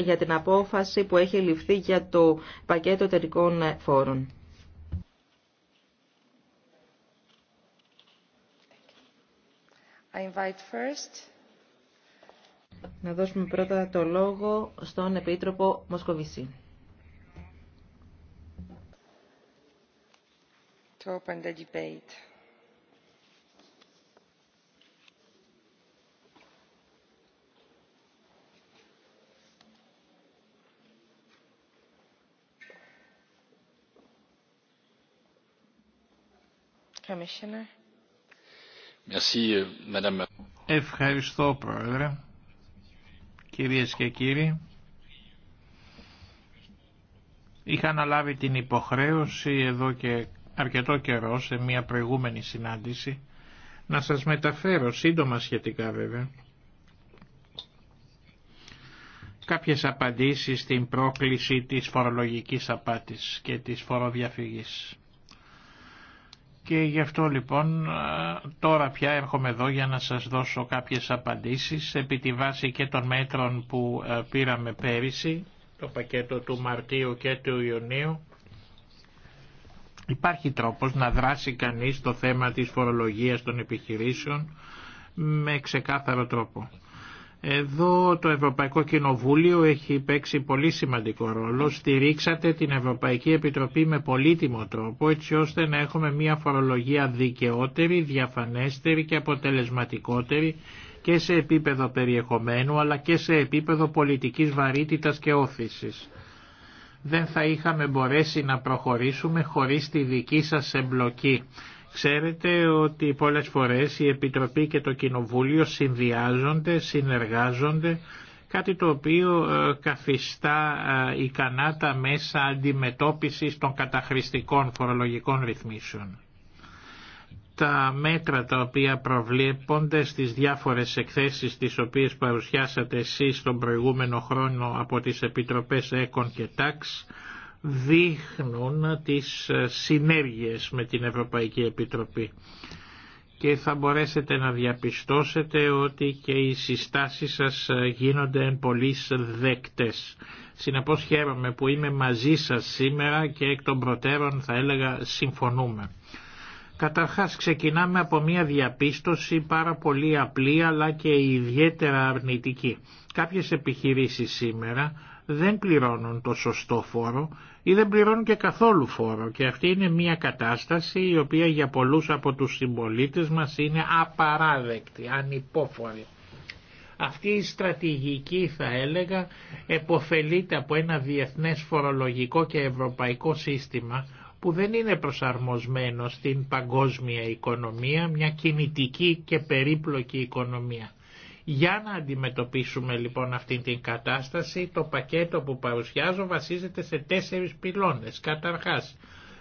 για την απόφαση που έχει ληφθεί για το πακέτο εταιρικών φόρων. first. Να δώσουμε πρώτα το λόγο στον Επίτροπο Μοσκοβισή. To open the debate. Euh, Ευχαριστώ Πρόεδρε. Κυρίες και κύριοι, είχα αναλάβει την υποχρέωση εδώ και αρκετό καιρό σε μια προηγούμενη συνάντηση να σας μεταφέρω σύντομα σχετικά βέβαια κάποιες απαντήσεις στην πρόκληση της φορολογικής απάτης και της φοροδιαφυγής. Και γι' αυτό λοιπόν τώρα πια έρχομαι εδώ για να σας δώσω κάποιες απαντήσεις επί τη βάση και των μέτρων που πήραμε πέρυσι, το πακέτο του Μαρτίου και του Ιουνίου. Υπάρχει τρόπος να δράσει κανείς το θέμα της φορολογίας των επιχειρήσεων με ξεκάθαρο τρόπο. Εδώ το Ευρωπαϊκό Κοινοβούλιο έχει παίξει πολύ σημαντικό ρόλο. Στηρίξατε την Ευρωπαϊκή Επιτροπή με πολύτιμο τρόπο έτσι ώστε να έχουμε μια φορολογία δικαιότερη, διαφανέστερη και αποτελεσματικότερη και σε επίπεδο περιεχομένου αλλά και σε επίπεδο πολιτικής βαρύτητας και όθησης. Δεν θα είχαμε μπορέσει να προχωρήσουμε χωρίς τη δική σας εμπλοκή. Ξέρετε ότι πολλές φορές η Επιτροπή και το Κοινοβούλιο συνδυάζονται, συνεργάζονται, κάτι το οποίο ε, καθιστά ε, ικανά τα μέσα αντιμετώπισης των καταχρηστικών φορολογικών ρυθμίσεων. Τα μέτρα τα οποία προβλέπονται στις διάφορες εκθέσεις τις οποίες παρουσιάσατε εσείς τον προηγούμενο χρόνο από τις Επιτροπές ΕΚΟΝ και ΤΑΞ δείχνουν τις συνέργειες με την Ευρωπαϊκή Επιτροπή και θα μπορέσετε να διαπιστώσετε ότι και οι συστάσεις σας γίνονται εν πολλής δέκτες. Συνεπώς χαίρομαι που είμαι μαζί σας σήμερα και εκ των προτέρων θα έλεγα συμφωνούμε. Καταρχάς ξεκινάμε από μια διαπίστωση πάρα πολύ απλή αλλά και ιδιαίτερα αρνητική. Κάποιες επιχειρήσεις σήμερα δεν πληρώνουν το σωστό φόρο ή δεν πληρώνουν και καθόλου φόρο και αυτή είναι μια κατάσταση η οποία για πολλούς από τους συμπολίτε μας είναι απαράδεκτη, ανυπόφορη. Αυτή η στρατηγική θα έλεγα εποφελείται από ένα διεθνές φορολογικό και ευρωπαϊκό σύστημα που δεν είναι προσαρμοσμένο στην παγκόσμια οικονομία, μια κινητική και περίπλοκη οικονομία. Για να αντιμετωπίσουμε λοιπόν αυτή την κατάσταση, το πακέτο που παρουσιάζω βασίζεται σε τέσσερις πυλώνες. Καταρχάς,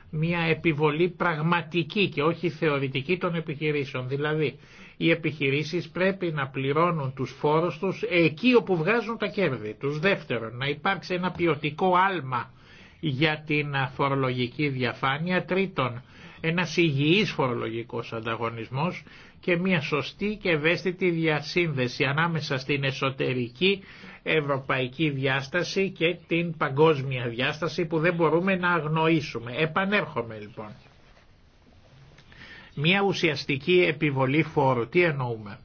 μια επιβολή πραγματική και όχι θεωρητική των επιχειρήσεων. Δηλαδή, οι επιχειρήσεις πρέπει να πληρώνουν τους φόρους τους εκεί όπου βγάζουν τα κέρδη τους. Δεύτερον, να υπάρξει ένα ποιοτικό άλμα για την φορολογική διαφάνεια. Τρίτον, ένας υγιής φορολογικός ανταγωνισμός και μια σωστή και ευαίσθητη διασύνδεση ανάμεσα στην εσωτερική ευρωπαϊκή διάσταση και την παγκόσμια διάσταση που δεν μπορούμε να αγνοήσουμε. Επανέρχομαι λοιπόν. Μια ουσιαστική επιβολή φόρου. Τι εννοούμε.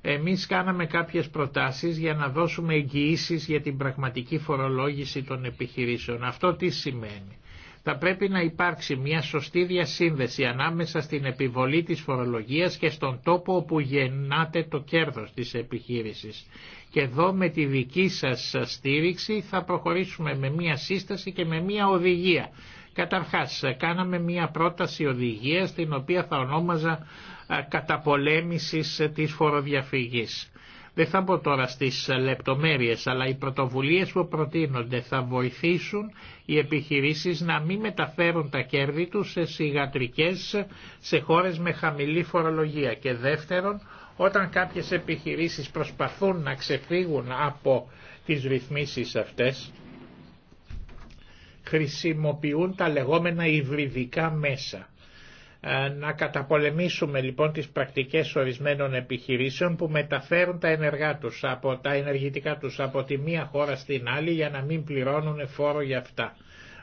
Εμείς κάναμε κάποιες προτάσεις για να δώσουμε εγγυήσει για την πραγματική φορολόγηση των επιχειρήσεων. Αυτό τι σημαίνει. Θα πρέπει να υπάρξει μια σωστή διασύνδεση ανάμεσα στην επιβολή της φορολογίας και στον τόπο όπου γεννάται το κέρδος της επιχείρησης. Και εδώ με τη δική σας στήριξη θα προχωρήσουμε με μια σύσταση και με μια οδηγία. Καταρχάς, κάναμε μια πρόταση οδηγίας την οποία θα ονόμαζα καταπολέμησης της φοροδιαφυγής. Δεν θα πω τώρα στις λεπτομέρειες, αλλά οι πρωτοβουλίες που προτείνονται θα βοηθήσουν οι επιχειρήσεις να μην μεταφέρουν τα κέρδη τους σε σιγατρικές, σε χώρες με χαμηλή φορολογία. Και δεύτερον, όταν κάποιες επιχειρήσεις προσπαθούν να ξεφύγουν από τις ρυθμίσεις αυτές, χρησιμοποιούν τα λεγόμενα υβριδικά μέσα ε, να καταπολεμήσουμε λοιπόν τις πρακτικές ορισμένων επιχειρήσεων που μεταφέρουν τα ενεργά τους, από τα ενεργητικά τους από τη μία χώρα στην άλλη για να μην πληρώνουν φόρο για αυτά.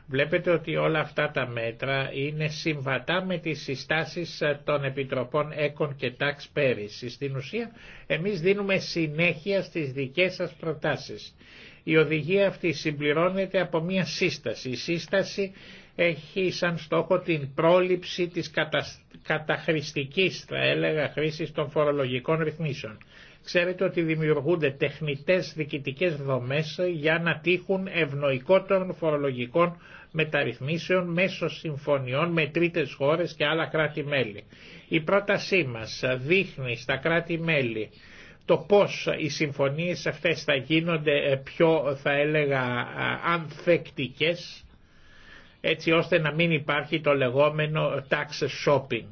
Βλέπετε ότι όλα αυτά τα μέτρα είναι συμβατά με τις συστάσεις ε, των Επιτροπών ΕΚΟΝ και ΤΑΞ πέρυσι. Στην ουσία εμείς δίνουμε συνέχεια στις δικές σας προτάσεις. Η οδηγία αυτή συμπληρώνεται από μια σύσταση. Η σύσταση έχει σαν στόχο την πρόληψη της κατα... καταχρηστικής, θα έλεγα, χρήσης των φορολογικών ρυθμίσεων. Ξέρετε ότι δημιουργούνται τεχνητές διοικητικές δομές για να τύχουν ευνοϊκότερων φορολογικών μεταρρυθμίσεων μέσω συμφωνιών με τρίτες χώρες και άλλα κράτη-μέλη. Η πρότασή μας δείχνει στα κράτη-μέλη το πώς οι συμφωνίες αυτές θα γίνονται πιο, θα έλεγα, ανθεκτικές έτσι ώστε να μην υπάρχει το λεγόμενο tax shopping.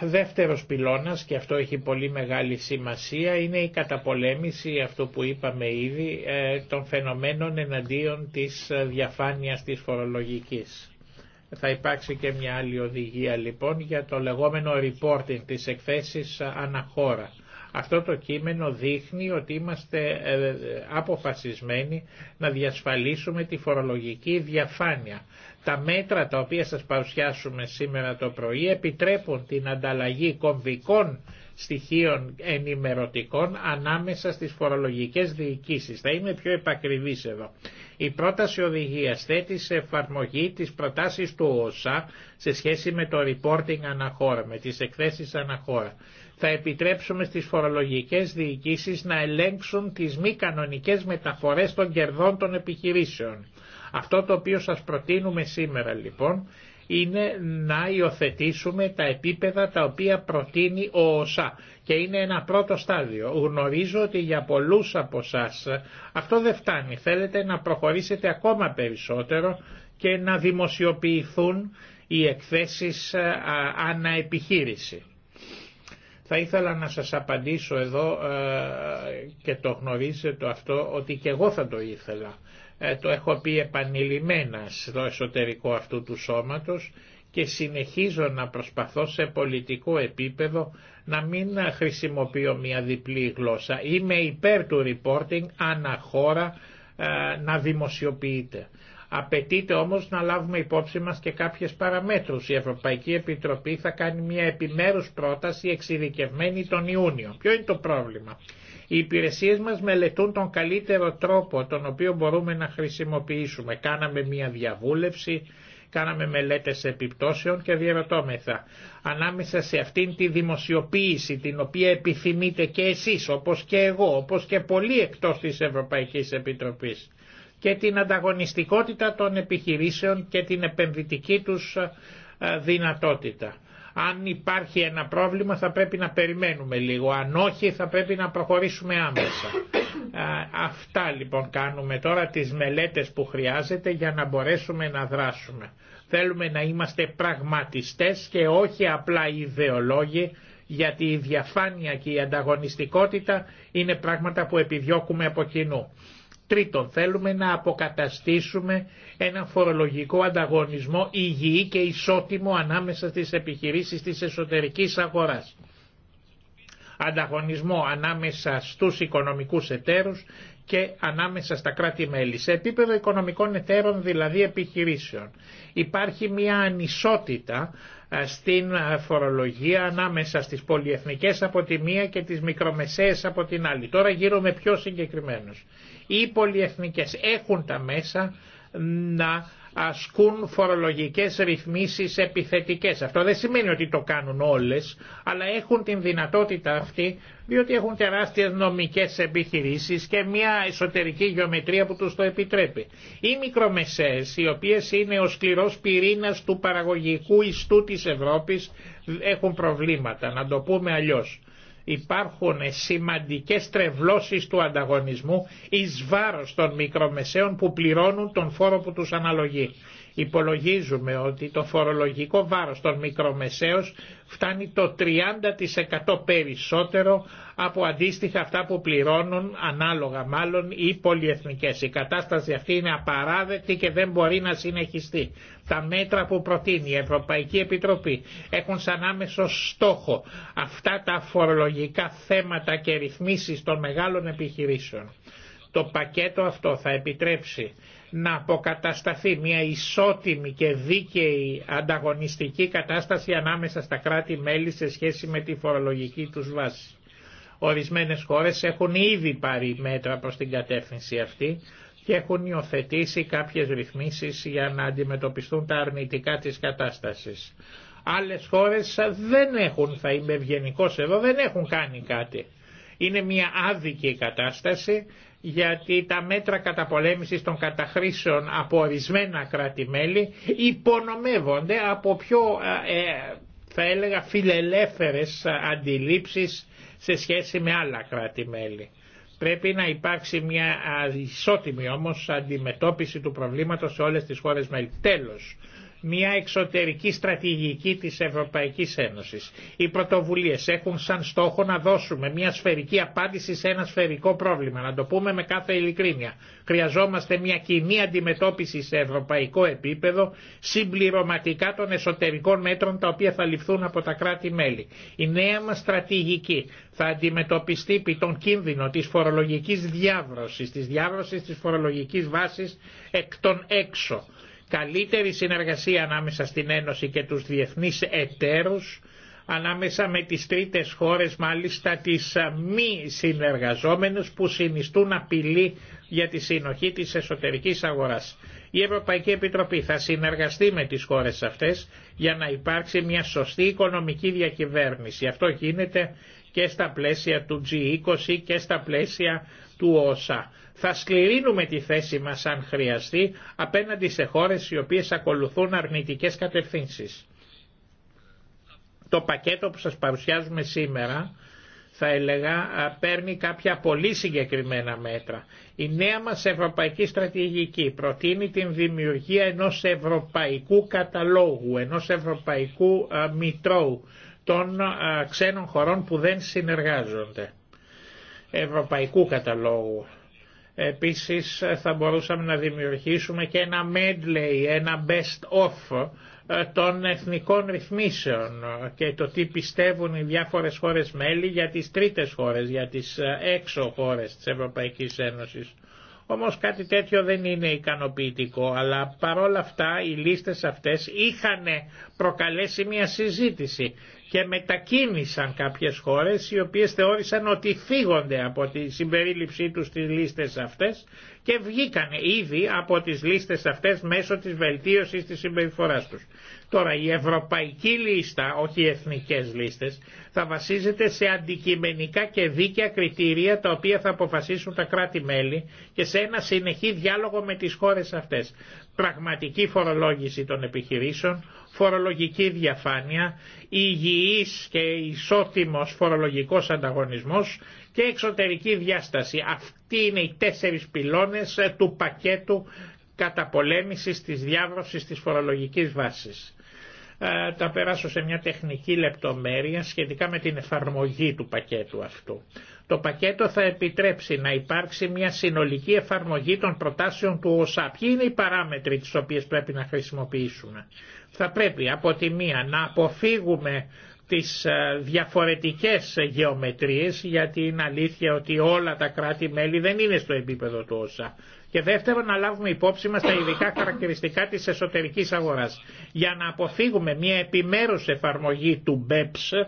Δεύτερος πυλώνας, και αυτό έχει πολύ μεγάλη σημασία, είναι η καταπολέμηση, αυτό που είπαμε ήδη, ε, των φαινομένων εναντίον της ε, διαφάνειας της φορολογικής. Θα υπάρξει και μια άλλη οδηγία λοιπόν για το λεγόμενο reporting της εκθέσεις αναχώρα αυτό το κείμενο δείχνει ότι είμαστε ε, ε, αποφασισμένοι να διασφαλίσουμε τη φορολογική διαφάνεια. Τα μέτρα τα οποία σας παρουσιάσουμε σήμερα το πρωί επιτρέπουν την ανταλλαγή κομβικών στοιχείων ενημερωτικών ανάμεσα στις φορολογικές διοικήσεις. Θα είμαι πιο επακριβής εδώ. Η πρόταση οδηγία θέτει σε εφαρμογή τις προτάσεις του ΩΣΑ σε σχέση με το reporting αναχώρα, με τις εκθέσεις αναχώρα θα επιτρέψουμε στις φορολογικές διοικήσεις να ελέγξουν τις μη κανονικές μεταφορές των κερδών των επιχειρήσεων. Αυτό το οποίο σας προτείνουμε σήμερα λοιπόν είναι να υιοθετήσουμε τα επίπεδα τα οποία προτείνει ο ΩΣΑ και είναι ένα πρώτο στάδιο. Γνωρίζω ότι για πολλούς από εσά αυτό δεν φτάνει. Θέλετε να προχωρήσετε ακόμα περισσότερο και να δημοσιοποιηθούν οι εκθέσεις αναεπιχείρηση. Θα ήθελα να σας απαντήσω εδώ ε, και το γνωρίζετε αυτό ότι και εγώ θα το ήθελα. Ε, το έχω πει επανειλημμένα στο εσωτερικό αυτού του σώματος και συνεχίζω να προσπαθώ σε πολιτικό επίπεδο να μην χρησιμοποιώ μια διπλή γλώσσα. Είμαι υπέρ του reporting αναχώρα ε, να δημοσιοποιείται. Απαιτείται όμως να λάβουμε υπόψη μας και κάποιες παραμέτρους. Η Ευρωπαϊκή Επιτροπή θα κάνει μια επιμέρους πρόταση εξειδικευμένη τον Ιούνιο. Ποιο είναι το πρόβλημα. Οι υπηρεσίες μας μελετούν τον καλύτερο τρόπο τον οποίο μπορούμε να χρησιμοποιήσουμε. Κάναμε μια διαβούλευση, κάναμε μελέτες επιπτώσεων και διαρωτώμεθα. Ανάμεσα σε αυτήν τη δημοσιοποίηση την οποία επιθυμείτε και εσείς όπως και εγώ, όπως και πολλοί εκτός της Ευρωπαϊκής Επιτροπής και την ανταγωνιστικότητα των επιχειρήσεων και την επενδυτική τους ε, δυνατότητα. Αν υπάρχει ένα πρόβλημα θα πρέπει να περιμένουμε λίγο, αν όχι θα πρέπει να προχωρήσουμε άμεσα. Ε, αυτά λοιπόν κάνουμε τώρα τις μελέτες που χρειάζεται για να μπορέσουμε να δράσουμε. Θέλουμε να είμαστε πραγματιστές και όχι απλά ιδεολόγοι γιατί η διαφάνεια και η ανταγωνιστικότητα είναι πράγματα που επιδιώκουμε από κοινού. Τρίτον, θέλουμε να αποκαταστήσουμε ένα φορολογικό ανταγωνισμό υγιή και ισότιμο ανάμεσα στις επιχειρήσεις της εσωτερικής αγοράς. Ανταγωνισμό ανάμεσα στους οικονομικούς εταίρους και ανάμεσα στα κράτη-μέλη. Σε επίπεδο οικονομικών εταίρων, δηλαδή επιχειρήσεων, υπάρχει μια ανισότητα ε, στην ε, φορολογία ανάμεσα στις πολυεθνικές από τη μία και τις μικρομεσαίες από την άλλη. Τώρα γύρω με πιο συγκεκριμένους οι πολιεθνικές έχουν τα μέσα να ασκούν φορολογικές ρυθμίσεις επιθετικές. Αυτό δεν σημαίνει ότι το κάνουν όλες, αλλά έχουν την δυνατότητα αυτή, διότι έχουν τεράστιες νομικές επιχειρήσεις και μια εσωτερική γεωμετρία που τους το επιτρέπει. Οι μικρομεσαίες, οι οποίες είναι ο σκληρός πυρήνας του παραγωγικού ιστού της Ευρώπης, έχουν προβλήματα, να το πούμε αλλιώς υπάρχουν σημαντικές τρευλώσεις του ανταγωνισμού εις βάρος των μικρομεσαίων που πληρώνουν τον φόρο που τους αναλογεί. Υπολογίζουμε ότι το φορολογικό βάρος των μικρομεσαίων φτάνει το 30% περισσότερο από αντίστοιχα αυτά που πληρώνουν ανάλογα μάλλον οι πολυεθνικές. Η κατάσταση αυτή είναι απαράδεκτη και δεν μπορεί να συνεχιστεί. Τα μέτρα που προτείνει η Ευρωπαϊκή Επιτροπή έχουν σαν άμεσο στόχο αυτά τα φορολογικά θέματα και ρυθμίσεις των μεγάλων επιχειρήσεων. Το πακέτο αυτό θα επιτρέψει να αποκατασταθεί μια ισότιμη και δίκαιη ανταγωνιστική κατάσταση ανάμεσα στα κράτη-μέλη σε σχέση με τη φορολογική τους βάση. Ορισμένες χώρες έχουν ήδη πάρει μέτρα προς την κατεύθυνση αυτή και έχουν υιοθετήσει κάποιες ρυθμίσεις για να αντιμετωπιστούν τα αρνητικά της κατάστασης. Άλλες χώρες δεν έχουν, θα είμαι ευγενικό εδώ, δεν έχουν κάνει κάτι. Είναι μια άδικη κατάσταση γιατί τα μέτρα καταπολέμησης των καταχρήσεων από ορισμένα κράτη-μέλη υπονομεύονται από πιο ε, ε, θα έλεγα φιλελεύθερες αντιλήψεις σε σχέση με άλλα κράτη-μέλη. Πρέπει να υπάρξει μια ισότιμη όμως αντιμετώπιση του προβλήματος σε όλες τις χώρες μέλη. Τέλος, μια εξωτερική στρατηγική της Ευρωπαϊκής Ένωσης. Οι πρωτοβουλίες έχουν σαν στόχο να δώσουμε μια σφαιρική απάντηση σε ένα σφαιρικό πρόβλημα, να το πούμε με κάθε ειλικρίνεια. Χρειαζόμαστε μια κοινή αντιμετώπιση σε ευρωπαϊκό επίπεδο, συμπληρωματικά των εσωτερικών μέτρων τα οποία θα ληφθούν από τα κράτη-μέλη. Η νέα μας στρατηγική θα αντιμετωπιστεί επί τον κίνδυνο της φορολογικής διάβρωσης, της διάβρωσης της φορολογικής βάσης εκ των έξω καλύτερη συνεργασία ανάμεσα στην Ένωση και τους διεθνείς εταίρους, ανάμεσα με τις τρίτες χώρες μάλιστα τις μη συνεργαζόμενους που συνιστούν απειλή για τη συνοχή της εσωτερικής αγοράς. Η Ευρωπαϊκή Επιτροπή θα συνεργαστεί με τις χώρες αυτές για να υπάρξει μια σωστή οικονομική διακυβέρνηση. Αυτό γίνεται και στα πλαίσια του G20 και στα πλαίσια του ΩΣΑ. Θα σκληρύνουμε τη θέση μας αν χρειαστεί απέναντι σε χώρες οι οποίες ακολουθούν αρνητικές κατευθύνσεις. Το πακέτο που σας παρουσιάζουμε σήμερα θα έλεγα παίρνει κάποια πολύ συγκεκριμένα μέτρα. Η νέα μας ευρωπαϊκή στρατηγική προτείνει την δημιουργία ενός ευρωπαϊκού καταλόγου, ενός ευρωπαϊκού μητρώου των ξένων χωρών που δεν συνεργάζονται. Ευρωπαϊκού καταλόγου. Επίσης ε, θα μπορούσαμε να δημιουργήσουμε και ένα medley, ένα best of ε, των εθνικών ρυθμίσεων ε, και το τι πιστεύουν οι διάφορες χώρες μέλη για τις τρίτες χώρες, για τις έξω χώρες της Ευρωπαϊκής Ένωσης. Όμως κάτι τέτοιο δεν είναι ικανοποιητικό, αλλά παρόλα αυτά οι λίστες αυτές είχαν προκαλέσει μια συζήτηση και μετακίνησαν κάποιες χώρες οι οποίες θεώρησαν ότι φύγονται από τη συμπερίληψή τους στις λίστες αυτές και βγήκαν ήδη από τις λίστες αυτές μέσω της βελτίωσης της συμπεριφοράς τους. Τώρα η ευρωπαϊκή λίστα, όχι οι εθνικές λίστες, θα βασίζεται σε αντικειμενικά και δίκαια κριτήρια τα οποία θα αποφασίσουν τα κράτη-μέλη και σε ένα συνεχή διάλογο με τις χώρες αυτές πραγματική φορολόγηση των επιχειρήσεων, φορολογική διαφάνεια, υγιής και ισότιμος φορολογικός ανταγωνισμός και εξωτερική διάσταση. Αυτοί είναι οι τέσσερις πυλώνες ε, του πακέτου καταπολέμησης της διάβρωσης της φορολογικής βάσης. Τα ε, περάσω σε μια τεχνική λεπτομέρεια σχετικά με την εφαρμογή του πακέτου αυτού. Το πακέτο θα επιτρέψει να υπάρξει μια συνολική εφαρμογή των προτάσεων του ΟΣΑ. Ποιοι είναι οι παράμετροι τις οποίες πρέπει να χρησιμοποιήσουμε. Θα πρέπει από τη μία να αποφύγουμε τις ε, διαφορετικές γεωμετρίες γιατί είναι αλήθεια ότι όλα τα κράτη-μέλη δεν είναι στο επίπεδο του όσα. Και δεύτερον να λάβουμε υπόψη μας τα ειδικά χαρακτηριστικά της εσωτερικής αγοράς. Για να αποφύγουμε μια επιμέρους εφαρμογή του BEPS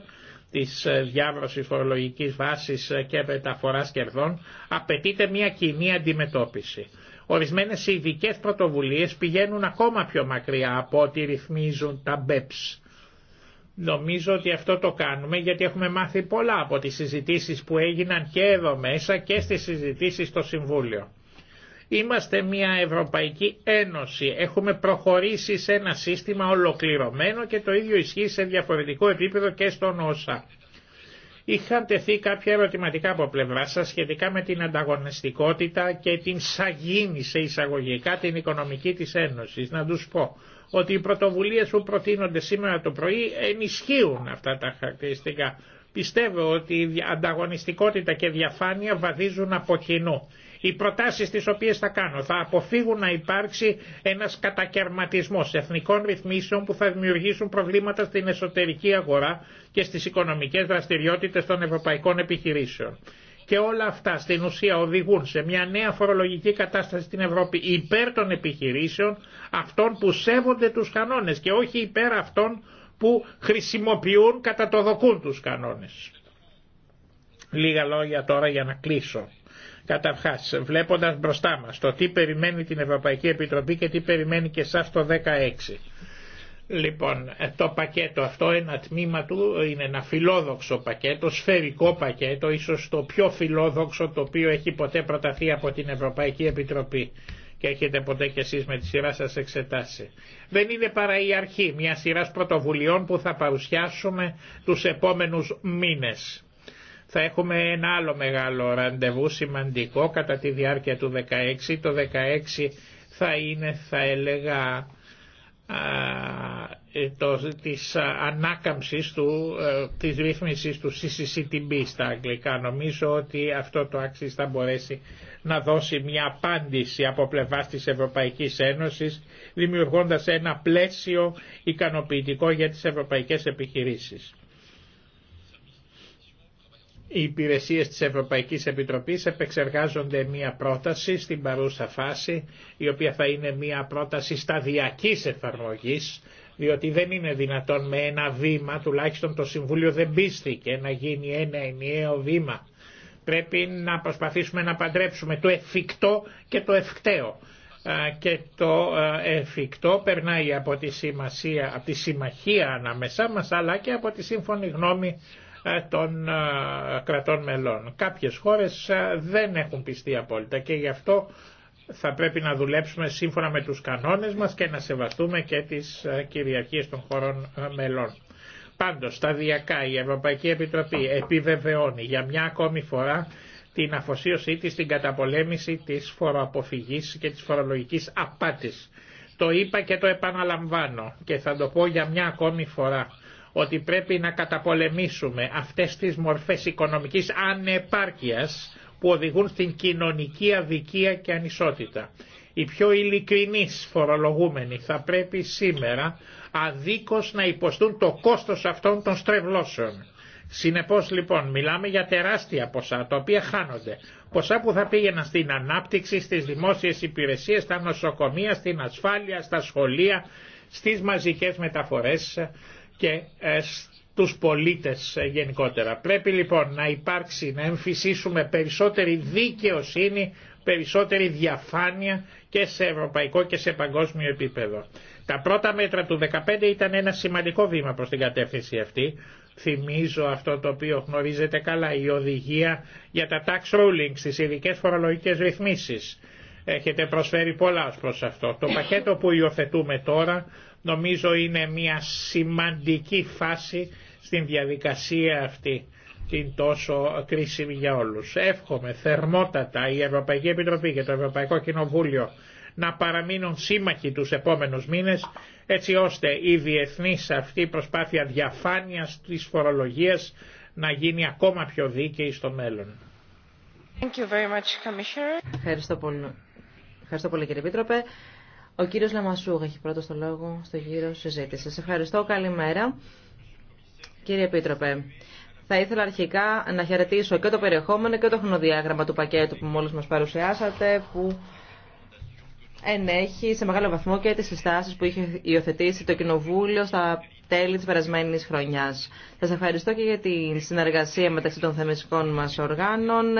της ε, διάβρωσης φορολογικής βάσης ε, και μεταφοράς κερδών απαιτείται μια κοινή αντιμετώπιση. Ορισμένες ειδικέ πρωτοβουλίες πηγαίνουν ακόμα πιο μακριά από ό,τι ρυθμίζουν τα BEPS. Ε Νομίζω ότι αυτό το κάνουμε γιατί έχουμε μάθει πολλά από τις συζητήσεις που έγιναν και εδώ μέσα και στις συζητήσεις στο Συμβούλιο. Είμαστε μια Ευρωπαϊκή Ένωση. Έχουμε προχωρήσει σε ένα σύστημα ολοκληρωμένο και το ίδιο ισχύει σε διαφορετικό επίπεδο και στον ΩΣΑ. Είχαν τεθεί κάποια ερωτηματικά από πλευρά σα σχετικά με την ανταγωνιστικότητα και την σαγίνη σε εισαγωγικά την οικονομική της Ένωσης. Να τους πω ότι οι πρωτοβουλίες που προτείνονται σήμερα το πρωί ενισχύουν αυτά τα χαρακτηριστικά. Πιστεύω ότι η ανταγωνιστικότητα και διαφάνεια βαδίζουν από κοινού οι προτάσεις τις οποίες θα κάνω θα αποφύγουν να υπάρξει ένας κατακαιρματισμός εθνικών ρυθμίσεων που θα δημιουργήσουν προβλήματα στην εσωτερική αγορά και στις οικονομικές δραστηριότητες των ευρωπαϊκών επιχειρήσεων. Και όλα αυτά στην ουσία οδηγούν σε μια νέα φορολογική κατάσταση στην Ευρώπη υπέρ των επιχειρήσεων, αυτών που σέβονται τους κανόνες και όχι υπέρ αυτών που χρησιμοποιούν κατά το δοκούν τους κανόνες. Λίγα λόγια τώρα για να κλείσω. Καταρχά, βλέποντα μπροστά μας το τι περιμένει την Ευρωπαϊκή Επιτροπή και τι περιμένει και εσά το 16. Λοιπόν, ε, το πακέτο αυτό, ένα τμήμα του είναι ένα φιλόδοξο πακέτο, σφαιρικό πακέτο, ίσως το πιο φιλόδοξο το οποίο έχει ποτέ προταθεί από την Ευρωπαϊκή Επιτροπή και έχετε ποτέ κι εσείς με τη σειρά σας εξετάσει. Δεν είναι παρά η αρχή μια σειράς πρωτοβουλειών που θα παρουσιάσουμε τους επόμενους μήνες θα έχουμε ένα άλλο μεγάλο ραντεβού σημαντικό κατά τη διάρκεια του 16. Το 16 θα είναι θα έλεγα το, της ανάκαμψης του, ε, της ρύθμισης του CCCTB στα αγγλικά. Νομίζω ότι αυτό το άξις θα μπορέσει να δώσει μια απάντηση από πλευράς της Ευρωπαϊκής Ένωσης δημιουργώντας ένα πλαίσιο ικανοποιητικό για τις ευρωπαϊκές επιχειρήσεις. Οι υπηρεσίε της Ευρωπαϊκής Επιτροπής επεξεργάζονται μία πρόταση στην παρούσα φάση, η οποία θα είναι μία πρόταση σταδιακής εφαρμογή, διότι δεν είναι δυνατόν με ένα βήμα, τουλάχιστον το Συμβούλιο δεν πίστηκε να γίνει ένα ενιαίο βήμα. Πρέπει να προσπαθήσουμε να παντρέψουμε το εφικτό και το ευκταίο. Και το εφικτό περνάει από τη, σημασία, συμμαχία ανάμεσά μας, αλλά και από τη σύμφωνη γνώμη ε, των ε, κρατών μελών. Κάποιες χώρες ε, δεν έχουν πιστεί απόλυτα και γι' αυτό θα πρέπει να δουλέψουμε σύμφωνα με τους κανόνες μας και να σεβαστούμε και τις κυριαρχίες των χωρών μελών. Πάντως, σταδιακά η Ευρωπαϊκή Επιτροπή επιβεβαιώνει για μια ακόμη φορά την αφοσίωσή της στην καταπολέμηση της φοροαποφυγής και της φορολογικής απάτης. Το είπα και το επαναλαμβάνω και θα το πω για μια ακόμη φορά ότι πρέπει να καταπολεμήσουμε αυτές τις μορφές οικονομικής ανεπάρκειας που οδηγούν στην κοινωνική αδικία και ανισότητα. Οι πιο ειλικρινείς φορολογούμενοι θα πρέπει σήμερα αδίκως να υποστούν το κόστος αυτών των στρεβλώσεων. Συνεπώς λοιπόν μιλάμε για τεράστια ποσά τα οποία χάνονται. Ποσά που θα πήγαιναν στην ανάπτυξη, στις δημόσιες υπηρεσίες, στα νοσοκομεία, στην ασφάλεια, στα σχολεία, στις μαζικές μεταφορές και ε, στους πολίτες ε, γενικότερα. Πρέπει λοιπόν να υπάρξει, να εμφυσίσουμε περισσότερη δικαιοσύνη, περισσότερη διαφάνεια και σε ευρωπαϊκό και σε παγκόσμιο επίπεδο. Τα πρώτα μέτρα του 2015 ήταν ένα σημαντικό βήμα προς την κατεύθυνση αυτή. Θυμίζω αυτό το οποίο γνωρίζετε καλά, η οδηγία για τα tax rulings, τις ειδικέ φορολογικές ρυθμίσεις. Έχετε προσφέρει πολλά ως προς αυτό. Το πακέτο που υιοθετούμε τώρα νομίζω είναι μια σημαντική φάση στην διαδικασία αυτή την τόσο κρίσιμη για όλους. Εύχομαι θερμότατα η Ευρωπαϊκή Επιτροπή και το Ευρωπαϊκό Κοινοβούλιο να παραμείνουν σύμμαχοι τους επόμενους μήνες έτσι ώστε η διεθνής αυτή προσπάθεια διαφάνειας της φορολογίας να γίνει ακόμα πιο δίκαιη στο μέλλον. Thank you very much, Ευχαριστώ πολύ ο κύριος Λαμασούγ έχει πρώτο το λόγο στο γύρο συζήτηση. Σας ευχαριστώ. Καλημέρα. Κύριε Επίτροπε, θα ήθελα αρχικά να χαιρετήσω και το περιεχόμενο και το χρονοδιάγραμμα του πακέτου που μόλις μας παρουσιάσατε, που ενέχει σε μεγάλο βαθμό και τις συστάσεις που είχε υιοθετήσει το Κοινοβούλιο στα τέλη της περασμένης χρονιάς. Σας ευχαριστώ και για τη συνεργασία μεταξύ των θεμεσικών μας οργάνων.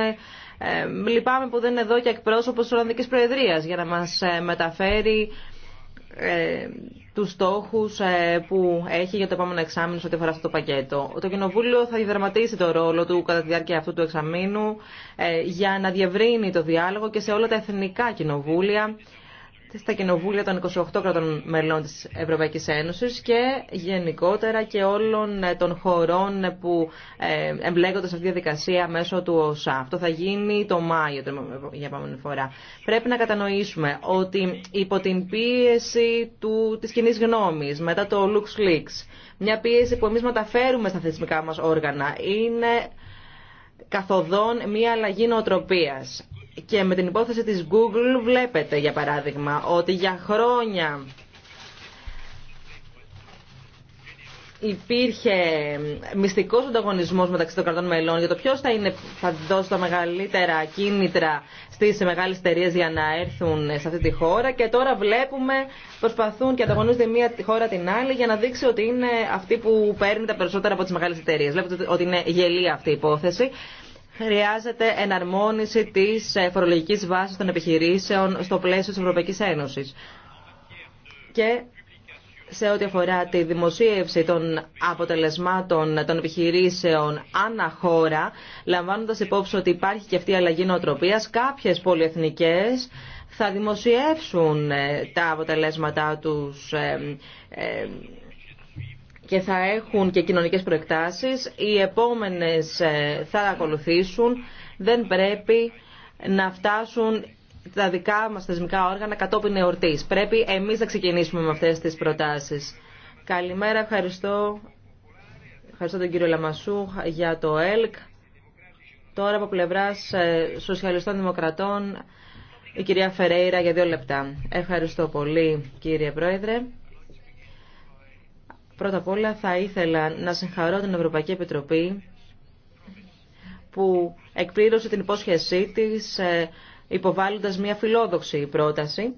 Ε, λυπάμαι που δεν είναι εδώ και εκπρόσωπος της Ολλανδικής Προεδρίας για να μας ε, μεταφέρει ε, τους στόχους ε, που έχει για το επόμενο εξάμεινο σε ό,τι αφορά αυτό το πακέτο. Το Κοινοβούλιο θα διδραματίσει το ρόλο του κατά τη διάρκεια αυτού του εξαμήνου για να διευρύνει το διάλογο και σε όλα τα εθνικά κοινοβούλια στα κοινοβούλια των 28 κρατών μελών της Ευρωπαϊκής Ένωσης και γενικότερα και όλων ε, των χωρών που ε, εμπλέκονται σε αυτή τη διαδικασία μέσω του ΟΣΑ. Αυτό θα γίνει το Μάιο για επόμενη φορά. Πρέπει να κατανοήσουμε ότι υπό την πίεση του, της κοινή γνώμης μετά το LuxLeaks, μια πίεση που εμείς μεταφέρουμε στα θεσμικά μας όργανα, είναι καθοδόν μια αλλαγή νοοτροπίας. Και με την υπόθεση της Google βλέπετε, για παράδειγμα, ότι για χρόνια υπήρχε μυστικός ανταγωνισμός μεταξύ των κρατών μελών για το ποιος θα, είναι, θα δώσει τα μεγαλύτερα κίνητρα στις μεγάλες εταιρείε για να έρθουν σε αυτή τη χώρα και τώρα βλέπουμε προσπαθούν και ανταγωνίζονται μία χώρα την άλλη για να δείξει ότι είναι αυτή που παίρνει τα περισσότερα από τις μεγάλες εταιρείε. Βλέπετε ότι είναι γελία αυτή η υπόθεση χρειάζεται εναρμόνιση της ε, φορολογική βάση των επιχειρήσεων στο πλαίσιο τη Ευρωπαϊκή Ένωση. Και σε ό,τι αφορά τη δημοσίευση των αποτελεσμάτων των επιχειρήσεων ανά χώρα, λαμβάνοντας υπόψη ότι υπάρχει και αυτή η αλλαγή νοοτροπία, κάποιες πολυεθνικέ θα δημοσιεύσουν ε, τα αποτελέσματά τους ε, και θα έχουν και κοινωνικές προεκτάσεις. Οι επόμενες ε, θα ακολουθήσουν. Δεν πρέπει να φτάσουν τα δικά μας θεσμικά όργανα κατόπιν εορτής. Πρέπει εμείς να ξεκινήσουμε με αυτές τις προτάσεις. Καλημέρα, ευχαριστώ. Ευχαριστώ τον κύριο Λαμασού για το ΕΛΚ. Τώρα από πλευρά ε, Σοσιαλιστών Δημοκρατών, η κυρία Φερέιρα για δύο λεπτά. Ευχαριστώ πολύ κύριε Πρόεδρε. Πρώτα απ' όλα θα ήθελα να συγχαρώ την Ευρωπαϊκή Επιτροπή που εκπλήρωσε την υπόσχεσή της ε, υποβάλλοντας μια φιλόδοξη πρόταση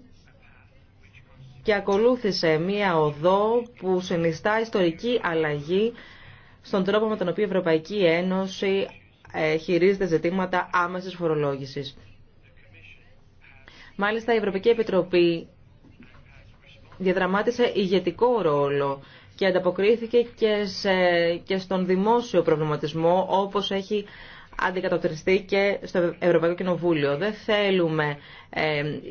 και ακολούθησε μια οδό που συνιστά ιστορική αλλαγή στον τρόπο με τον οποίο η Ευρωπαϊκή Ένωση ε, χειρίζεται ζητήματα άμεσης φορολόγησης. Μάλιστα, η Ευρωπαϊκή Επιτροπή διαδραμάτισε ηγετικό ρόλο και ανταποκρίθηκε και, σε, και στον δημόσιο προβληματισμό όπως έχει αντικατοπτριστεί και στο Ευρωπαϊκό Κοινοβούλιο. Δεν θέλουμε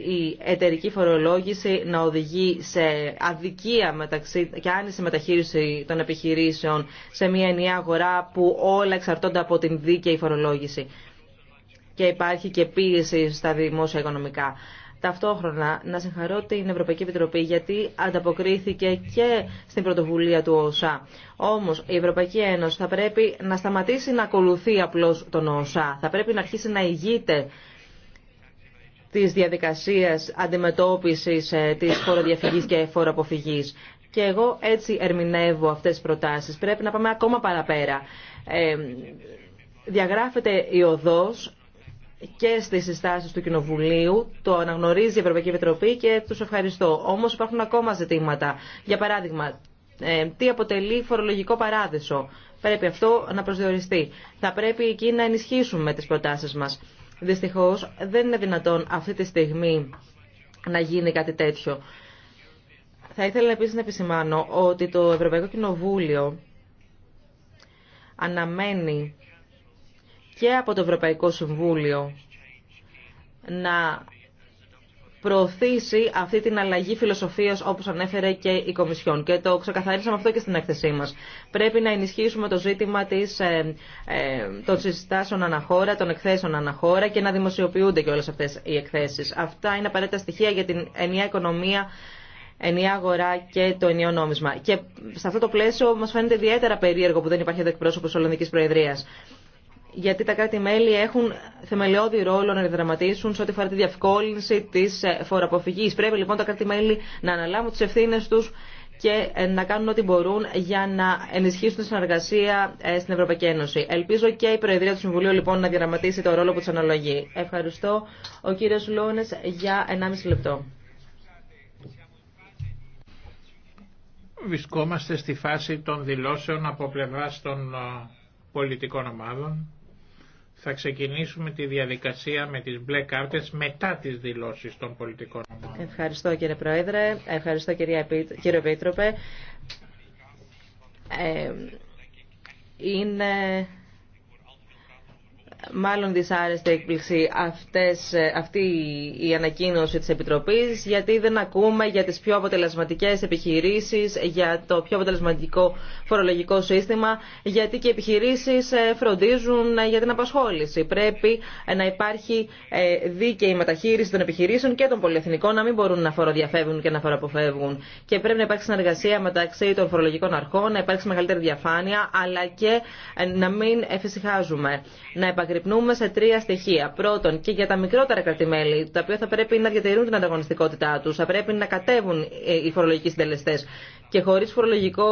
η εταιρική φορολόγηση να οδηγεί σε αδικία μεταξύ, και άνηση μεταχείριση των επιχειρήσεων σε μια ενιαία αγορά που όλα εξαρτώνται από την δίκαιη φορολόγηση. Και υπάρχει και πίεση στα δημόσια οικονομικά. Ταυτόχρονα, να συγχαρώ την Ευρωπαϊκή Επιτροπή γιατί ανταποκρίθηκε και στην πρωτοβουλία του ΟΣΑ. Όμω, η Ευρωπαϊκή Ένωση θα πρέπει να σταματήσει να ακολουθεί απλώ τον ΟΣΑ. Θα πρέπει να αρχίσει να ηγείται τη διαδικασία αντιμετώπιση ε, τη φοροδιαφυγή και φοροαποφυγή. Και εγώ έτσι ερμηνεύω αυτές τις προτάσεις. Πρέπει να πάμε ακόμα παραπέρα. Ε, διαγράφεται η οδός και στι συστάσει του Κοινοβουλίου, το αναγνωρίζει η Ευρωπαϊκή Επιτροπή και τους ευχαριστώ. Όμως υπάρχουν ακόμα ζητήματα. Για παράδειγμα, ε, τι αποτελεί φορολογικό παράδεισο. Πρέπει αυτό να προσδιοριστεί. Θα πρέπει εκεί να ενισχύσουμε τις προτάσεις μας. Δυστυχώς δεν είναι δυνατόν αυτή τη στιγμή να γίνει κάτι τέτοιο. Θα ήθελα επίση να επισημάνω ότι το Ευρωπαϊκό Κοινοβούλιο αναμένει και από το Ευρωπαϊκό Συμβούλιο να προωθήσει αυτή την αλλαγή φιλοσοφία όπω ανέφερε και η Κομισιόν. Και το ξεκαθαρίσαμε αυτό και στην έκθεσή μα. Πρέπει να ενισχύσουμε το ζήτημα της, ε, ε, των συστάσεων αναχώρα, των εκθέσεων αναχώρα και να δημοσιοποιούνται και όλε αυτέ οι εκθέσει. Αυτά είναι απαραίτητα στοιχεία για την ενιαία οικονομία ενιαία αγορά και το ενιαίο νόμισμα. Και σε αυτό το πλαίσιο μα φαίνεται ιδιαίτερα περίεργο που δεν υπάρχει εδώ εκπρόσωπο Ολλανδική Προεδρία γιατί τα κράτη-μέλη έχουν θεμελιώδη ρόλο να διαδραματίσουν σε ό,τι αφορά τη διευκόλυνση τη ε, φοροαποφυγή. Πρέπει λοιπόν τα κράτη-μέλη να αναλάβουν τι ευθύνε του και ε, να κάνουν ό,τι μπορούν για να ενισχύσουν τη συνεργασία ε, στην Ευρωπαϊκή Ένωση. Ελπίζω και η Προεδρία του Συμβουλίου λοιπόν να διαδραματίσει το ρόλο που τη αναλογεί. Ευχαριστώ. Ο κύριο Λόνε για 1,5 λεπτό. Βρισκόμαστε στη φάση των δηλώσεων από πλευρά των πολιτικών ομάδων θα ξεκινήσουμε τη διαδικασία με τις μπλε κάρτες μετά τις δηλώσεις των πολιτικών. Ευχαριστώ κύριε Πρόεδρε, ευχαριστώ κυρία, κύριε Επίτροπε. Ε, είναι μάλλον δυσάρεστη έκπληξη αυτές, ε, αυτή η ανακοίνωση της Επιτροπής γιατί δεν ακούμε για τις πιο αποτελεσματικές επιχειρήσεις, για το πιο αποτελεσματικό φορολογικό σύστημα γιατί και οι επιχειρήσεις ε, φροντίζουν ε, για την απασχόληση. Πρέπει να υπάρχει δίκαιη μεταχείριση των επιχειρήσεων και των πολυεθνικών να μην μπορούν να φοροδιαφεύγουν και να φοροαποφεύγουν. Και πρέπει να υπάρξει συνεργασία μεταξύ των φορολογικών αρχών, να υπάρξει μεγαλύτερη διαφάνεια αλλά και να μην εφησυχάζουμε. Να αγρυπνούμε σε τρία στοιχεία. Πρώτον, και για τα μικρότερα κρατημέλη, τα οποία θα πρέπει να διατηρούν την ανταγωνιστικότητά του, θα πρέπει να κατέβουν ε, οι φορολογικοί συντελεστέ. Και χωρί φορολογικό,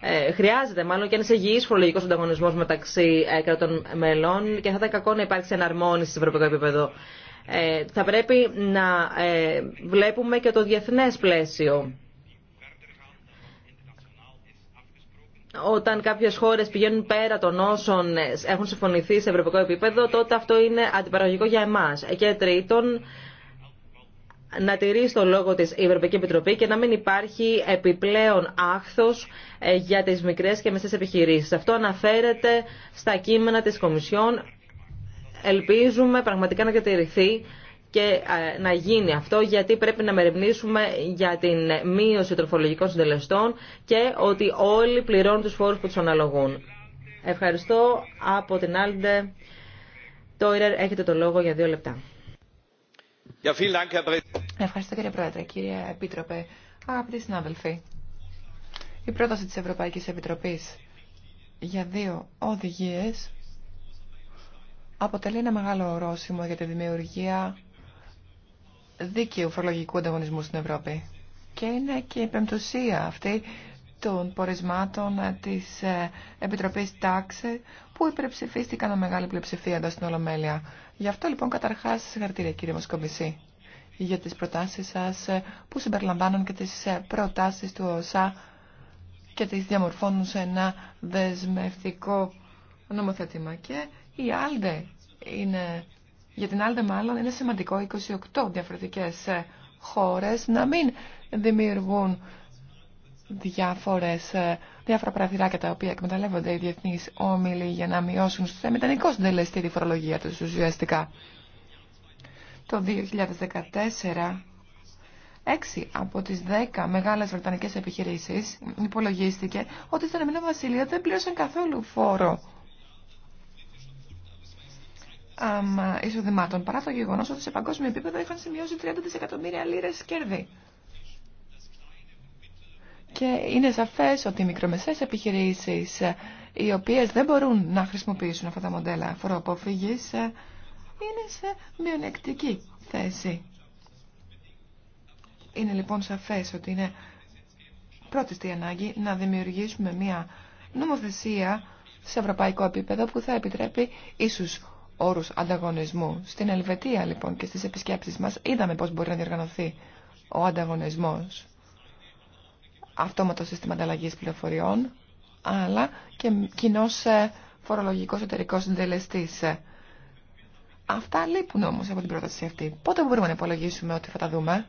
ε, χρειάζεται μάλλον και ένα υγιή φορολογικό ανταγωνισμό μεταξύ ε, κρατών μελών και θα ήταν κακό να υπάρξει εναρμόνιση σε ευρωπαϊκό επίπεδο. Ε, θα πρέπει να βλέπουμε και το διεθνέ πλαίσιο όταν κάποιες χώρες πηγαίνουν πέρα των όσων έχουν συμφωνηθεί σε ευρωπαϊκό επίπεδο, τότε αυτό είναι αντιπαραγωγικό για εμάς. Και τρίτον, να τηρεί το λόγο της η Ευρωπαϊκή Επιτροπή και να μην υπάρχει επιπλέον άχθος ε, για τις μικρές και μεσές επιχειρήσεις. Αυτό αναφέρεται στα κείμενα της Κομισιόν. Ελπίζουμε πραγματικά να διατηρηθεί και να γίνει αυτό γιατί πρέπει να μερευνήσουμε για την μείωση τροφολογικών συντελεστών και ότι όλοι πληρώνουν τους φόρους που τους αναλογούν. Ευχαριστώ. Από την Άλντε, Τόιρερ, έχετε το λόγο για δύο λεπτά. Ευχαριστώ κύριε Πρόεδρε, κύριε Επίτροπε, αγαπητοί συνάδελφοι. Η πρόταση της Ευρωπαϊκής Επιτροπής για δύο οδηγίες αποτελεί ένα μεγάλο ορόσημο για τη δημιουργία δίκαιου φορολογικού ανταγωνισμού στην Ευρώπη. Και είναι και η πεμπτουσία αυτή των πορισμάτων της ε, Επιτροπής Τάξη που υπερψηφίστηκαν με μεγάλη πλειοψηφία εδώ στην Ολομέλεια. Γι' αυτό λοιπόν καταρχάς συγχαρητήρια κύριε Μοσκοβισή για τις προτάσεις σας ε, που συμπεριλαμβάνουν και τις ε, προτάσεις του ΟΣΑ και τι διαμορφώνουν σε ένα δεσμευτικό νομοθέτημα. Και η Άλντε είναι για την άλλη μάλλον είναι σημαντικό 28 διαφορετικές ε, χώρες να μην δημιουργούν διάφορες, ε, διάφορα παραθυράκια τα οποία εκμεταλλεύονται οι διεθνείς όμιλοι για να μειώσουν στο μετανικό συντελεστή τη φορολογία τους ουσιαστικά. Το 2014 Έξι από τις 10 μεγάλες βρετανικές επιχειρήσεις υπολογίστηκε ότι στον Εμμήνο Βασίλειο δεν πλήρωσαν καθόλου φόρο εισοδημάτων, παρά το γεγονός ότι σε παγκόσμιο επίπεδο είχαν σημειώσει 30 δισεκατομμύρια λίρες κέρδη. Και είναι σαφές ότι οι μικρομεσαίες επιχειρήσεις, οι οποίες δεν μπορούν να χρησιμοποιήσουν αυτά τα μοντέλα φοροαποφύγης, είναι σε μειονεκτική θέση. Είναι λοιπόν σαφές ότι είναι πρώτη στη ανάγκη να δημιουργήσουμε μια νομοθεσία σε ευρωπαϊκό επίπεδο που θα επιτρέπει ίσως όρους ανταγωνισμού. Στην Ελβετία λοιπόν και στις επισκέψεις μας είδαμε πώς μπορεί να διοργανωθεί ο ανταγωνισμός. Αυτόματο σύστημα ανταλλαγή πληροφοριών, αλλά και κοινό ε, φορολογικό εταιρικό συντελεστή. Ε, αυτά λείπουν όμως από την πρόταση αυτή. Πότε μπορούμε να υπολογίσουμε ότι θα τα δούμε.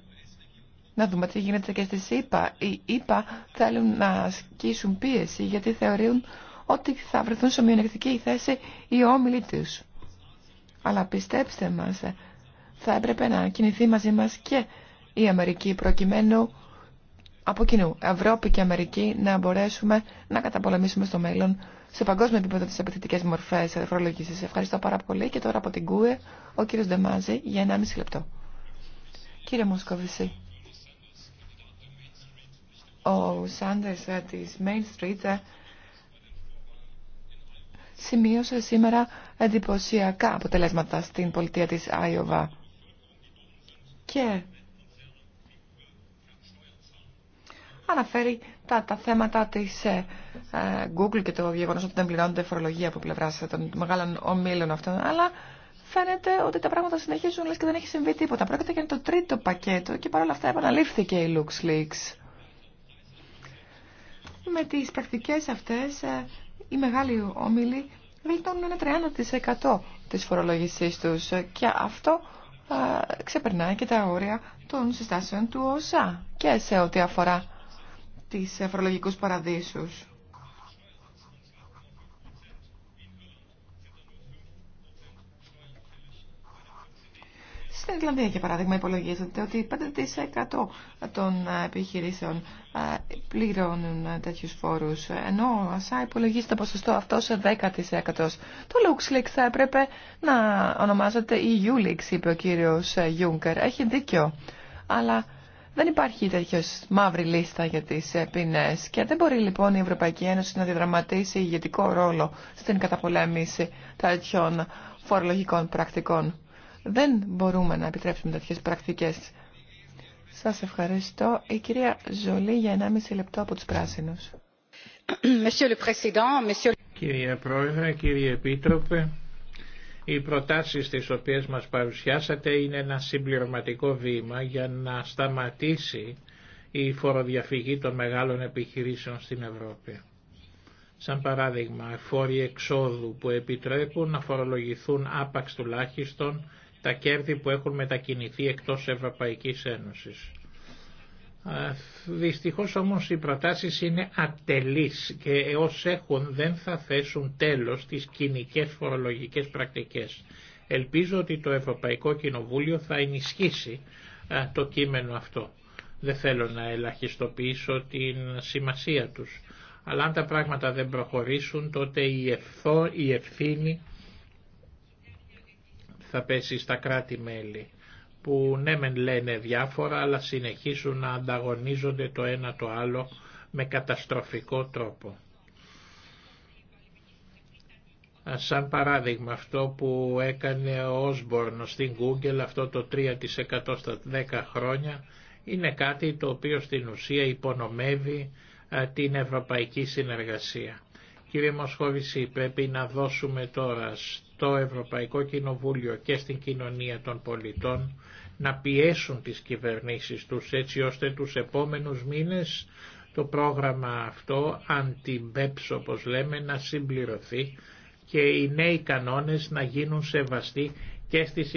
Να δούμε τι γίνεται και στις ΗΠΑ. Οι ΗΠΑ θέλουν να ασκήσουν πίεση γιατί θεωρούν ότι θα βρεθούν σε μειονεκτική θέση οι όμιλοι του. Αλλά πιστέψτε μας, θα έπρεπε να κινηθεί μαζί μας και η Αμερική προκειμένου από κοινού, Ευρώπη και Αμερική, να μπορέσουμε να καταπολεμήσουμε στο μέλλον σε παγκόσμιο επίπεδο τις επιθετικές μορφές φορολογήσεις. Ευχαριστώ πάρα πολύ και τώρα από την ΚΟΥΕ, ο κύριος Ντεμάζη για 1,5 λεπτό. Κύριε Μοσκοβισή, ο Σάντερς της Main Street σημείωσε σήμερα εντυπωσιακά αποτελέσματα στην πολιτεία της Άιωβα. Και αναφέρει τα, τα θέματα της ε, ε, Google και το γεγονός ότι δεν πληρώνονται φορολογία από πλευρά των μεγάλων ομίλων αυτών, αλλά φαίνεται ότι τα πράγματα συνεχίζουν λες και δεν έχει συμβεί τίποτα. Πρόκειται για το τρίτο πακέτο και παρόλα αυτά επαναλήφθηκε η LuxLeaks. Με τις πρακτικές αυτές ε, οι μεγάλοι όμιλοι βελτώνουν ένα 30% της φορολογησής τους και αυτό α, ξεπερνάει και τα όρια των συστάσεων του ΟΣΑ και σε ό,τι αφορά τις φορολογικούς παραδείσους. Στην Ιρλανδία, για παράδειγμα, υπολογίζεται ότι 5% των ε, επιχειρήσεων ε, πληρώνουν ε, τέτοιου φόρου, ενώ ο ΑΣΑ υπολογίζει το ποσοστό αυτό σε 10%. Το LuxLeaks θα έπρεπε να ονομάζεται EU Leaks, είπε ο κύριο Juncker. Έχει δίκιο. Αλλά δεν υπάρχει τέτοιο μαύρη λίστα για τι ποινέ και δεν μπορεί λοιπόν η Ευρωπαϊκή Ένωση να διαδραματίσει ηγετικό ρόλο στην καταπολέμηση τέτοιων φορολογικών πρακτικών. Δεν μπορούμε να επιτρέψουμε τέτοιες πρακτικές. Σας ευχαριστώ. Η κυρία Ζολή για 1,5 λεπτό από τους πράσινους. Κύριε Πρόεδρε, κύριε Επίτροπε, οι προτάσεις τις οποίες μας παρουσιάσατε είναι ένα συμπληρωματικό βήμα για να σταματήσει η φοροδιαφυγή των μεγάλων επιχειρήσεων στην Ευρώπη. Σαν παράδειγμα, φόροι εξόδου που επιτρέπουν να φορολογηθούν άπαξ τουλάχιστον τα κέρδη που έχουν μετακινηθεί εκτός Ευρωπαϊκής Ένωσης. Δυστυχώς όμως οι προτάσεις είναι ατελείς και ως έχουν δεν θα θέσουν τέλος τις κοινικές φορολογικές πρακτικές. Ελπίζω ότι το Ευρωπαϊκό Κοινοβούλιο θα ενισχύσει το κείμενο αυτό. Δεν θέλω να ελαχιστοποιήσω την σημασία τους. Αλλά αν τα πράγματα δεν προχωρήσουν τότε η ευθύνη θα πέσει στα κράτη-μέλη που ναι μεν λένε διάφορα αλλά συνεχίζουν να ανταγωνίζονται το ένα το άλλο με καταστροφικό τρόπο. Σαν παράδειγμα αυτό που έκανε ο Όσμπορν στην Google αυτό το 3% στα 10 χρόνια είναι κάτι το οποίο στην ουσία υπονομεύει την ευρωπαϊκή συνεργασία. Κύριε Μοσχοβησή, πρέπει να δώσουμε τώρα στο Ευρωπαϊκό Κοινοβούλιο και στην κοινωνία των πολιτών να πιέσουν τις κυβερνήσεις τους έτσι ώστε τους επόμενους μήνες το πρόγραμμα αυτό αντιμπέψ όπως λέμε να συμπληρωθεί και οι νέοι κανόνες να γίνουν σεβαστοί και στις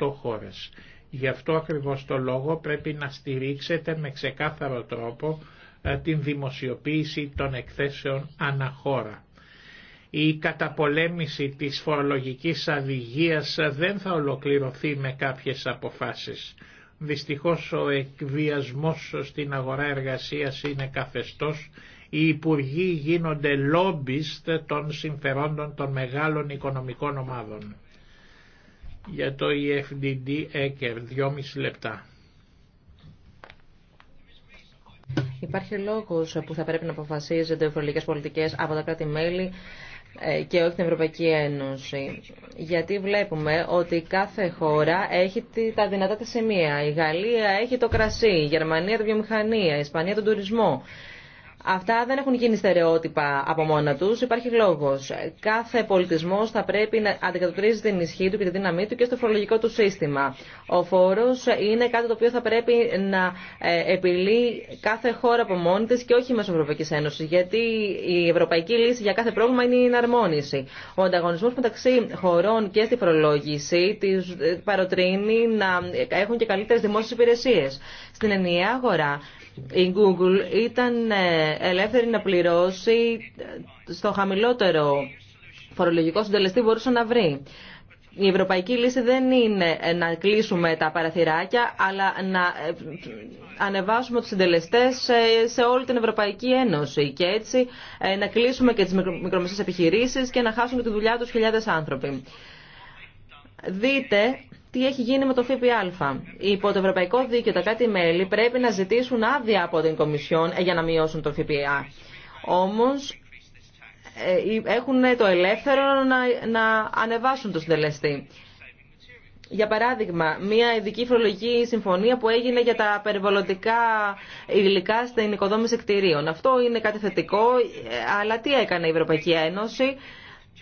28 χώρες. Γι' αυτό ακριβώς το λόγο πρέπει να στηρίξετε με ξεκάθαρο τρόπο ε, την δημοσιοποίηση των εκθέσεων αναχώρα. Η καταπολέμηση της φορολογικής αδηγίας δεν θα ολοκληρωθεί με κάποιες αποφάσεις. Δυστυχώς ο εκβιασμός στην αγορά εργασίας είναι καθεστώς. Οι υπουργοί γίνονται λόμπιστ των συμφερόντων των μεγάλων οικονομικών ομάδων. Για το EFDD έκερ, 2,5 λεπτά. Υπάρχει λόγο που θα πρέπει να αποφασίζονται οι πολιτικέ πολιτικές από τα κράτη-μέλη ε, και όχι την Ευρωπαϊκή Ένωση. Γιατί βλέπουμε ότι κάθε χώρα έχει τα δυνατά της σημεία. Η Γαλλία έχει το κρασί, η Γερμανία την βιομηχανία, η Ισπανία τον τουρισμό. Αυτά δεν έχουν γίνει στερεότυπα από μόνα του. Υπάρχει λόγο. Κάθε πολιτισμό θα πρέπει να αντικατοπτρίζει την ισχύ του και τη δύναμή του και στο φορολογικό του σύστημα. Ο φόρο είναι κάτι το οποίο θα πρέπει να ε, επιλύει κάθε χώρα από μόνη τη και όχι μέσω Ευρωπαϊκή Ένωση. Γιατί η ευρωπαϊκή λύση για κάθε πρόβλημα είναι η εναρμόνιση. Ο ανταγωνισμό μεταξύ χωρών και στη φορολόγηση τη ε, παροτρύνει να έχουν και καλύτερε δημόσιε υπηρεσίε. Στην ενιαία αγορά η Google ήταν ε, ελεύθερη να πληρώσει ε, στο χαμηλότερο φορολογικό συντελεστή μπορούσε να βρει. Η ευρωπαϊκή λύση δεν είναι ε, να κλείσουμε τα παραθυράκια, αλλά να ανεβάσουμε τους συντελεστές σε όλη την Ευρωπαϊκή Ένωση και έτσι να κλείσουμε και τις μικρομεσαίες επιχειρήσεις και να χάσουν και τη δουλειά τους χιλιάδες άνθρωποι. Δείτε τι έχει γίνει με το ΦΠΑ. Υπό το Ευρωπαϊκό Δίκαιο τα κάτι μελη πρέπει να ζητήσουν άδεια από την Κομισιόν ε, για να μειώσουν το ΦΠΑ. Όμως ε, έχουν ε, το ελεύθερο να, να ανεβάσουν το συντελεστή. Για παράδειγμα, μια ειδική φορολογική συμφωνία που έγινε για τα περιβαλλοντικά υλικά στην οικοδόμηση κτηρίων. Αυτό είναι κάτι θετικό, αλλά τι έκανε η Ευρωπαϊκή Ένωση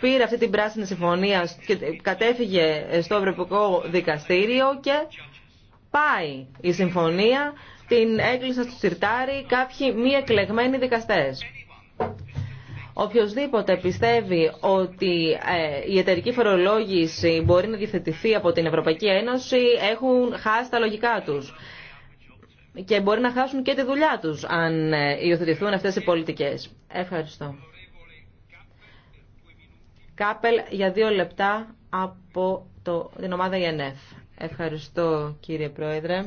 πήρε αυτή την πράσινη συμφωνία και κατέφυγε στο Ευρωπαϊκό Δικαστήριο και πάει η συμφωνία, την έκλεισαν στο σιρτάρι κάποιοι μη εκλεγμένοι δικαστές. Οποιοςδήποτε πιστεύει ότι ε, η εταιρική φορολόγηση μπορεί να διευθετηθεί από την Ευρωπαϊκή Ένωση έχουν χάσει τα λογικά τους και μπορεί να χάσουν και τη δουλειά τους αν ε, υιοθετηθούν αυτές οι πολιτικές. Ευχαριστώ. Κάπελ για δύο λεπτά από το, την ομάδα ΙΕΝΕΦ. Ευχαριστώ κύριε Πρόεδρε,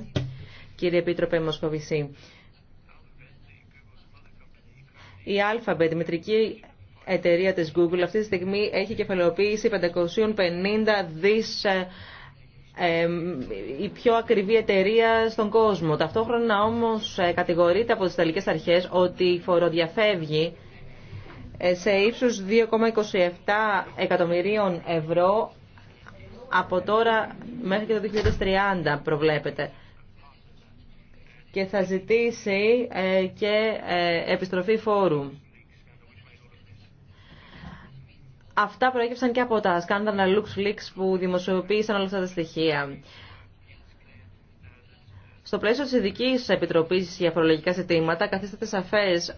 κύριε Επίτροπε Μοσκοβισή. Η Alphabet, η μητρική εταιρεία της Google, αυτή τη στιγμή έχει κεφαλαιοποίηση 550 δις ε, ε, η πιο ακριβή εταιρεία στον κόσμο. Ταυτόχρονα όμως ε, κατηγορείται από τις Ιταλικές Αρχές ότι φοροδιαφεύγει ε, σε ύψους 2,27 εκατομμυρίων ευρώ από τώρα μέχρι και το 2030 προβλέπεται. Και θα ζητήσει ε, και ε, επιστροφή φόρου. Αυτά προέκυψαν και από τα σκάνδαλα LuxLeaks που δημοσιοποίησαν όλα αυτά τα στοιχεία. Στο πλαίσιο της Ειδικής Επιτροπής για φορολογικά ζητήματα καθίσταται σαφές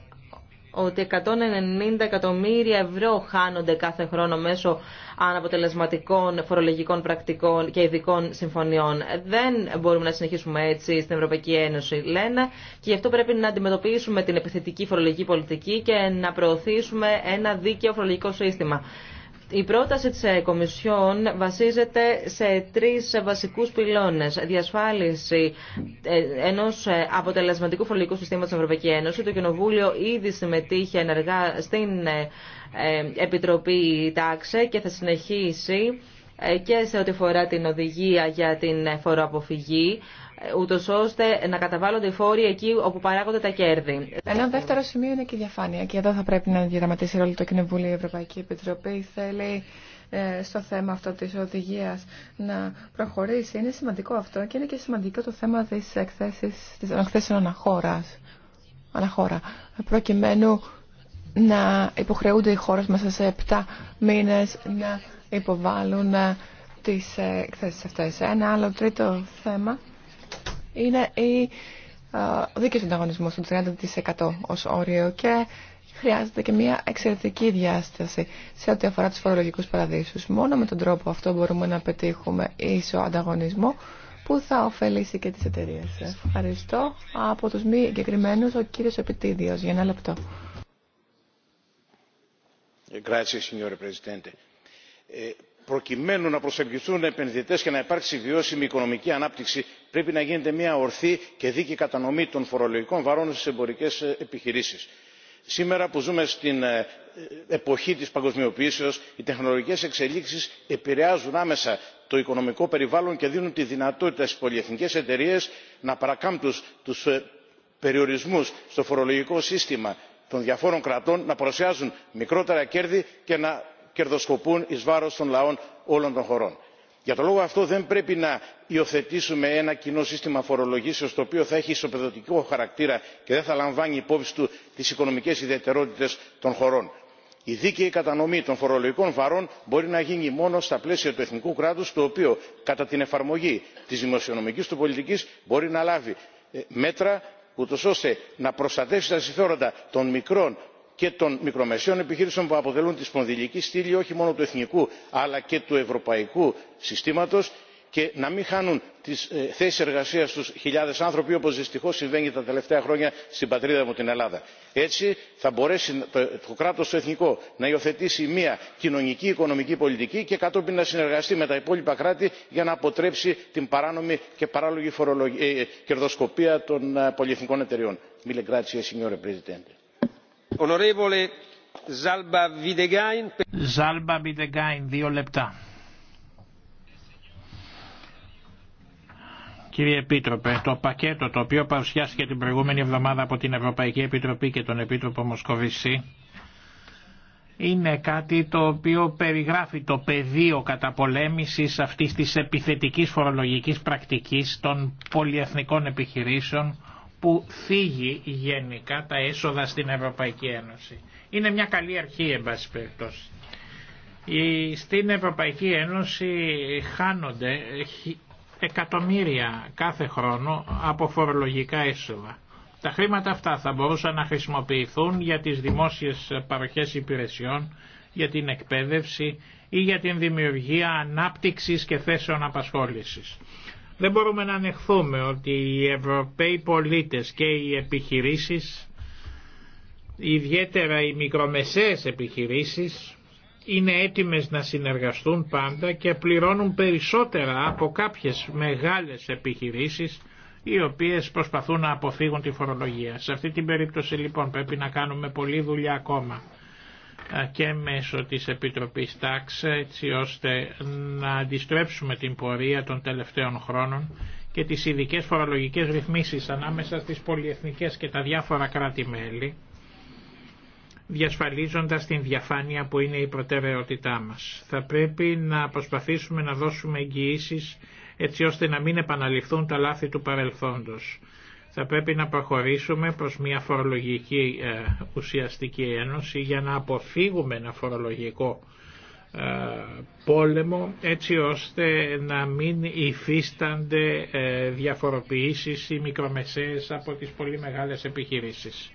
ότι 190 εκατομμύρια ευρώ χάνονται κάθε χρόνο μέσω αναποτελεσματικών φορολογικών πρακτικών και ειδικών συμφωνιών. Δεν μπορούμε να συνεχίσουμε έτσι στην Ευρωπαϊκή Ένωση, λένε, και γι' αυτό πρέπει να αντιμετωπίσουμε την επιθετική φορολογική πολιτική και να προωθήσουμε ένα δίκαιο φορολογικό σύστημα. Η πρόταση της ε, Κομισιόν βασίζεται σε τρεις ε, βασικούς πυλώνες. Διασφάλιση ε, ενός αποτελεσματικού φορολογικού συστήματος στην Ευρωπαϊκή Ένωση. Το Κοινοβούλιο ήδη συμμετείχε ενεργά στην Επιτροπή Τάξε και θα συνεχίσει και σε ό,τι αφορά την οδηγία για την φοροαποφυγή ούτως ώστε να καταβάλλονται οι φόροι εκεί όπου παράγονται τα κέρδη. Ένα δεύτερο σημείο είναι και η διαφάνεια και εδώ θα πρέπει να διαδραματίσει ρόλο το Κοινοβούλιο η Ευρωπαϊκή Επιτροπή. Θέλει ε, στο θέμα αυτό της οδηγίας να προχωρήσει. Είναι σημαντικό αυτό και είναι και σημαντικό το θέμα της εκθέσης, της εκθέσης αναχώρας, αναχώρα, προκειμένου να υποχρεούνται οι χώρες μέσα σε 7 μήνες να υποβάλουν ε, τις ε, εκθέσεις αυτές. Ένα άλλο τρίτο θέμα είναι η δίκαιος ανταγωνισμός του 30% ως όριο και χρειάζεται και μια εξαιρετική διάσταση σε ό,τι αφορά τους φορολογικούς παραδείσους. Μόνο με τον τρόπο αυτό μπορούμε να πετύχουμε ίσο ανταγωνισμό που θα ωφελήσει και τις εταιρείες. Ευχαριστώ. Από τους μη εγκεκριμένους, ο κύριος Επιτίδιος, για ένα λεπτό. Ε, ε, προκειμένου να προσελκυθούν επενδυτέ και να υπάρξει βιώσιμη οικονομική ανάπτυξη πρέπει να γίνεται μια ορθή και δίκαιη κατανομή των φορολογικών βαρών στι εμπορικέ ε, επιχειρήσει. σήμερα που ζούμε στην ε, εποχή της παγκοσμιοποίησεως οι τεχνολογικές εξελίξεις επηρεάζουν άμεσα το οικονομικό περιβάλλον και δίνουν τη δυνατότητα στις πολυεθνικές εταιρείες να παρακάμπτουν τους ε, περιορισμούς στο φορολογικό σύστημα των διαφόρων κρατών να παρουσιάζουν μικρότερα κέρδη και να κερδοσκοπούν εις βάρος των λαών όλων των χωρών. για τον λόγο αυτό δεν πρέπει να υιοθετήσουμε ένα κοινό σύστημα φορολογήσεως το οποίο θα έχει ισοπεδωτικό χαρακτήρα και δεν θα λαμβάνει υπόψη του τις οικονομικές ιδιαιτερότητες των χωρών. η δίκαιη κατανομή των φορολογικών βαρών μπορεί να γίνει μόνο στα πλαίσια του εθνικού κράτους το οποίο κατά την εφαρμογή της δημοσιονομικής του πολιτικής μπορεί να λάβει ε, μέτρα ούτως ώστε να προστατεύσει τα συμφέροντα των μικρών και των μικρομεσαίων επιχειρήσεων που αποτελούν τη σπονδυλική στήλη όχι μόνο του εθνικού αλλά και του ευρωπαϊκού συστήματος και να μην χάνουν τις ε, θέσεις εργασίας τους χιλιάδες άνθρωποι όπως δυστυχώς συμβαίνει τα τελευταία χρόνια στην πατρίδα μου την ελλάδα. έτσι θα μπορέσει το κράτος το εθνικό να υιοθετήσει μια κοινωνική οικονομική πολιτική και κατόπιν να συνεργαστεί με τα υπόλοιπα κράτη για να αποτρέψει την παράνομη και παράλογη ε, κερδοσκοπία των ε, πολυεθνικών εταιριών. Ζάλμπα Βιντεγκάιν, δύο λεπτά. Κύριε Επίτροπε, το πακέτο το οποίο παρουσιάστηκε την προηγούμενη εβδομάδα από την Ευρωπαϊκή Επιτροπή και τον Επίτροπο Μοσκοβισή είναι κάτι το οποίο περιγράφει το πεδίο καταπολέμησης αυτής της επιθετικής φορολογικής πρακτικής των πολυεθνικών επιχειρήσεων που φύγει γενικά τα έσοδα στην Ευρωπαϊκή Ένωση. Είναι μια καλή αρχή, εν πάση περιπτώσει. Στην Ευρωπαϊκή Ένωση χάνονται εκατομμύρια κάθε χρόνο από φορολογικά έσοδα. Τα χρήματα αυτά θα μπορούσαν να χρησιμοποιηθούν για τις δημόσιες παροχές υπηρεσιών, για την εκπαίδευση ή για την δημιουργία ανάπτυξης και θέσεων απασχόλησης. Δεν μπορούμε να ανεχθούμε ότι οι Ευρωπαίοι πολίτες και οι επιχειρήσεις, ιδιαίτερα οι μικρομεσαίες επιχειρήσεις, είναι έτοιμες να συνεργαστούν πάντα και πληρώνουν περισσότερα από κάποιες μεγάλες επιχειρήσεις οι οποίες προσπαθούν να αποφύγουν τη φορολογία. Σε αυτή την περίπτωση λοιπόν πρέπει να κάνουμε πολλή δουλειά ακόμα και μέσω της Επιτροπής ΤΑΞ έτσι ώστε να αντιστρέψουμε την πορεία των τελευταίων χρόνων και τις ειδικές φορολογικές ρυθμίσεις ανάμεσα στις πολυεθνικές και τα διάφορα κράτη-μέλη διασφαλίζοντας την διαφάνεια που είναι η προτεραιότητά μας. Θα πρέπει να προσπαθήσουμε να δώσουμε εγγυήσει έτσι ώστε να μην επαναληφθούν τα λάθη του παρελθόντος θα πρέπει να προχωρήσουμε προς μια φορολογική ε, ουσιαστική ένωση για να αποφύγουμε ένα φορολογικό ε, πόλεμο έτσι ώστε να μην υφίστανται ε, διαφοροποιήσεις ή μικρομεσαίες από τις πολύ μεγάλες επιχειρήσεις.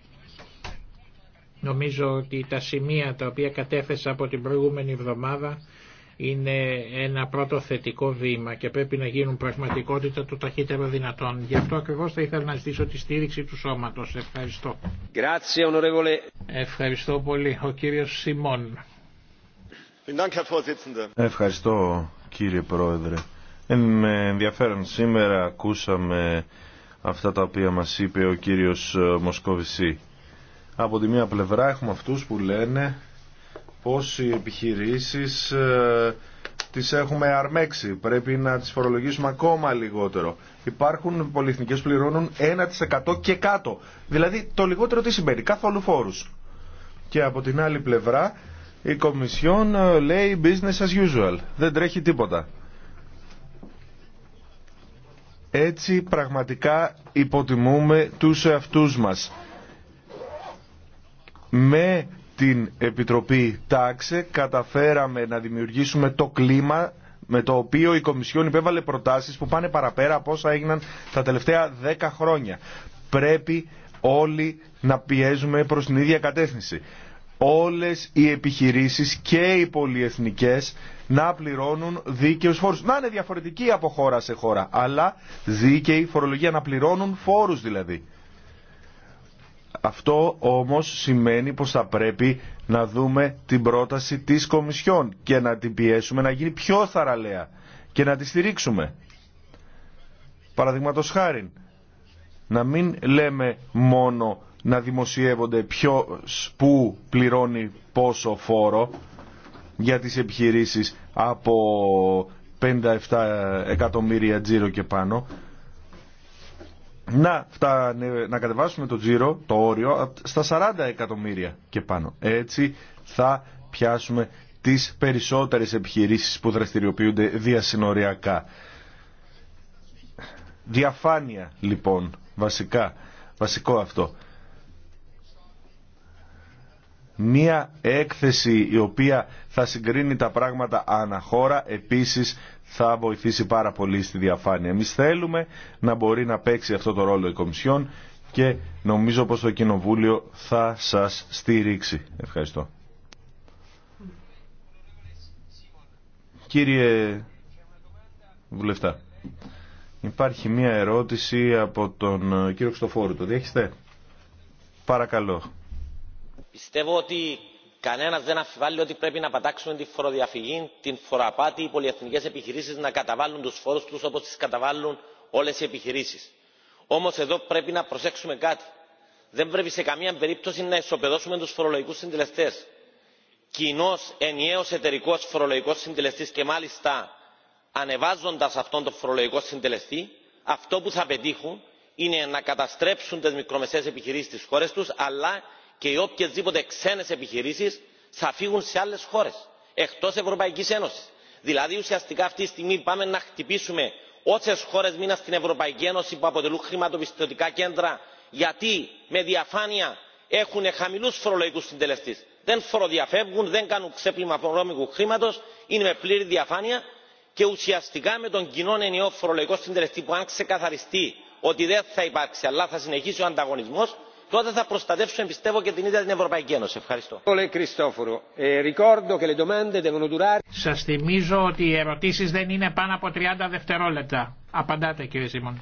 Νομίζω ότι τα σημεία τα οποία κατέθεσα από την προηγούμενη εβδομάδα είναι ένα πρώτο θετικό βήμα και πρέπει να γίνουν πραγματικότητα το ταχύτερο δυνατόν. Γι' αυτό ακριβώ θα ήθελα να ζητήσω τη στήριξη του σώματο. Ευχαριστώ. Ευχαριστώ πολύ. Ο κύριο Σιμών. Ευχαριστώ κύριε Πρόεδρε. Ε, με ενδιαφέρον σήμερα ακούσαμε αυτά τα οποία μας είπε ο κύριος Μοσκοβισή. Από τη μία πλευρά έχουμε αυτούς που λένε πως οι επιχειρήσεις ε, τις έχουμε αρμέξει. Πρέπει να τις φορολογήσουμε ακόμα λιγότερο. Υπάρχουν πολυεθνικές που πληρώνουν 1% και κάτω. Δηλαδή το λιγότερο τι σημαίνει, καθόλου φόρους. Και από την άλλη πλευρά η Κομισιόν ε, λέει business as usual. Δεν τρέχει τίποτα. Έτσι πραγματικά υποτιμούμε τους εαυτούς μας. Με στην Επιτροπή Τάξε καταφέραμε να δημιουργήσουμε το κλίμα με το οποίο η Κομισιόν υπέβαλε προτάσεις που πάνε παραπέρα από όσα έγιναν τα τελευταία δέκα χρόνια. Πρέπει όλοι να πιέζουμε προς την ίδια κατεύθυνση. Όλες οι επιχειρήσεις και οι πολυεθνικές να πληρώνουν δίκαιους φόρους. Να είναι διαφορετικοί από χώρα σε χώρα, αλλά δίκαιη φορολογία να πληρώνουν φόρους δηλαδή. Αυτό όμως σημαίνει πως θα πρέπει να δούμε την πρόταση της Κομισιόν και να την πιέσουμε να γίνει πιο θαραλέα και να τη στηρίξουμε. Παραδείγματος χάρη, να μην λέμε μόνο να δημοσιεύονται ποιο που πληρώνει πόσο φόρο για τις επιχειρήσεις από 57 εκατομμύρια τζίρο και πάνω, να, να κατεβάσουμε το τζίρο, το όριο, στα 40 εκατομμύρια και πάνω. Έτσι θα πιάσουμε τις περισσότερες επιχειρήσεις που δραστηριοποιούνται διασυνοριακά. Διαφάνεια λοιπόν, βασικά, βασικό αυτό. Μία έκθεση η οποία θα συγκρίνει τα πράγματα αναχώρα, επίσης θα βοηθήσει πάρα πολύ στη διαφάνεια. Εμεί θέλουμε να μπορεί να παίξει αυτό το ρόλο η Κομισιόν και νομίζω πως το Κοινοβούλιο θα σας στηρίξει. Ευχαριστώ. Κύριε Βουλευτά, υπάρχει μία ερώτηση από τον ε, κύριο Ξτοφόρου. Το διέχεστε. Παρακαλώ. Πιστεύω ότι κανένα δεν αφιβάλλει ότι πρέπει να πατάξουμε τη φοροδιαφυγή, την φοροαπάτη, οι πολυεθνικέ επιχειρήσει να καταβάλουν του φόρου του όπω τι καταβάλουν όλε οι επιχειρήσει. Όμω εδώ πρέπει να προσέξουμε κάτι. Δεν πρέπει σε καμία περίπτωση να ισοπεδώσουμε του φορολογικού συντελεστέ. Κοινό ενιαίο εταιρικό φορολογικό συντελεστή και μάλιστα ανεβάζοντα αυτόν τον φορολογικό συντελεστή, αυτό που θα πετύχουν είναι να καταστρέψουν τι μικρομεσαίε επιχειρήσει στι χώρε του, αλλά και οι οποιασδήποτε ξένες επιχειρήσεις θα φύγουν σε άλλες χώρες εκτός Ευρωπαϊκής Ένωσης. Δηλαδή ουσιαστικά αυτή τη στιγμή πάμε να χτυπήσουμε όσες χώρες μήνα στην Ευρωπαϊκή Ένωση που αποτελούν χρηματοπιστωτικά κέντρα γιατί με διαφάνεια έχουν χαμηλούς φορολογικούς συντελεστέ. Δεν φοροδιαφεύγουν, δεν κάνουν ξέπλυμα φορολογικού χρήματος, είναι με πλήρη διαφάνεια και ουσιαστικά με τον κοινό ενιαίο φορολογικό συντελεστή που αν ξεκαθαριστεί ότι δεν θα υπάρξει αλλά θα συνεχίσει ο ανταγωνισμό τότε θα προστατεύσουμε πιστεύω και την ίδια την Ευρωπαϊκή Ένωση. Ευχαριστώ. Ε, Σα θυμίζω ότι οι ερωτήσει δεν είναι πάνω από 30 δευτερόλεπτα. Απαντάτε κύριε Σίμων.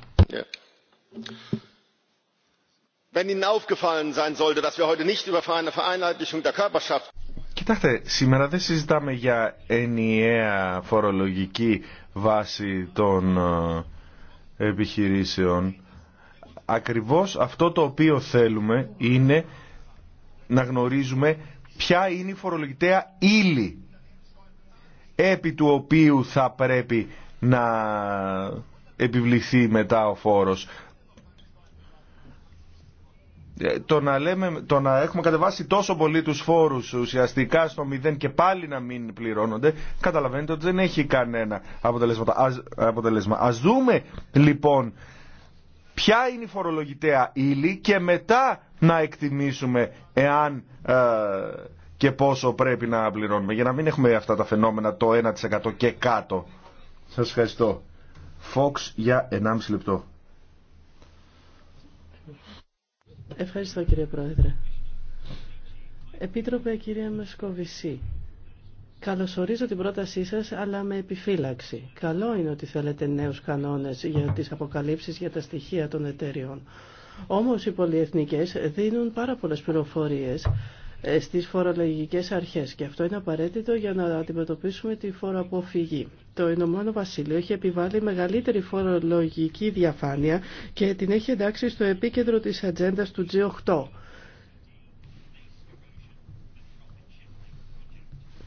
Wenn Ihnen aufgefallen sein sollte, dass wir heute nicht über eine Vereinheitlichung der Körperschaft Κοιτάξτε, σήμερα δεν συζητάμε για ενιαία φορολογική βάση των ε, επιχειρήσεων. Ακριβώς αυτό το οποίο θέλουμε είναι να γνωρίζουμε ποια είναι η φορολογητέα ύλη επί του οποίου θα πρέπει να επιβληθεί μετά ο φόρος. Ε, το να, λέμε, το να έχουμε κατεβάσει τόσο πολύ τους φόρους ουσιαστικά στο μηδέν και πάλι να μην πληρώνονται, καταλαβαίνετε ότι δεν έχει κανένα αποτελέσμα. Ας, αποτελέσμα. Ας δούμε λοιπόν ποια είναι η φορολογητέα ύλη και μετά να εκτιμήσουμε εάν ε, και πόσο πρέπει να πληρώνουμε για να μην έχουμε αυτά τα φαινόμενα το 1% και κάτω. Σας ευχαριστώ. Φόξ για 1,5 λεπτό. Ευχαριστώ κύριε Πρόεδρε. Επίτροπε κυρία Μεσκοβισή. Καλωσορίζω την πρότασή σας, αλλά με επιφύλαξη. Καλό είναι ότι θέλετε νέους κανόνες για τις αποκαλύψεις για τα στοιχεία των εταιριών. Όμως οι πολυεθνικές δίνουν πάρα πολλές πληροφορίες ε, στις φορολογικές αρχές και αυτό είναι απαραίτητο για να αντιμετωπίσουμε τη φοροαποφυγή. Το Ηνωμένο Βασίλειο έχει επιβάλει μεγαλύτερη φορολογική διαφάνεια και την έχει εντάξει στο επίκεντρο της ατζέντα του G8.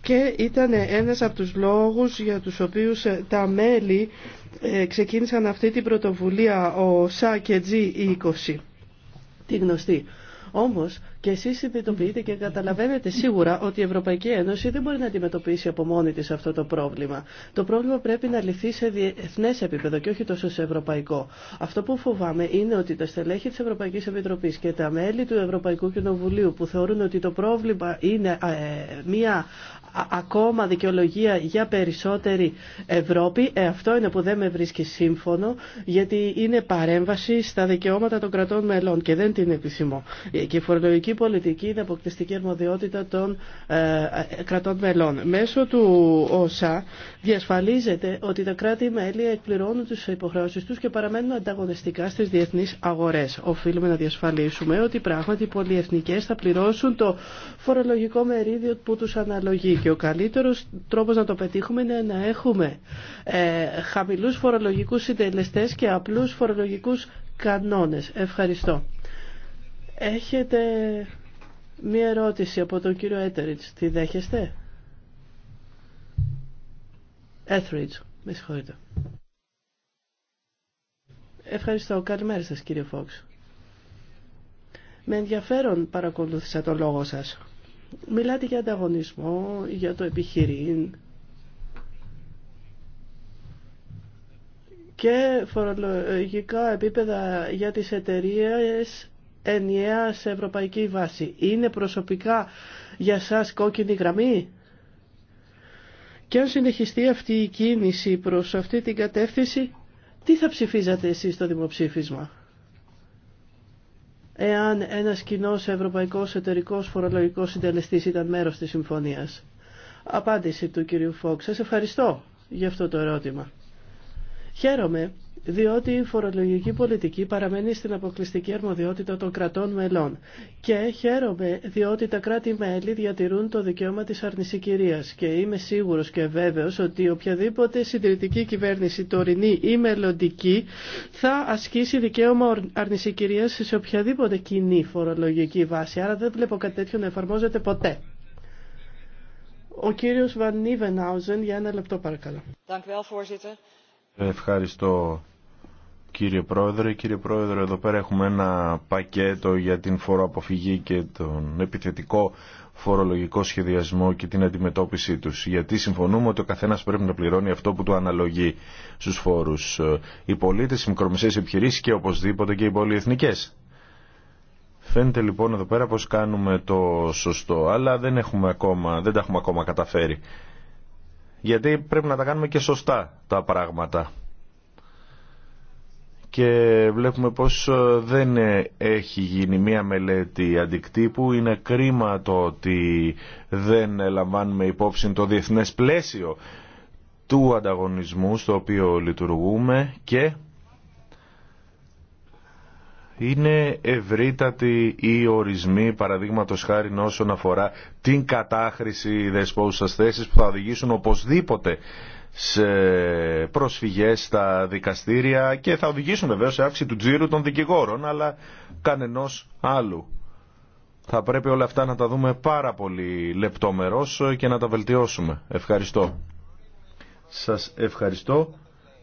και ήταν ένας από τους λόγους για τους οποίους ε, τα μέλη ε, ξεκίνησαν αυτή την πρωτοβουλία ο ΣΑΚΕΤΖΙ 20 τη γνωστή. Όμως και εσείς συνειδητοποιείτε και καταλαβαίνετε σίγουρα ότι η Ευρωπαϊκή Ένωση δεν μπορεί να αντιμετωπίσει από μόνη της αυτό το πρόβλημα. Το πρόβλημα πρέπει να λυθεί σε διεθνέ επίπεδο και όχι τόσο σε ευρωπαϊκό. Αυτό που φοβάμαι είναι ότι τα στελέχη της Ευρωπαϊκής Επιτροπής και τα μέλη του Ευρωπαϊκού Κοινοβουλίου που θεωρούν ότι το πρόβλημα είναι ε, μια ακόμα δικαιολογία για περισσότερη Ευρώπη. Ε, αυτό είναι που δεν με βρίσκει σύμφωνο, γιατί είναι παρέμβαση στα δικαιώματα των κρατών μελών και δεν την επισημώ. Ε, πολιτική είναι αποκτηστική αρμοδιότητα των ε, ε, κρατών μελών. Μέσω του ΩΣΑ διασφαλίζεται ότι τα κράτη-μέλη εκπληρώνουν τις υποχρεώσεις τους και παραμένουν ανταγωνιστικά στις διεθνείς αγορές. Οφείλουμε να διασφαλίσουμε ότι πράγματι οι πολυεθνικές θα πληρώσουν το φορολογικό μερίδιο που τους αναλογεί και ο καλύτερος τρόπος να το πετύχουμε είναι να έχουμε ε, χαμηλούς φορολογικούς συντελεστές και απλούς φορολογικούς κανόνες. Ευχαριστώ. Έχετε μία ερώτηση από τον κύριο Έτεριτς. Τη δέχεστε? Έθριτς, με συγχωρείτε. Ευχαριστώ. Καλημέρα σας κύριε Φόξ. Με ενδιαφέρον παρακολούθησα το λόγο σας. Μιλάτε για ανταγωνισμό, για το επιχειρήν και φορολογικά επίπεδα για τις εταιρείες ενιαία σε ευρωπαϊκή βάση. Είναι προσωπικά για σας κόκκινη γραμμή. Και αν συνεχιστεί αυτή η κίνηση προς αυτή την κατεύθυνση, τι θα ψηφίζατε εσείς στο δημοψήφισμα. Εάν ένας κοινό ευρωπαϊκός εταιρικός φορολογικός συντελεστής ήταν μέρος της συμφωνίας. Απάντηση του κυρίου Φόξ. Σας ευχαριστώ για αυτό το ερώτημα. Χαίρομαι διότι η φορολογική πολιτική παραμένει στην αποκλειστική αρμοδιότητα των κρατών μελών. Και χαίρομαι διότι τα κράτη-μέλη διατηρούν το δικαίωμα της αρνησικυρίας και είμαι σίγουρος και βέβαιος ότι οποιαδήποτε συντηρητική κυβέρνηση τωρινή ή μελλοντική θα ασκήσει δικαίωμα αρνησικυρίας σε οποιαδήποτε κοινή φορολογική βάση. Άρα δεν βλέπω κάτι τέτοιο να εφαρμόζεται ποτέ. Ο κύριος Βαν Νίβενάουζεν για ένα λεπτό παρακαλώ. Ευχαριστώ κύριε Πρόεδρε. Κύριε Πρόεδρε, εδώ πέρα έχουμε ένα πακέτο για την φοροαποφυγή και τον επιθετικό φορολογικό σχεδιασμό και την αντιμετώπιση τους. Γιατί συμφωνούμε ότι ο καθένας πρέπει να πληρώνει αυτό που του αναλογεί στους φόρους. Οι πολίτες, οι μικρομεσαίες επιχειρήσεις και οπωσδήποτε και οι πολυεθνικές. Φαίνεται λοιπόν εδώ πέρα πως κάνουμε το σωστό, αλλά δεν, έχουμε ακόμα, δεν τα έχουμε ακόμα καταφέρει. Γιατί πρέπει να τα κάνουμε και σωστά τα πράγματα και βλέπουμε πως ε, δεν έχει γίνει μία μελέτη αντικτύπου. Είναι κρίμα το ότι δεν λαμβάνουμε υπόψη το διεθνές πλαίσιο του ανταγωνισμού στο οποίο λειτουργούμε και είναι ευρύτατοι οι ορισμοί παραδείγματος χάρη όσον αφορά την κατάχρηση δεσπόουσας θέσης που θα οδηγήσουν οπωσδήποτε σε προσφυγές στα δικαστήρια και θα οδηγήσουν βεβαίω σε αύξηση του τζίρου των δικηγόρων αλλά κανενός άλλου. Θα πρέπει όλα αυτά να τα δούμε πάρα πολύ λεπτόμερος και να τα βελτιώσουμε. Ευχαριστώ. Σας ευχαριστώ.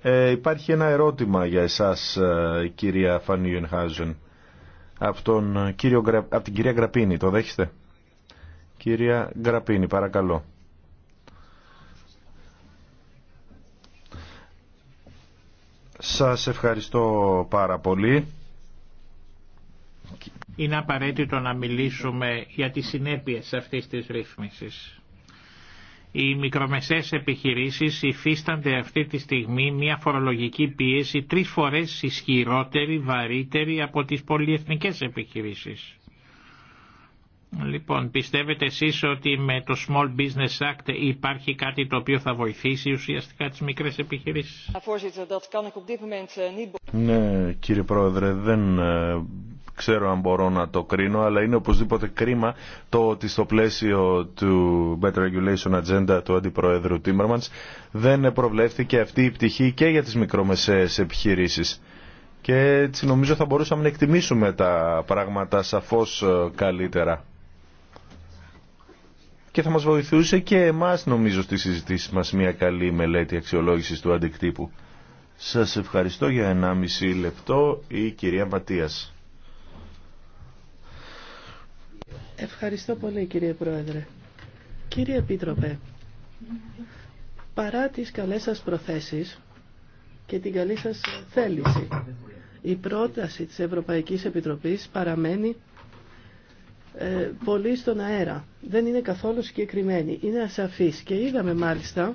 Ε, υπάρχει ένα ερώτημα για εσάς ε, κυρία Φανιούν από, από την κυρία Γραπίνη. Το δέχεστε. Κυρία Γραπίνη παρακαλώ. Σας ευχαριστώ πάρα πολύ. Είναι απαραίτητο να μιλήσουμε για τις συνέπειες αυτής της ρύθμισης. Οι μικρομεσαίες επιχειρήσεις υφίστανται αυτή τη στιγμή μια φορολογική πίεση τρεις φορές ισχυρότερη, βαρύτερη από τις πολυεθνικές επιχειρήσεις. Λοιπόν, πιστεύετε εσείς ότι με το Small Business Act υπάρχει κάτι το οποίο θα βοηθήσει ουσιαστικά τις μικρές επιχειρήσεις. Eh, ναι, κύριε Πρόεδρε, δεν ε, ξέρω αν μπορώ να το κρίνω, αλλά είναι οπωσδήποτε κρίμα το ότι στο πλαίσιο του Better Regulation Agenda του Αντιπροέδρου Τίμερμαντς δεν προβλέφθηκε αυτή η πτυχή και για τις μικρομεσαίες επιχειρήσεις και έτσι νομίζω θα μπορούσαμε να εκτιμήσουμε τα πράγματα σαφώς ε, καλύτερα και θα μας βοηθούσε και εμάς νομίζω στις συζητήσεις μας μια καλή μελέτη αξιολόγησης του αντικτύπου. Σας ευχαριστώ για 1,5 λεπτό η κυρία Ματίας. Ευχαριστώ πολύ κύριε Πρόεδρε. Κύριε Επίτροπε, παρά τις καλές σας προθέσεις και την καλή σας θέληση, η πρόταση της Ευρωπαϊκής Επιτροπής παραμένει ε, πολύ στον αέρα. Δεν είναι καθόλου συγκεκριμένη. Είναι ασαφής. Και είδαμε μάλιστα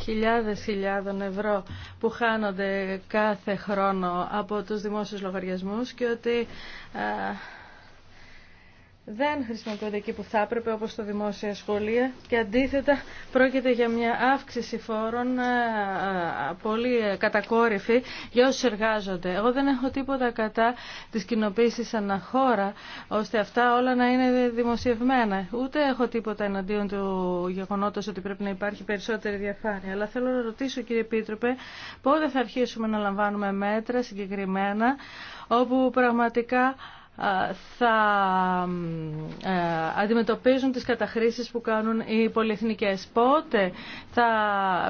χιλιάδες χιλιάδων ευρώ που χάνονται κάθε χρόνο από τους δημόσιους λογαριασμούς και ότι ε, δεν χρησιμοποιούνται εκεί που θα έπρεπε όπως το δημόσια σχολεία και αντίθετα πρόκειται για μια αύξηση φόρων ε, ε, πολύ ε, κατακόρυφη για όσους εργάζονται. Εγώ δεν έχω τίποτα κατά της κοινοποίησης αναχώρα ώστε αυτά όλα να είναι δημοσιευμένα. Ούτε έχω τίποτα εναντίον του γεγονότος ότι πρέπει να υπάρχει περισσότερη διαφάνεια. Αλλά θέλω να ρωτήσω κύριε Πίτροπε, πότε θα αρχίσουμε να λαμβάνουμε μέτρα συγκεκριμένα όπου πραγματικά θα ε, αντιμετωπίζουν τις καταχρήσεις που κάνουν οι πολυεθνικές. Πότε θα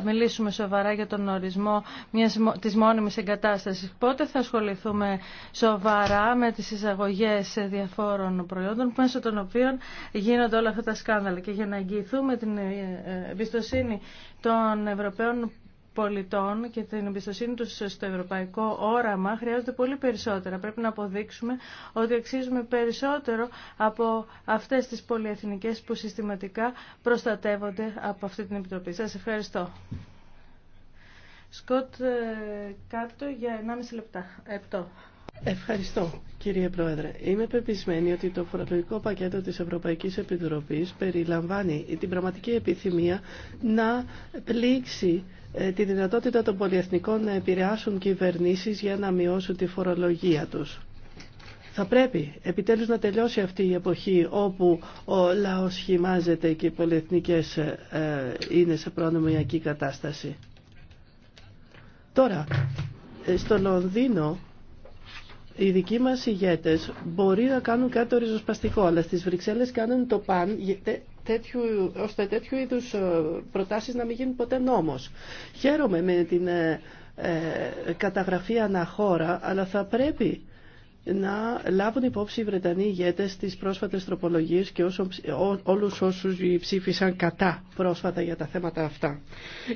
μιλήσουμε σοβαρά για τον ορισμό μιας, της μόνιμης εγκατάστασης. Πότε θα ασχοληθούμε σοβαρά με τις εισαγωγές διαφόρων προϊόντων μέσω των οποίων γίνονται όλα αυτά τα σκάνδαλα. Και για να εγγυηθούμε την ε, εμπιστοσύνη των Ευρωπαίων πολιτών και την εμπιστοσύνη τους στο ευρωπαϊκό όραμα χρειάζονται πολύ περισσότερα. Πρέπει να αποδείξουμε ότι αξίζουμε περισσότερο από αυτές τις πολυεθνικές που συστηματικά προστατεύονται από αυτή την Επιτροπή. Σας ευχαριστώ. Σκοτ ε, κάτω για 1,5 λεπτά. Επτό. Ευχαριστώ κύριε Πρόεδρε. Είμαι πεπισμένη ότι το φορολογικό πακέτο της Ευρωπαϊκής Επιτροπής περιλαμβάνει την πραγματική επιθυμία να πλήξει ε, τη δυνατότητα των πολυεθνικών να επηρεάσουν κυβερνήσεις για να μειώσουν τη φορολογία τους. Θα πρέπει επιτέλους να τελειώσει αυτή η εποχή όπου ο λαός χυμάζεται και οι πολυεθνικές ε, είναι σε προνομιακή κατάσταση. Τώρα, ε, στο Λονδίνο οι δικοί μας ηγέτες μπορεί να κάνουν κάτι οριζοσπαστικό αλλά στις Βρυξέλλες κάνουν το παν τέτοιου, ώστε τέτοιου είδους ε, προτάσεις να μην γίνουν ποτέ νόμος. Χαίρομαι με την ε, ε καταγραφή αναχώρα, αλλά θα πρέπει να λάβουν υπόψη οι Βρετανοί ηγέτες στις πρόσφατες τροπολογίες και όσο, ό, όλους όσους ψήφισαν κατά πρόσφατα για τα θέματα αυτά.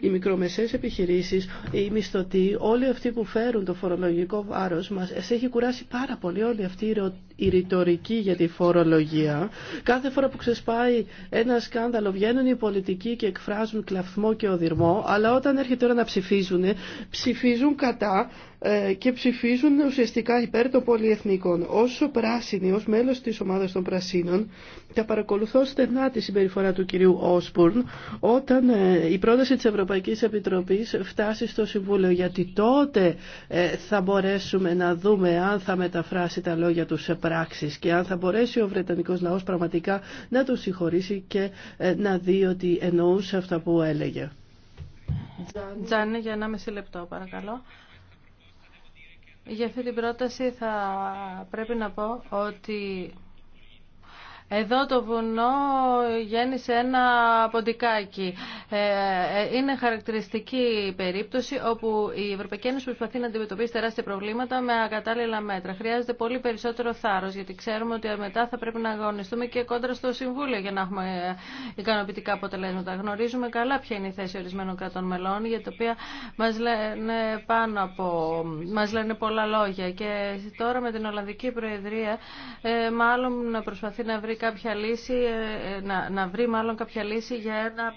Οι μικρομεσαίες επιχειρήσεις, οι μισθωτοί, όλοι αυτοί που φέρουν το φορολογικό βάρος μας, σε έχει κουράσει πάρα πολύ όλη αυτή η η ρητορική για τη φορολογία. Κάθε φορά που ξεσπάει ένα σκάνδαλο βγαίνουν οι πολιτικοί και εκφράζουν κλαφμό και οδυρμό, αλλά όταν έρχεται τώρα να ψηφίζουν, ψηφίζουν κατά ε, και ψηφίζουν ουσιαστικά υπέρ των πολιεθνικών. Όσο πράσινοι, ως μέλος της ομάδας των πρασίνων, θα παρακολουθώ στενά τη συμπεριφορά του κυρίου Όσπουρν όταν ε, η πρόταση της Ευρωπαϊκής Επιτροπής φτάσει στο Συμβούλιο, γιατί τότε ε, θα μπορέσουμε να δούμε αν θα μεταφράσει τα λόγια του σε πράξεις και αν θα μπορέσει ο Βρετανικός λαός πραγματικά να το συγχωρήσει και ε, να δει ότι εννοούσε αυτά που έλεγε. Τζάνι, για ένα μισή λεπτό παρακαλώ. Για αυτή την πρόταση θα πρέπει να πω ότι εδώ το βουνό γέννησε ένα ποντικάκι. Ε, ε, είναι χαρακτηριστική περίπτωση όπου η Ευρωπαϊκή Ένωση προσπαθεί να αντιμετωπίσει τεράστια προβλήματα με ακατάλληλα μέτρα. Χρειάζεται πολύ περισσότερο θάρρο, γιατί ξέρουμε ότι μετά θα πρέπει να αγωνιστούμε και κόντρα στο Συμβούλιο για να έχουμε ικανοποιητικά αποτελέσματα. Γνωρίζουμε καλά ποια είναι η θέση ορισμένων κρατών μελών, για τα οποία μα λένε πάνω από. μα λένε πολλά λόγια. Και τώρα με την Ολλανδική Προεδρία, ε, μάλλον προσπαθεί να βρει κάποια λύση, ε, ε, να, να βρει μάλλον κάποια λύση για ένα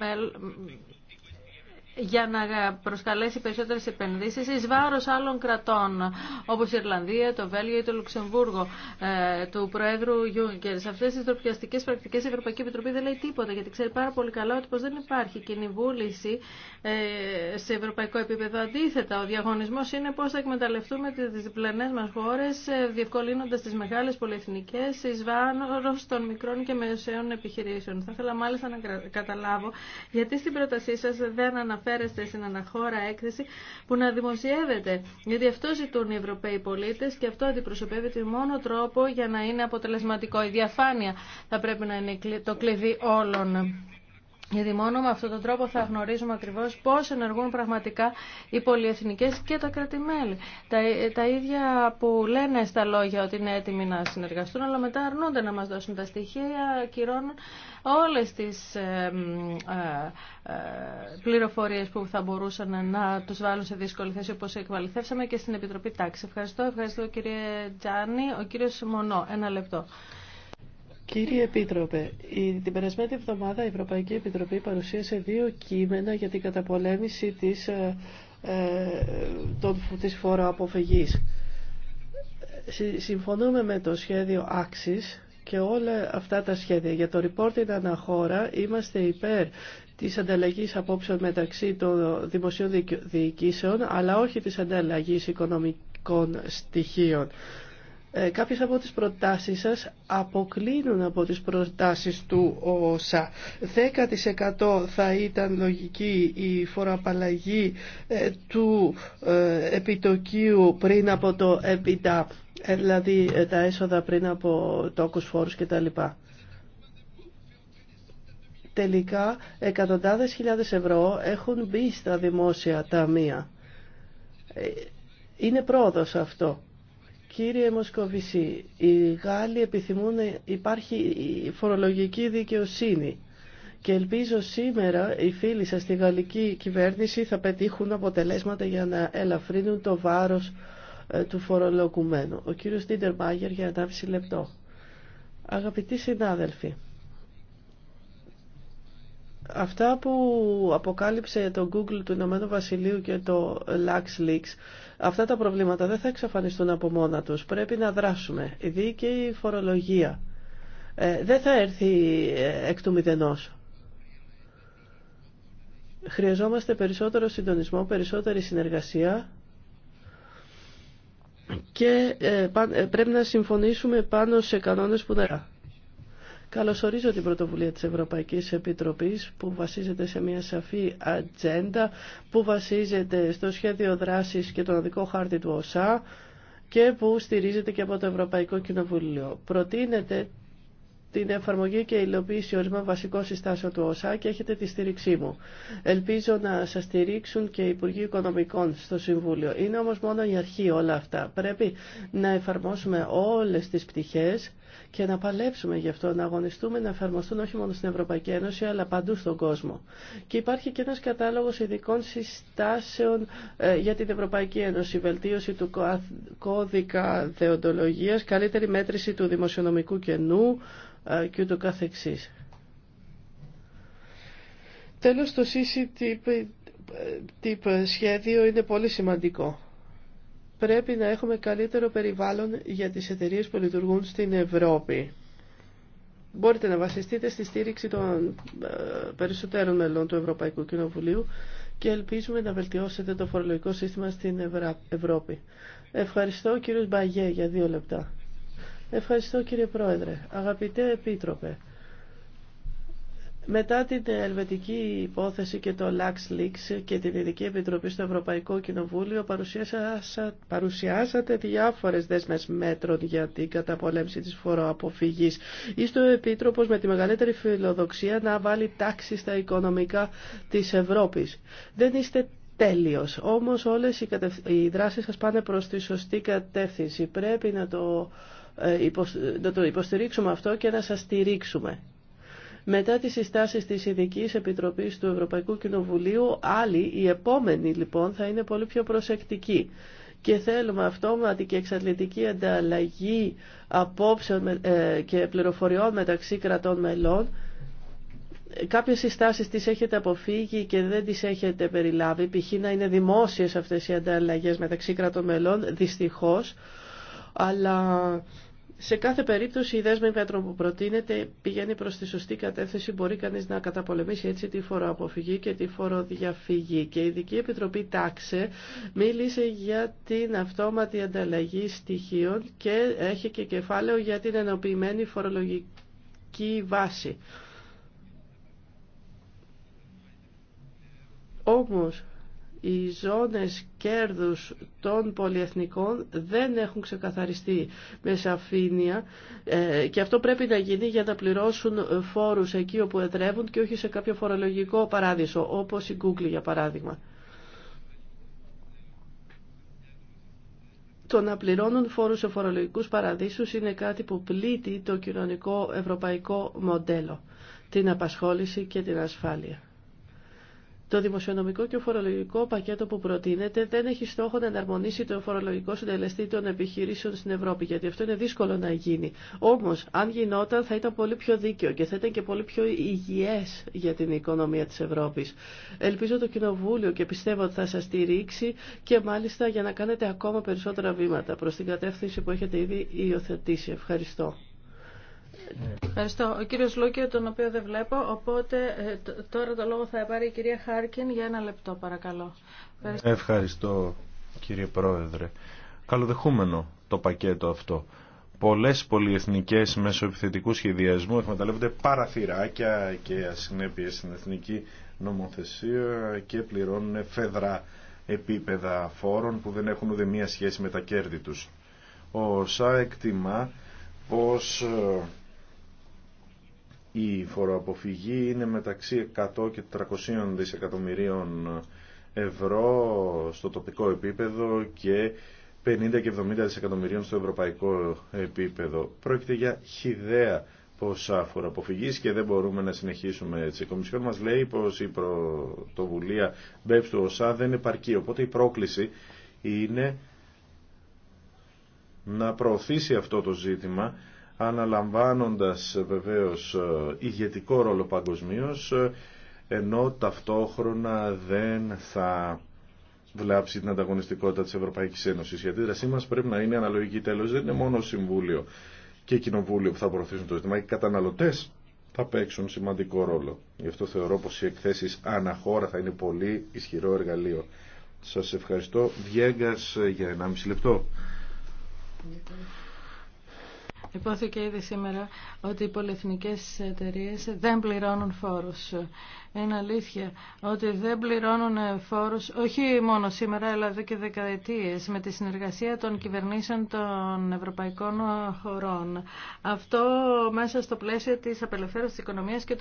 για να προσκαλέσει περισσότερες επενδύσεις εις βάρος άλλων κρατών όπως η Ιρλανδία, το Βέλγιο ή το Λουξεμβούργο ε, του Προέδρου Γιούγκερ. Σε αυτές τις τροπιαστικές πρακτικές η Ευρωπαϊκή Επιτροπή δεν λέει τίποτα γιατί ξέρει πάρα πολύ καλά ότι πως δεν υπάρχει κοινή βούληση ε, σε ευρωπαϊκό επίπεδο. Αντίθετα, ο διαγωνισμός είναι πώς θα εκμεταλλευτούμε τις διπλανές μας χώρες ε, διευκολύνοντας τις μεγάλες πολυεθνικές εις βάρος των μικρών και μεσαίων επιχειρήσεων. Θα ήθελα μάλιστα να καταλάβω γιατί στην πρότασή σας δεν αναφέρει αναφέρεστε στην αναχώρα έκθεση που να δημοσιεύεται. Γιατί αυτό ζητούν οι Ευρωπαίοι πολίτε και αυτό αντιπροσωπεύει το μόνο τρόπο για να είναι αποτελεσματικό. Η διαφάνεια θα πρέπει να είναι το κλειδί όλων. Γιατί μόνο με αυτόν τον τρόπο θα γνωρίζουμε ακριβώς πώς ενεργούν πραγματικά οι πολυεθνικές και τα κρατημέλη. Τα, τα ίδια που λένε στα λόγια ότι είναι έτοιμοι να συνεργαστούν, αλλά μετά αρνούνται να μας δώσουν τα στοιχεία, κυρώνουν όλες τις ε, ε, ε, πληροφορίες που θα μπορούσαν να τους βάλουν σε δύσκολη θέση, όπω εκβαληθεύσαμε και στην Επιτροπή Τάξη. Ευχαριστώ, ευχαριστώ κύριε Τζάνι. Ο κύριο Μονό, ένα λεπτό. Κύριε Επίτροπε, την περασμένη εβδομάδα η Ευρωπαϊκή Επιτροπή παρουσίασε δύο κείμενα για την καταπολέμηση της, ε, ε των, της Συμφωνούμε με το σχέδιο Άξης και όλα αυτά τα σχέδια. Για το reporting αναχώρα είμαστε υπέρ της ανταλλαγής απόψεων μεταξύ των δημοσίων διοικήσεων, αλλά όχι της ανταλλαγής οικονομικών στοιχείων. Ε, κάποιες από τις προτάσεις σας αποκλίνουν από τις προτάσεις του ΟΣΑ. 10% θα ήταν λογική η φοροαπαλλαγή ε, του ε, επιτοκίου πριν από το ΕΠΙΤΑ, ε, δηλαδή τα έσοδα πριν από τόκους φόρους κτλ. Τελικά εκατοντάδες χιλιάδες ευρώ έχουν μπει στα δημόσια ταμεία. Είναι πρόοδος αυτό. Κύριε Μοσκοβισή, οι Γάλλοι επιθυμούν να υπάρχει φορολογική δικαιοσύνη και ελπίζω σήμερα οι φίλοι σας στη γαλλική κυβέρνηση θα πετύχουν αποτελέσματα για να ελαφρύνουν το βάρος ε, του φορολογουμένου. Ο κύριος Τίντερ Μάγερ για 1,5 λεπτό. Αγαπητοί συνάδελφοι, αυτά που αποκάλυψε το Google του Ηνωμένου Βασιλείου και το LuxLeaks Αυτά τα προβλήματα δεν θα εξαφανιστούν από μόνα τους. Πρέπει να δράσουμε. Η δίκαιη φορολογία ε, δεν θα έρθει ε, εκ του μηδενός. Χρειαζόμαστε περισσότερο συντονισμό, περισσότερη συνεργασία και ε, πρέπει να συμφωνήσουμε πάνω σε κανόνες που να... Καλωσορίζω την πρωτοβουλία της Ευρωπαϊκής Επιτροπής που βασίζεται σε μια σαφή ατζέντα, που βασίζεται στο σχέδιο δράσης και τον οδικό χάρτη του ΟΣΑ και που στηρίζεται και από το Ευρωπαϊκό Κοινοβούλιο. Προτείνεται την εφαρμογή και υλοποίηση ορισμών βασικών συστάσεων του ΟΣΑ και έχετε τη στήριξή μου. Ελπίζω να σα στηρίξουν και οι Υπουργοί Οικονομικών στο Συμβούλιο. Είναι όμω μόνο η αρχή όλα αυτά. Πρέπει να εφαρμόσουμε όλε τι πτυχέ και να παλέψουμε γι' αυτό, να αγωνιστούμε να εφαρμοστούν όχι μόνο στην Ευρωπαϊκή Ένωση αλλά παντού στον κόσμο. Και υπάρχει και ένα κατάλογο ειδικών συστάσεων ε, για την Ευρωπαϊκή Ένωση. Βελτίωση του κώδικα δεοντολογία, καλύτερη μέτρηση του δημοσιονομικού κενού, και ούτω καθεξής. Τέλος το CCTV σχέδιο είναι πολύ σημαντικό. Πρέπει να έχουμε καλύτερο περιβάλλον για τις εταιρείες που λειτουργούν στην Ευρώπη. Μπορείτε να βασιστείτε στη στήριξη των ε, περισσότερων μελών του Ευρωπαϊκού Κοινοβουλίου και ελπίζουμε να βελτιώσετε το φορολογικό σύστημα στην Ευρώπη. Ευχαριστώ κύριος Μπαγιέ για δύο λεπτά. Ευχαριστώ κύριε Πρόεδρε. Αγαπητέ Επίτροπε, μετά την ελβετική υπόθεση και το LAX Leaks και την Ειδική Επιτροπή στο Ευρωπαϊκό Κοινοβούλιο παρουσιάσατε διάφορες δέσμες μέτρων για την καταπολέμηση της φοροαποφυγής. Είστε ο Επίτροπος με τη μεγαλύτερη φιλοδοξία να βάλει τάξη στα οικονομικά της Ευρώπης. Δεν είστε τέλειος, όμως όλες οι δράσεις σας πάνε προς τη σωστή κατεύθυνση. Πρέπει να το ε, να το υποστηρίξουμε αυτό και να σας στηρίξουμε. Μετά τις συστάσεις της ειδική Επιτροπής του Ευρωπαϊκού Κοινοβουλίου, άλλοι, οι επόμενοι λοιπόν, θα είναι πολύ πιο προσεκτικοί. Και θέλουμε αυτόματη και εξατλητική ανταλλαγή απόψεων ε, και πληροφοριών μεταξύ κρατών μελών. Κάποιες συστάσεις τις έχετε αποφύγει και δεν τις έχετε περιλάβει, π.χ. να είναι δημόσιες αυτές οι ανταλλαγές μεταξύ κρατών μελών, δυστυχώς αλλά σε κάθε περίπτωση η δέσμη μέτρων που προτείνεται πηγαίνει προς τη σωστή κατεύθυνση, μπορεί κανείς να καταπολεμήσει έτσι τη φοροαποφυγή και τη φοροδιαφυγή. Και η Ειδική Επιτροπή Τάξε μίλησε για την αυτόματη ανταλλαγή στοιχείων και έχει και κεφάλαιο για την ενοποιημένη φορολογική βάση. Όμως, οι ζώνες κέρδους των πολυεθνικών δεν έχουν ξεκαθαριστεί με σαφήνεια ε, και αυτό πρέπει να γίνει για να πληρώσουν φόρους εκεί όπου εδρεύουν και όχι σε κάποιο φορολογικό παράδεισο όπως η Google για παράδειγμα. Το να πληρώνουν φόρους σε φορολογικούς παραδείσους είναι κάτι που πλήττει το κοινωνικό ευρωπαϊκό μοντέλο, την απασχόληση και την ασφάλεια. Το δημοσιονομικό και φορολογικό πακέτο που προτείνεται δεν έχει στόχο να εναρμονίσει το φορολογικό συντελεστή των επιχειρήσεων στην Ευρώπη, γιατί αυτό είναι δύσκολο να γίνει. Όμω, αν γινόταν, θα ήταν πολύ πιο δίκαιο και θα ήταν και πολύ πιο υγιέ για την οικονομία τη Ευρώπη. Ελπίζω το Κοινοβούλιο και πιστεύω ότι θα σα στηρίξει και μάλιστα για να κάνετε ακόμα περισσότερα βήματα προ την κατεύθυνση που έχετε ήδη υιοθετήσει. Ευχαριστώ. Ευχαριστώ. Ο κύριο Λούκιο, τον οποίο δεν βλέπω, οπότε ε, τώρα το λόγο θα πάρει η κυρία Χάρκιν για ένα λεπτό, παρακαλώ. Ευχαριστώ, κύριε Πρόεδρε. Καλοδεχούμενο το πακέτο αυτό. Πολλέ πολυεθνικές μέσω επιθετικού σχεδιασμού εκμεταλλεύονται παραθυράκια και ασυνέπειε στην εθνική νομοθεσία και πληρώνουν φεδρά επίπεδα φόρων που δεν έχουν ούτε μία σχέση με τα κέρδη του. Ο ΣΑ η φοροαποφυγή είναι μεταξύ 100 και 300 δισεκατομμυρίων ευρώ στο τοπικό επίπεδο και 50 και 70 δισεκατομμυρίων στο ευρωπαϊκό επίπεδο. Πρόκειται για χιδέα ποσά φοροαποφυγής και δεν μπορούμε να συνεχίσουμε έτσι. Η Κομισιόν μας λέει πως η πρωτοβουλία BEPS του ΟΣΑ δεν επαρκεί, οπότε η πρόκληση είναι να προωθήσει αυτό το ζήτημα αναλαμβάνοντας ε, βεβαίως ε, ηγετικό ρόλο παγκοσμίω, ε, ενώ ταυτόχρονα δεν θα βλάψει την ανταγωνιστικότητα της Ευρωπαϊκής Ένωσης. Η δρασή μας πρέπει να είναι αναλογική τέλος. Δεν είναι μόνο Συμβούλιο και Κοινοβούλιο που θα προωθήσουν το ζήτημα. Οι καταναλωτές θα παίξουν σημαντικό ρόλο. Γι' αυτό θεωρώ πως οι εκθέσεις αναχώρα θα είναι πολύ ισχυρό εργαλείο. Σας ευχαριστώ. Βιέγκας για 1,5 λεπτό. Υπόθηκε ήδη σήμερα ότι οι πολυεθνικές εταιρείες δεν πληρώνουν φόρους. Είναι αλήθεια ότι δεν πληρώνουν φόρους, όχι μόνο σήμερα, αλλά εδώ και δεκαετίες, με τη συνεργασία των κυβερνήσεων των ευρωπαϊκών χωρών. Αυτό μέσα στο πλαίσιο της απελευθέρωσης της οικονομίας και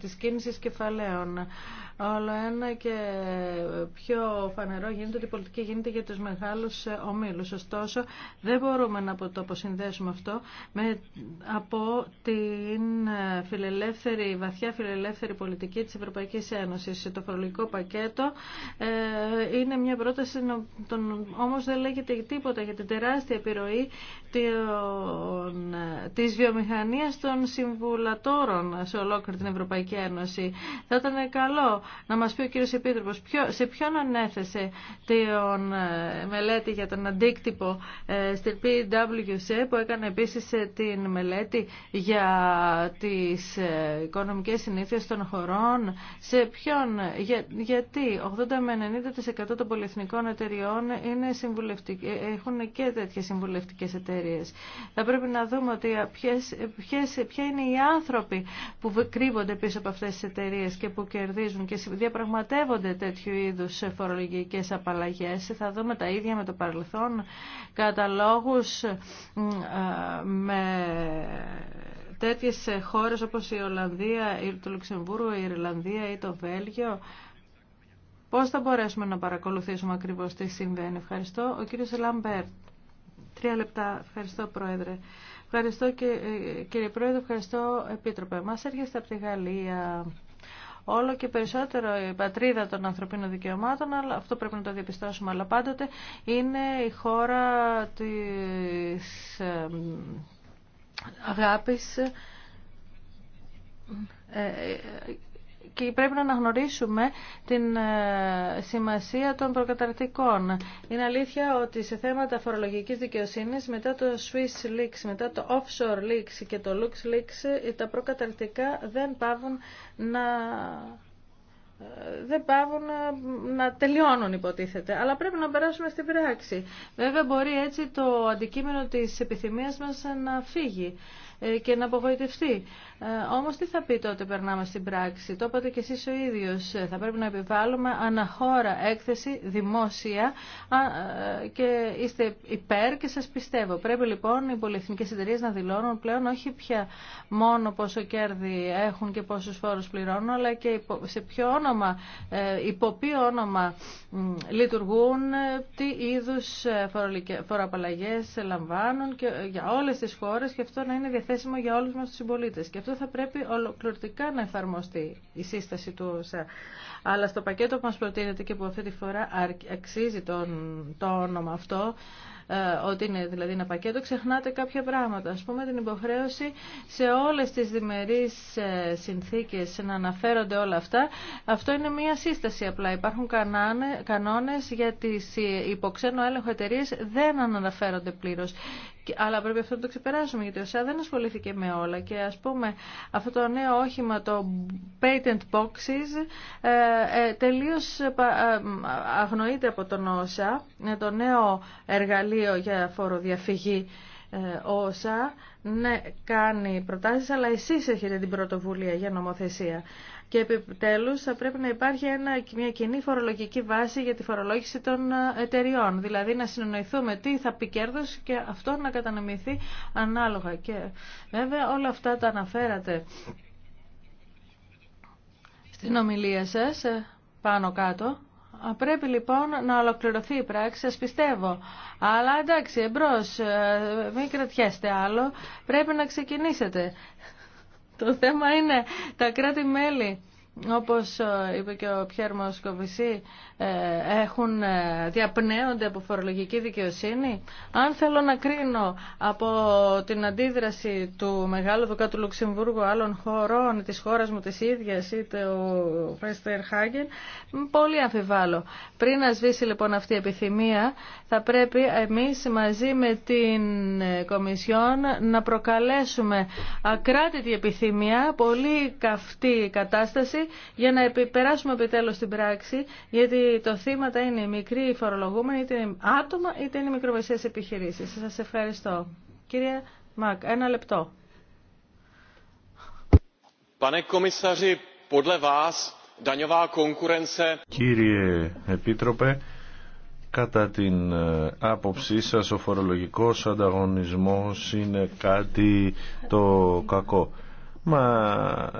της κίνησης κεφαλαίων. Όλο ένα και πιο φανερό γίνεται ότι η πολιτική γίνεται για τους μεγάλους ομίλους. Ωστόσο, δεν μπορούμε να το αποσυνδέσουμε αυτό με, από την βαθιά φιλελεύθερη πολιτική της Ευρωπαϊκής σε Το φορολογικό πακέτο ε, είναι μια πρόταση, όμως δεν λέγεται τίποτα για την τεράστια επιρροή ε, της βιομηχανία των συμβουλατόρων σε ολόκληρη την Ευρωπαϊκή Ένωση. Θα ήταν καλό να μας πει ο κύριος Επίτροπος σε ποιον ανέθεσε την ε, μελέτη για τον αντίκτυπο στην PwC που έκανε επίσης την μελέτη για τις οικονομικέ συνήθειε των χωρών σε ποιον, γιατί 80 με 90% των πολυεθνικών εταιριών είναι ε, έχουν και τέτοιες συμβουλευτικές εταιρείε. Θα πρέπει να δούμε ότι ποιες, ποιες, ποια είναι οι άνθρωποι που κρύβονται πίσω από αυτές τις εταιρείε και που κερδίζουν και διαπραγματεύονται τέτοιου είδους φορολογικές απαλλαγές. Θα δούμε τα ίδια με το παρελθόν, καταλόγους με τέτοιες ε, χώρες όπως η Ολλανδία, το Λουξεμβούργο, η Ιρλανδία ή το Βέλγιο. Πώς θα μπορέσουμε να παρακολουθήσουμε ακριβώς τι συμβαίνει. Ευχαριστώ. Ο κύριος Λαμπέρτ. Τρία λεπτά. Ευχαριστώ, Πρόεδρε. Ευχαριστώ, ε, κύριε Πρόεδρε. Ευχαριστώ, Επίτροπε. Μας έρχεστε από τη Γαλλία όλο και περισσότερο η πατρίδα των ανθρωπίνων δικαιωμάτων, αλλά αυτό πρέπει να το διαπιστώσουμε, αλλά πάντοτε είναι η χώρα της αγάπης ε, ε, και πρέπει να αναγνωρίσουμε την ε, σημασία των προκαταρτικών. Είναι αλήθεια ότι σε θέματα φορολογικής δικαιοσύνης μετά το Swiss Leaks, μετά το Offshore Leaks και το Lux Leaks τα προκαταρτικά δεν πάβουν να δεν πάβουν να τελειώνουν υποτίθεται, αλλά πρέπει να περάσουμε στην πράξη. Βέβαια μπορεί έτσι το αντικείμενο της επιθυμίας μας να φύγει. Ε, και να απογοητευτεί. Ε, Όμω τι θα πει τότε περνάμε στην πράξη. Το είπατε και εσεί ο ίδιο ε, Θα πρέπει να επιβάλλουμε αναχώρα έκθεση δημόσια και είστε υπέρ και σα πιστεύω. Πρέπει λοιπόν οι πολυεθνικέ εταιρείε να δηλώνουν πλέον όχι πια μόνο πόσο κέρδη έχουν και πόσου φόρους πληρώνουν αλλά και σε ποιο όνομα, υπό ποιο όνομα λειτουργούν, τι είδους φοροαπαλλαγές λαμβάνουν και για όλε τι χώρε και αυτό να είναι διαθέσιμο για όλους μας τους συμπολίτες. Και αυτό θα πρέπει ολοκληρωτικά να εφαρμοστεί η σύσταση του ΩΣΑ. Αλλά στο πακέτο που μας προτείνεται και που αυτή τη φορά αξίζει τον, το όνομα αυτό, ε, ότι είναι δηλαδή ένα πακέτο, ξεχνάτε κάποια πράγματα. Ας πούμε την υποχρέωση σε όλες τις διμερείς ε, συνθήκες να αναφέρονται όλα αυτά. Αυτό είναι μία σύσταση απλά. Υπάρχουν κανόνες για τις ε, υποξένο έλεγχο εταιρείε δεν αναφέρονται πλήρως αλλά πρέπει αυτό να το ξεπεράσουμε γιατί ο ΣΑ δεν ασχολήθηκε με όλα και ας πούμε αυτό το νέο όχημα το patent boxes ε, ε, τελείως ε, αγνοείται από τον ΩΣΑ το νέο εργαλείο για φοροδιαφυγή όσα ναι, κάνει προτάσεις, αλλά εσείς έχετε την πρωτοβουλία για νομοθεσία και επιτέλους θα πρέπει να υπάρχει ένα, μια κοινή φορολογική βάση για τη φορολόγηση των ε, εταιριών. Δηλαδή να συνοηθούμε τι θα πει κέρδος και αυτό να κατανοηθεί ανάλογα. Και βέβαια όλα αυτά τα αναφέρατε στην ομιλία σας ε, πάνω κάτω. Πρέπει λοιπόν να ολοκληρωθεί η πράξη, σας πιστεύω. Αλλά εντάξει, εμπρός, ε, μην κρατιέστε άλλο, πρέπει να ξεκινήσετε. Το θέμα είναι τα κράτη-μέλη όπως ε, είπε και ο Πιέρ Μοσκοβισή, ε, έχουν, ε, διαπνέονται από φορολογική δικαιοσύνη. Αν θέλω να κρίνω από την αντίδραση του Μεγάλου Δουκάτου Λουξεμβούργου άλλων χωρών, της χώρας μου της ίδιας ή του Φέστερ Χάγκεν, πολύ αμφιβάλλω. Πριν να σβήσει λοιπόν αυτή η επιθυμία, θα πρέπει εμείς μαζί με την Κομισιόν να προκαλέσουμε ακράτητη επιθυμία, πολύ καυτή κατάσταση, για να περάσουμε επιτέλου στην πράξη, γιατί το θύματα είναι οι μικροί φορολογούμενοι, είτε είναι άτομα, είτε είναι μικρομεσαίες επιχειρήσεις. Σας ευχαριστώ. Κύριε Μακ, ένα λεπτό. Κύριε Επίτροπε, κατά την ε, άποψή σας ο φορολογικός ανταγωνισμός είναι κάτι το κακό. Μα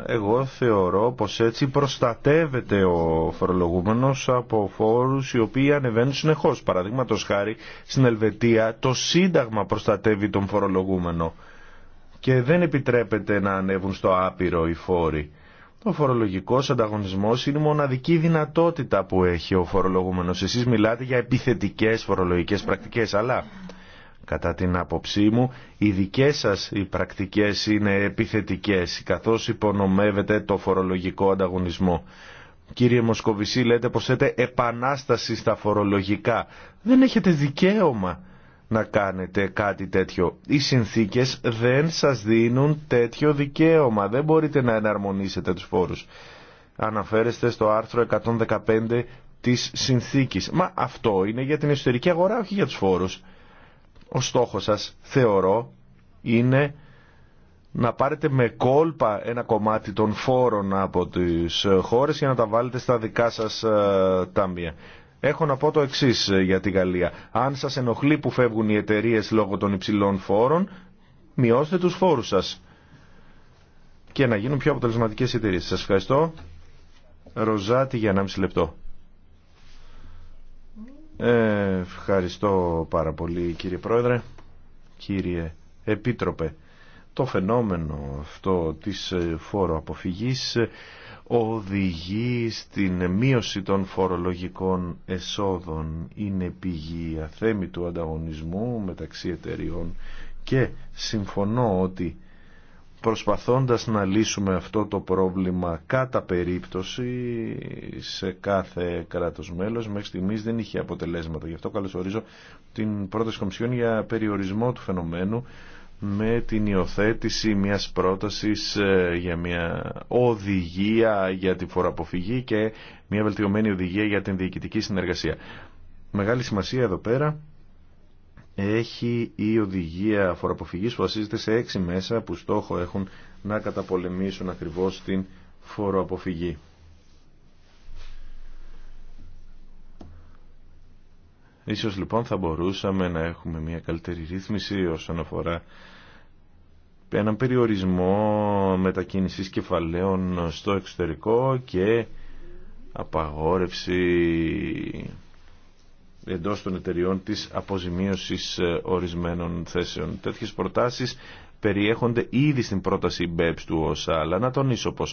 εγώ θεωρώ πως έτσι προστατεύεται ο φορολογούμενος από φόρους οι οποίοι ανεβαίνουν συνεχώς. Παραδείγματος χάρη στην Ελβετία το Σύνταγμα προστατεύει τον φορολογούμενο και δεν επιτρέπεται να ανέβουν στο άπειρο οι φόροι. Ο φορολογικός ανταγωνισμός είναι η μοναδική δυνατότητα που έχει ο φορολογούμενος. Εσείς μιλάτε για επιθετικές φορολογικές πρακτικές, αλλά Κατά την άποψή μου, οι δικές σας οι πρακτικές είναι επιθετικές, καθώς υπονομεύεται το φορολογικό ανταγωνισμό. Κύριε Μοσκοβισή, λέτε πως έχετε επανάσταση στα φορολογικά. Δεν έχετε δικαίωμα να κάνετε κάτι τέτοιο. Οι συνθήκες δεν σας δίνουν τέτοιο δικαίωμα. Δεν μπορείτε να εναρμονίσετε τους φόρους. Αναφέρεστε στο άρθρο 115 της συνθήκης. Μα αυτό είναι για την εσωτερική αγορά, όχι για τους φόρους ο στόχος σας θεωρώ είναι να πάρετε με κόλπα ένα κομμάτι των φόρων από τις χώρες για να τα βάλετε στα δικά σας ε, ταμεία. Έχω να πω το εξή ε, για τη Γαλλία. Αν σας ενοχλεί που φεύγουν οι εταιρείε λόγω των υψηλών φόρων, μειώστε τους φόρους σας και να γίνουν πιο αποτελεσματικές εταιρείε. Σας ευχαριστώ. Ροζάτη για 1,5 λεπτό. Ευχαριστώ πάρα πολύ κύριε Πρόεδρε, κύριε Επίτροπε. Το φαινόμενο αυτό της ε, φοροαποφυγής ε, οδηγεί στην μείωση των φορολογικών εσόδων. Είναι πηγή αθέμη του ανταγωνισμού μεταξύ εταιριών και συμφωνώ ότι προσπαθώντας να λύσουμε αυτό το πρόβλημα κατά περίπτωση σε κάθε κράτος μέλος μέχρι στιγμής δεν είχε αποτελέσματα. Γι' αυτό καλωσορίζω την πρόταση Κομισιόν για περιορισμό του φαινομένου με την υιοθέτηση μιας πρότασης ε, για μια οδηγία για τη φοροαποφυγή και μια βελτιωμένη οδηγία για την διοικητική συνεργασία. Μεγάλη σημασία εδώ πέρα έχει η οδηγία φοροαποφυγής που βασίζεται σε έξι μέσα που στόχο έχουν να καταπολεμήσουν ακριβώς την φοροαποφυγή. Ίσως λοιπόν θα μπορούσαμε να έχουμε μια καλύτερη ρύθμιση όσον αφορά έναν περιορισμό μετακίνησης κεφαλαίων στο εξωτερικό και απαγόρευση Εντό των εταιριών της αποζημίωσης ε, ορισμένων θέσεων. Τέτοιε προτάσεις περιέχονται ήδη στην πρόταση BEPS του ΩΣΑ, αλλά να τονίσω πω.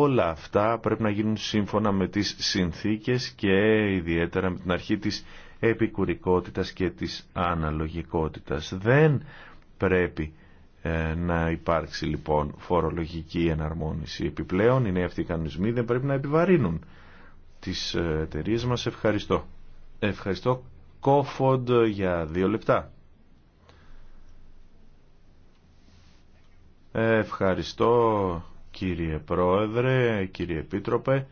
όλα αυτά πρέπει να γίνουν σύμφωνα με τις συνθήκες και ιδιαίτερα με την αρχή της επικουρικότητας και της αναλογικότητας. Δεν πρέπει ε, να υπάρξει λοιπόν φορολογική εναρμόνιση. Επιπλέον, οι νέοι αυτοί οι κανονισμοί δεν πρέπει να επιβαρύνουν τις ε, εταιρείε μας. Ευχαριστώ. Ευχαριστώ. Κόφοντ για δύο λεπτά. Ευχαριστώ κύριε Πρόεδρε, κύριε Επίτροπε.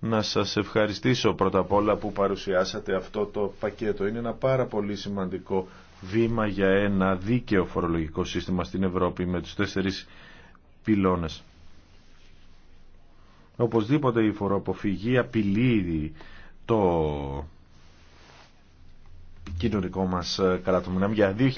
Να σας ευχαριστήσω πρώτα απ' όλα που παρουσιάσατε αυτό το πακέτο. Είναι ένα πάρα πολύ σημαντικό βήμα για ένα δίκαιο φορολογικό σύστημα στην Ευρώπη με τους τέσσερις πυλώνες. Οπωσδήποτε η φοροαποφυγή απειλεί το κοινωνικό μα κράτο. Μιλάμε για 2.000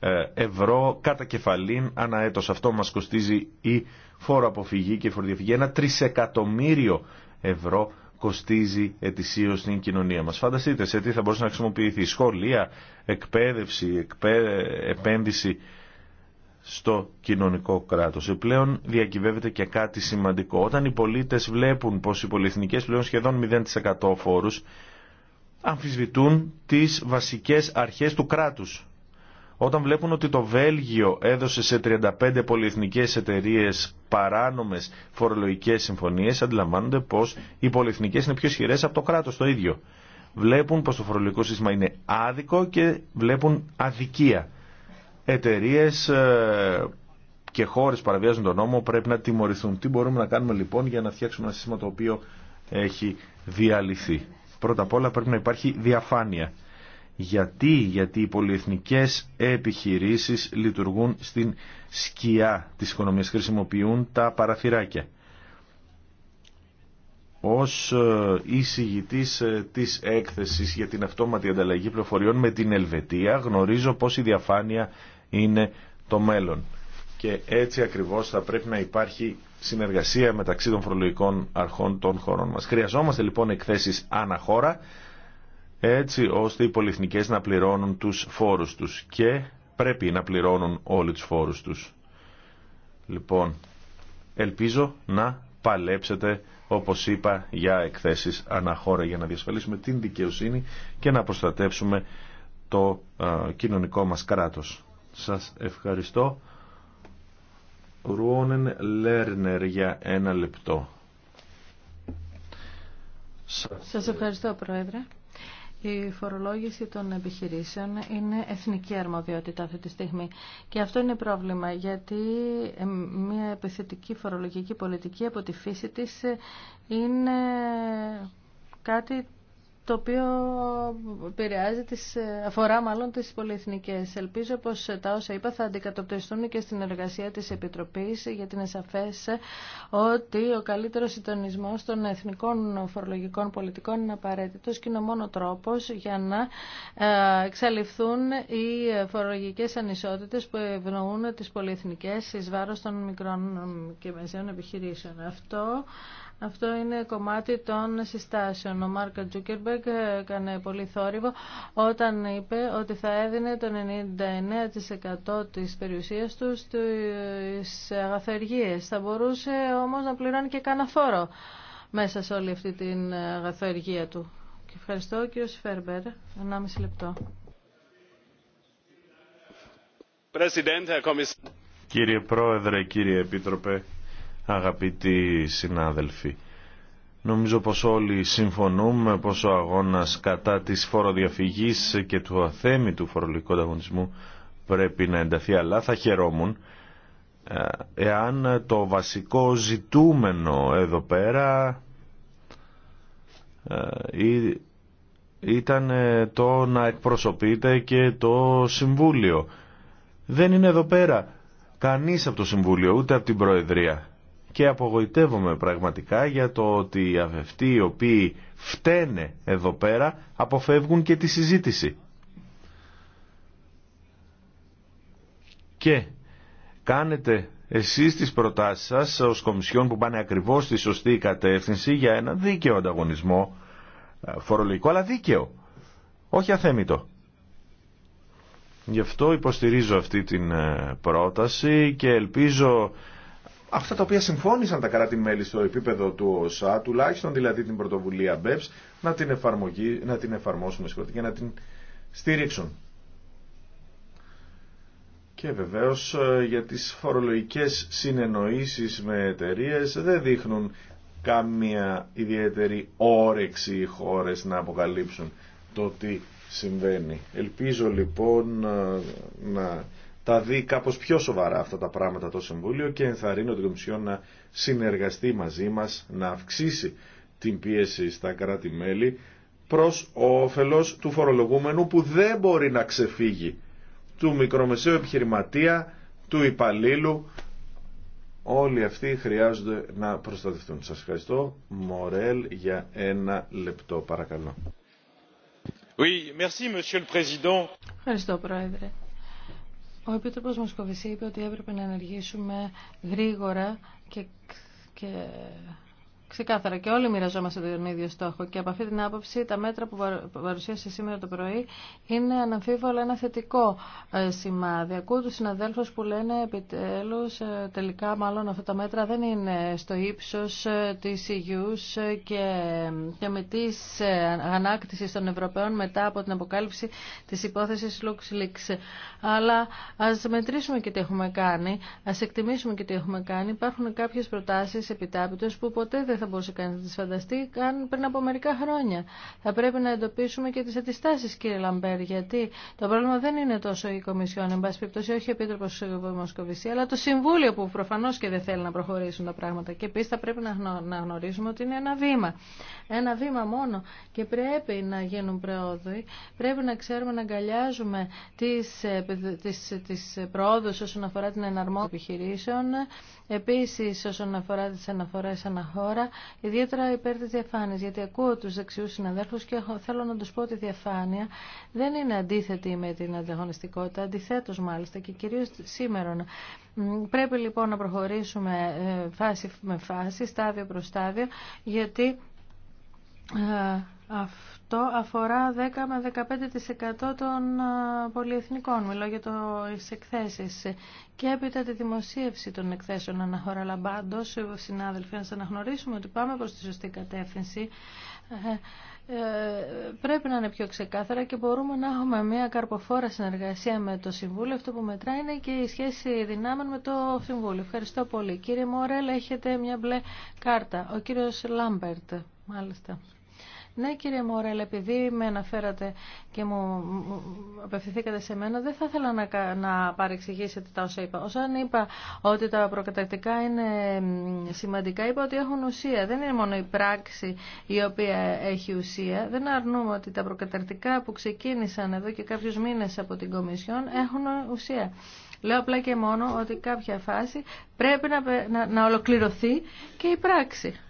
ε, ευρώ κατά κεφαλήν ανά Αυτό μα κοστίζει η φόρο αποφυγή και η φοροδιαφυγή. Ένα τρισεκατομμύριο ευρώ κοστίζει ετησίω στην κοινωνία μας. Φανταστείτε σε τι θα μπορούσε να χρησιμοποιηθεί σχολεία, εκπαίδευση, εκπαί... επένδυση στο κοινωνικό κράτος. Πλέον διακυβεύεται και κάτι σημαντικό. Όταν οι πολίτες βλέπουν πως οι πολυεθνικές πλέον σχεδόν 0% φόρους αμφισβητούν τις βασικές αρχές του κράτους. Όταν βλέπουν ότι το Βέλγιο έδωσε σε 35 πολυεθνικές εταιρείες παράνομες φορολογικές συμφωνίες, αντιλαμβάνονται πως οι πολυεθνικές είναι πιο ισχυρέ από το κράτος το ίδιο. Βλέπουν πως το φορολογικό σύστημα είναι άδικο και βλέπουν αδικία. Εταιρείε ε, και χώρες παραβιάζουν τον νόμο πρέπει να τιμωρηθούν. Τι μπορούμε να κάνουμε λοιπόν για να φτιάξουμε ένα σύστημα το οποίο έχει διαλυθεί. Πρώτα απ' όλα πρέπει να υπάρχει διαφάνεια. Γιατί, γιατί οι πολυεθνικές επιχειρήσεις λειτουργούν στην σκιά της οικονομίας, χρησιμοποιούν τα παραθυράκια. Ως ε, εισηγητής ε, της έκθεσης για την αυτόματη ανταλλαγή πληροφοριών με την Ελβετία γνωρίζω πως η διαφάνεια είναι το μέλλον και έτσι ακριβώς θα πρέπει να υπάρχει συνεργασία μεταξύ των φορολογικών αρχών των χωρών μας. Χρειαζόμαστε λοιπόν εκθέσεις αναχώρα έτσι ώστε οι πολυεθνικές να πληρώνουν τους φόρους τους και πρέπει να πληρώνουν όλοι τους φόρους τους. Λοιπόν, ελπίζω να παλέψετε όπως είπα για εκθέσεις αναχώρα για να διασφαλίσουμε την δικαιοσύνη και να προστατεύσουμε το κοινωνικό μας κράτος. Σας ευχαριστώ. Ρουόνεν Λέρνερ για ένα λεπτό. Σας ευχαριστώ Πρόεδρε. Η φορολόγηση των επιχειρήσεων είναι εθνική αρμοδιότητα αυτή τη στιγμή. Και αυτό είναι πρόβλημα, γιατί ε, μια επιθετική φορολογική πολιτική από τη φύση της ε, είναι κάτι το οποίο επηρεάζει τις, ε, αφορά μάλλον τις πολυεθνικές. Ελπίζω πως τα όσα είπα θα αντικατοπτριστούν και στην εργασία της Επιτροπής για την σαφές ότι ο καλύτερος συντονισμός των εθνικών φορολογικών πολιτικών είναι απαραίτητος και είναι ο μόνο τρόπος για να ε, εξαλειφθούν οι φορολογικές ανισότητες που ευνοούν τις πολυεθνικές εις βάρος των μικρών και μεσαίων επιχειρήσεων. Αυτό αυτό είναι κομμάτι των συστάσεων. Ο Μάρκα Τζούκερμπεργκ έκανε πολύ θόρυβο όταν είπε ότι θα έδινε το 99% της περιουσίας του στις αγαθεργίες. Θα μπορούσε όμως να πληρώνει και κανένα φόρο μέσα σε όλη αυτή την αγαθοεργία του. Και ευχαριστώ κύριο Φέρμπερ. 1,5 λεπτό. Κύριε Πρόεδρε, κύριε Επίτροπε, αγαπητοί συνάδελφοι. Νομίζω πως όλοι συμφωνούμε πως ο αγώνας κατά της φοροδιαφυγής και του του φορολογικού ανταγωνισμού πρέπει να ενταθεί, αλλά θα χαιρόμουν ε, εάν το βασικό ζητούμενο εδώ πέρα ε, ήταν ε, το να εκπροσωπείται και το Συμβούλιο. Δεν είναι εδώ πέρα κανείς από το Συμβούλιο, ούτε από την Προεδρία και απογοητεύομαι πραγματικά για το ότι αυτοί οι οποίοι φταίνε εδώ πέρα αποφεύγουν και τη συζήτηση. Και κάνετε εσείς τις προτάσεις σας ως Κομισιόν που πάνε ακριβώς στη σωστή κατεύθυνση για ένα δίκαιο ανταγωνισμό ε, φορολογικό, αλλά δίκαιο, όχι αθέμητο. Γι' αυτό υποστηρίζω αυτή την ε, πρόταση και ελπίζω αυτά τα οποία συμφώνησαν τα κράτη-μέλη στο επίπεδο του ΟΣΑ, τουλάχιστον δηλαδή την πρωτοβουλία BEPS, να την, εφαρμογή, να την εφαρμόσουν και να την στηρίξουν. Και βεβαίως ε, για τις φορολογικές συνεννοήσεις με εταιρείε δεν δείχνουν καμία ιδιαίτερη όρεξη οι χώρες να αποκαλύψουν το τι συμβαίνει. Ελπίζω λοιπόν ε, να τα δει κάπως πιο σοβαρά αυτά τα πράγματα το Συμβούλιο και ενθαρρύνω την Κομισιόν να συνεργαστεί μαζί μας, να αυξήσει την πίεση στα κράτη-μέλη προς όφελος του φορολογούμενου που δεν μπορεί να ξεφύγει του μικρομεσαίου επιχειρηματία, του υπαλλήλου. Όλοι αυτοί χρειάζονται να προστατευτούν. Σας ευχαριστώ. Μορέλ για ένα λεπτό παρακαλώ. Oui, merci, Monsieur le Président. Ευχαριστώ Πρόεδρε. Ο Επίτροπος Μοσκοβισή είπε ότι έπρεπε να ενεργήσουμε γρήγορα και, και Ξεκάθαρα και όλοι μοιραζόμαστε τον ίδιο στόχο και από αυτή την άποψη τα μέτρα που παρουσίασε σήμερα το πρωί είναι αναμφίβολα ένα θετικό ε, σημάδι. Ακούω του συναδέλφου που λένε επιτέλου ε, τελικά μάλλον αυτά τα μέτρα δεν είναι στο ύψο ε, τη υγιού και, και με τη ανάκτηση των Ευρωπαίων μετά από την αποκάλυψη τη υπόθεση LuxLeaks. Αλλά α μετρήσουμε και τι έχουμε κάνει, α εκτιμήσουμε και τι έχουμε κάνει. Υπάρχουν κάποιε προτάσει επιτάπητο που ποτέ δεν θα μπορούσε κάνει να τι φανταστεί καν πριν από μερικά χρόνια. Θα πρέπει να εντοπίσουμε και τι αντιστάσει, κύριε Λαμπέρ γιατί το πρόβλημα δεν είναι τόσο η Κομισιόν, εν πάση περιπτώσει όχι η Επίτροπος Μοσκοβισή, αλλά το Συμβούλιο που προφανώ και δεν θέλει να προχωρήσουν τα πράγματα. Και επίση θα πρέπει να γνωρίζουμε ότι είναι ένα βήμα. Ένα βήμα μόνο και πρέπει να γίνουν πρόοδοι. Πρέπει να ξέρουμε να αγκαλιάζουμε τι ε, προόδου όσον αφορά την εναρμόνιση επιχειρήσεων. επίση όσον αφορά τι αναφορέ αναχώρα ιδιαίτερα υπέρ τη διαφάνειας, γιατί ακούω του δεξιού συναδέλφου και θέλω να του πω ότι η διαφάνεια δεν είναι αντίθετη με την ανταγωνιστικότητα, Αντιθέτω μάλιστα και κυρίως σήμερα. Πρέπει λοιπόν να προχωρήσουμε φάση ε, με φάση, στάδιο προ στάδιο, γιατί ε, αυτό αφορά 10 με 15% των πολυεθνικών. Μιλώ για το εκθέσει. Και έπειτα τη δημοσίευση των εκθέσεων αναχώρα. πάντω συνάδελφοι, να αναγνωρίσουμε ότι πάμε προ τη σωστή κατεύθυνση. Ε, ε, πρέπει να είναι πιο ξεκάθαρα και μπορούμε να έχουμε μια καρποφόρα συνεργασία με το Συμβούλιο. Αυτό που μετράει είναι και η σχέση δυνάμεων με το Συμβούλιο. Ευχαριστώ πολύ. Κύριε Μόρελ, έχετε μια μπλε κάρτα. Ο κύριος Λάμπερτ, μάλιστα. Ναι κύριε Μόρελ, επειδή με αναφέρατε και μου απευθυνθήκατε σε μένα, δεν θα ήθελα να, να παρεξηγήσετε τα όσα είπα. Όσαν είπα ότι τα προκατακτικά είναι σημαντικά, είπα ότι έχουν ουσία. Δεν είναι μόνο η πράξη η οποία έχει ουσία. Δεν αρνούμε ότι τα προκαταρτικά που ξεκίνησαν εδώ και κάποιους μήνες από την Κομισιόν έχουν ουσία. Λέω απλά και μόνο ότι κάποια φάση πρέπει να ολοκληρωθεί και η πράξη.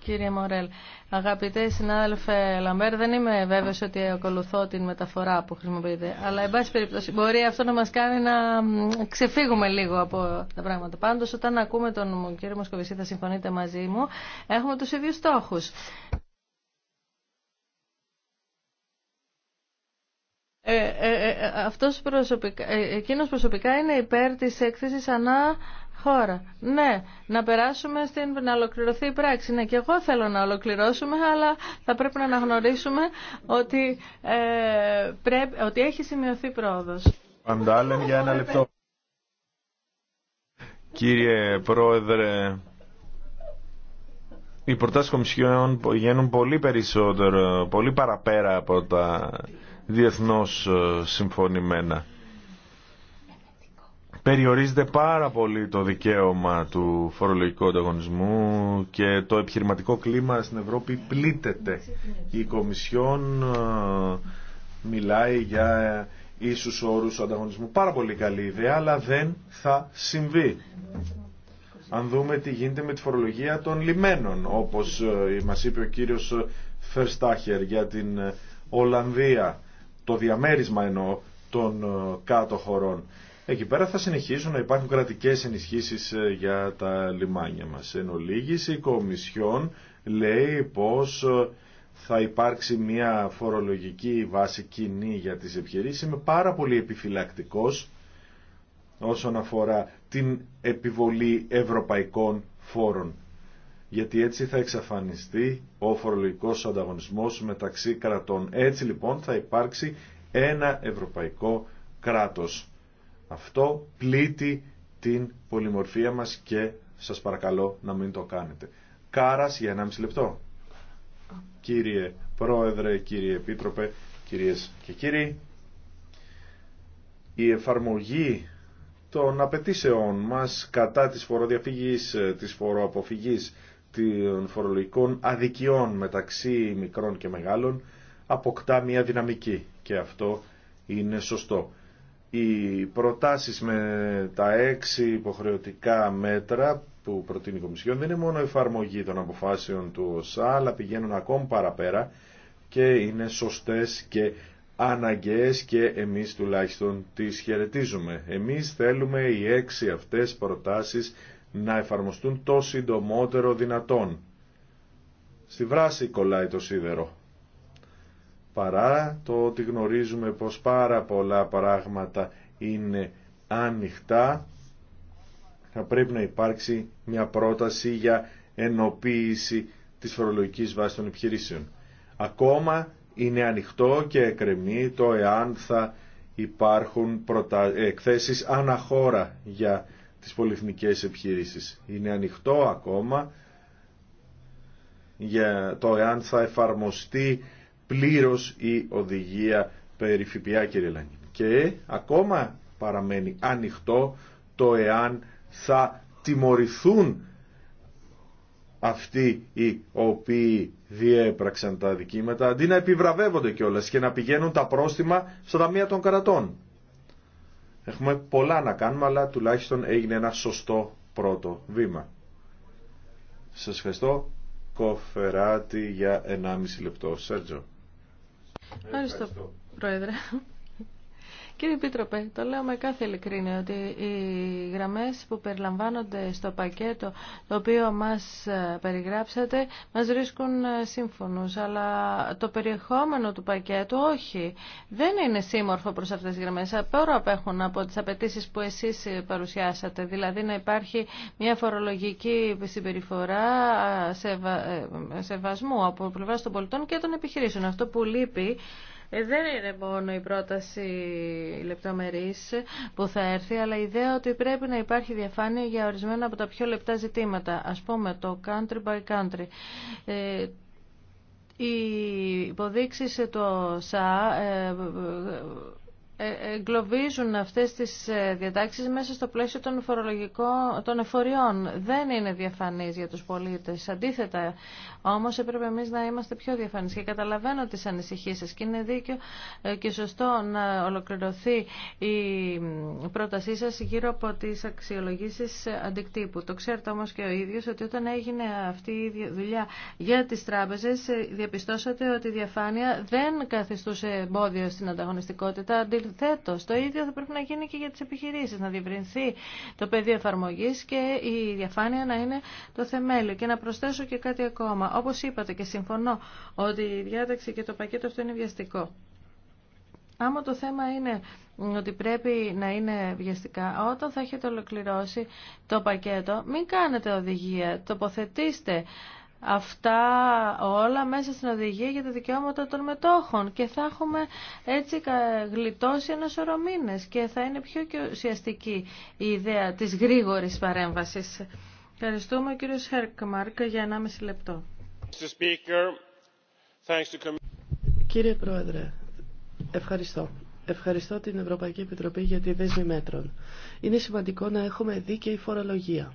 Κύριε Μορέλ, αγαπητέ συνάδελφε Λαμπέρ, δεν είμαι βέβαιο ότι ακολουθώ την μεταφορά που χρησιμοποιείτε, αλλά εν πάση περιπτώσει μπορεί αυτό να μας κάνει να ξεφύγουμε λίγο από τα πράγματα. Πάντως όταν ακούμε τον κύριο Μοσκοβισή θα συμφωνείτε μαζί μου, έχουμε του ίδιου στόχου. Ε, ε, ε, ε, αυτός προσωπικά, εκείνος προσωπικά είναι υπέρ της έκθεσης ανά χώρα. Ναι, να περάσουμε στην, να ολοκληρωθεί η πράξη. Ναι, και εγώ θέλω να ολοκληρώσουμε, αλλά θα πρέπει να αναγνωρίσουμε ότι, ε, ότι έχει σημειωθεί πρόοδος. για ένα λεπτό. Κύριε Πρόεδρε, οι προτάσεις κομισιών γίνουν πολύ περισσότερο, πολύ παραπέρα από τα διεθνώς ε, συμφωνημένα. Περιορίζεται πάρα πολύ το δικαίωμα του φορολογικού ανταγωνισμού και το επιχειρηματικό κλίμα στην Ευρώπη πλήττεται. Η Κομισιόν ε, μιλάει για ίσους όρους ανταγωνισμού. Πάρα πολύ καλή ιδέα, αλλά δεν θα συμβεί. Αν δούμε τι γίνεται με τη φορολογία των λιμένων, όπως ε, μας είπε ο κύριος Φερστάχερ για την Ολλανδία το διαμέρισμα εννοώ των ε, κάτω χωρών. Εκεί πέρα θα συνεχίσουν να υπάρχουν κρατικές ενισχύσεις ε, για τα λιμάνια μας. Εν ολίγης η Κομισιόν λέει πως ε, θα υπάρξει μια φορολογική βάση κοινή για τις επιχειρήσεις. Είμαι πάρα πολύ επιφυλακτικός όσον αφορά την επιβολή ευρωπαϊκών φόρων γιατί έτσι θα εξαφανιστεί ο φορολογικός ανταγωνισμός μεταξύ κρατών. Έτσι λοιπόν θα υπάρξει ένα ευρωπαϊκό κράτος. Αυτό πλήττει την πολυμορφία μας και σας παρακαλώ να μην το κάνετε. Κάρας για 1,5 λεπτό. Κύριε Πρόεδρε, κύριε Επίτροπε, κυρίες και κύριοι, η εφαρμογή των απαιτήσεών μας κατά της φοροδιαφυγής, ε, της φοροαποφυγής, των φορολογικών αδικιών μεταξύ μικρών και μεγάλων αποκτά μια δυναμική και αυτό είναι σωστό. Οι προτάσεις με τα έξι υποχρεωτικά μέτρα που προτείνει η Κομισιόν δεν είναι μόνο εφαρμογή των αποφάσεων του ΩΣΑ αλλά πηγαίνουν ακόμη παραπέρα και είναι σωστές και αναγκαίες και εμείς τουλάχιστον τις χαιρετίζουμε. Εμείς θέλουμε οι έξι αυτές προτάσεις να εφαρμοστούν το συντομότερο δυνατόν. Στη βράση κολλάει το σίδερο. Παρά το ότι γνωρίζουμε πως πάρα πολλά πράγματα είναι ανοιχτά, θα πρέπει να υπάρξει μια πρόταση για ενοποίηση της φορολογικής βάσης των επιχειρήσεων. Ακόμα είναι ανοιχτό και εκρεμεί το εάν θα υπάρχουν προτα... εκθέσεις αναχώρα για τις πολυεθνικές επιχειρήσεις. Είναι ανοιχτό ακόμα για το εάν θα εφαρμοστεί πλήρως η οδηγία περί ΦΠΑ κύριε Λάγκη. Και ακόμα παραμένει ανοιχτό το εάν θα τιμωρηθούν αυτοί οι οποίοι διέπραξαν τα δικήματα... αντί να επιβραβεύονται κιόλας και να πηγαίνουν τα πρόστιμα στα ταμεία των κρατών. Έχουμε πολλά να κάνουμε, αλλά τουλάχιστον έγινε ένα σωστό πρώτο βήμα. Σας ευχαριστώ. Κοφεράτη για 1,5 λεπτό. Σέρτζο. Ευχαριστώ, Πρόεδρε. Κύριε Πίτροπε, το λέω με κάθε ειλικρίνεια ότι οι γραμμές που περιλαμβάνονται στο πακέτο το οποίο μας ε, περιγράψατε μας βρίσκουν ε, σύμφωνους, αλλά το περιεχόμενο του πακέτου όχι. Δεν είναι σύμμορφο προς αυτές τις γραμμές. Απέρο απέχουν από τις απαιτήσει που εσείς ε, παρουσιάσατε, δηλαδή να υπάρχει μια φορολογική συμπεριφορά σεβασμού από πλευρά των πολιτών και των επιχειρήσεων. Αυτό που λείπει ε, δεν είναι μόνο η πρόταση λεπτομερή που θα έρθει, αλλά η ιδέα ότι πρέπει να υπάρχει διαφάνεια για ορισμένα από τα πιο λεπτά ζητήματα. Ας πούμε το country by country. Ε, οι υποδείξει του ΣΑ ε, ε, εγκλωβίζουν αυτές τις ε, διατάξεις μέσα στο πλαίσιο των των εφοριών. Δεν είναι διαφανής για τους πολίτες. Αντίθετα, όμως έπρεπε εμείς να είμαστε πιο διαφανείς και καταλαβαίνω τις ανησυχίες σας και είναι δίκιο ε, και σωστό να ολοκληρωθεί η πρότασή σας γύρω από τις αξιολογήσεις αντικτύπου. Το ξέρετε όμως και ο ίδιος ότι όταν έγινε αυτή η δουλειά για τις τράπεζες διαπιστώσατε ότι η διαφάνεια δεν καθιστούσε εμπόδιο στην ανταγωνιστικότητα Αντιθέτω, το ίδιο θα πρέπει να γίνει και για τι επιχειρήσει, να διευρυνθεί το πεδίο εφαρμογή και η διαφάνεια να είναι το θεμέλιο. Και να προσθέσω και κάτι ακόμα. Όπω είπατε και συμφωνώ ότι η διάταξη και το πακέτο αυτό είναι βιαστικό. Άμα το θέμα είναι ότι πρέπει να είναι βιαστικά, όταν θα έχετε ολοκληρώσει το πακέτο, μην κάνετε οδηγία, τοποθετήστε αυτά όλα μέσα στην οδηγία για τα δικαιώματα των μετόχων και θα έχουμε έτσι γλιτώσει ένα σωρό μήνες και θα είναι πιο και ουσιαστική η ιδέα της γρήγορης παρέμβασης. Ευχαριστούμε ο κύριος Χέρκμαρκ για 1,5 λεπτό. Κύριε Πρόεδρε, ευχαριστώ. Ευχαριστώ την Ευρωπαϊκή Επιτροπή για τη δέσμη μέτρων. Είναι σημαντικό να έχουμε δίκαιη φορολογία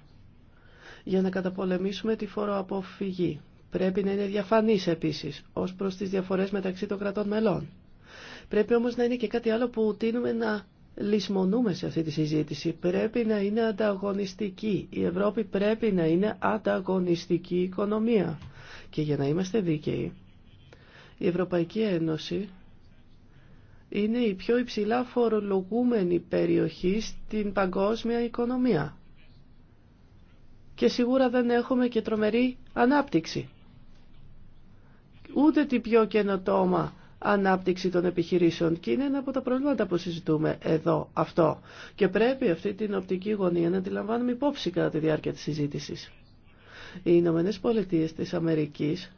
για να καταπολεμήσουμε τη φοροαποφυγή. Πρέπει να είναι διαφανής επίσης ως προς τις διαφορές μεταξύ των κρατών μελών. Πρέπει όμως να είναι και κάτι άλλο που τίνουμε να λησμονούμε σε αυτή τη συζήτηση. Πρέπει να είναι ανταγωνιστική. Η Ευρώπη πρέπει να είναι ανταγωνιστική οικονομία. Και για να είμαστε δίκαιοι, η Ευρωπαϊκή Ένωση είναι η πιο υψηλά φορολογούμενη περιοχή στην παγκόσμια οικονομία και σίγουρα δεν έχουμε και τρομερή ανάπτυξη. Ούτε την πιο καινοτόμα ανάπτυξη των επιχειρήσεων και είναι ένα από τα προβλήματα που συζητούμε εδώ αυτό. Και πρέπει αυτή την οπτική γωνία να τη λαμβάνουμε υπόψη κατά τη διάρκεια της συζήτησης. Οι Ηνωμένε Πολιτείε της Αμερικής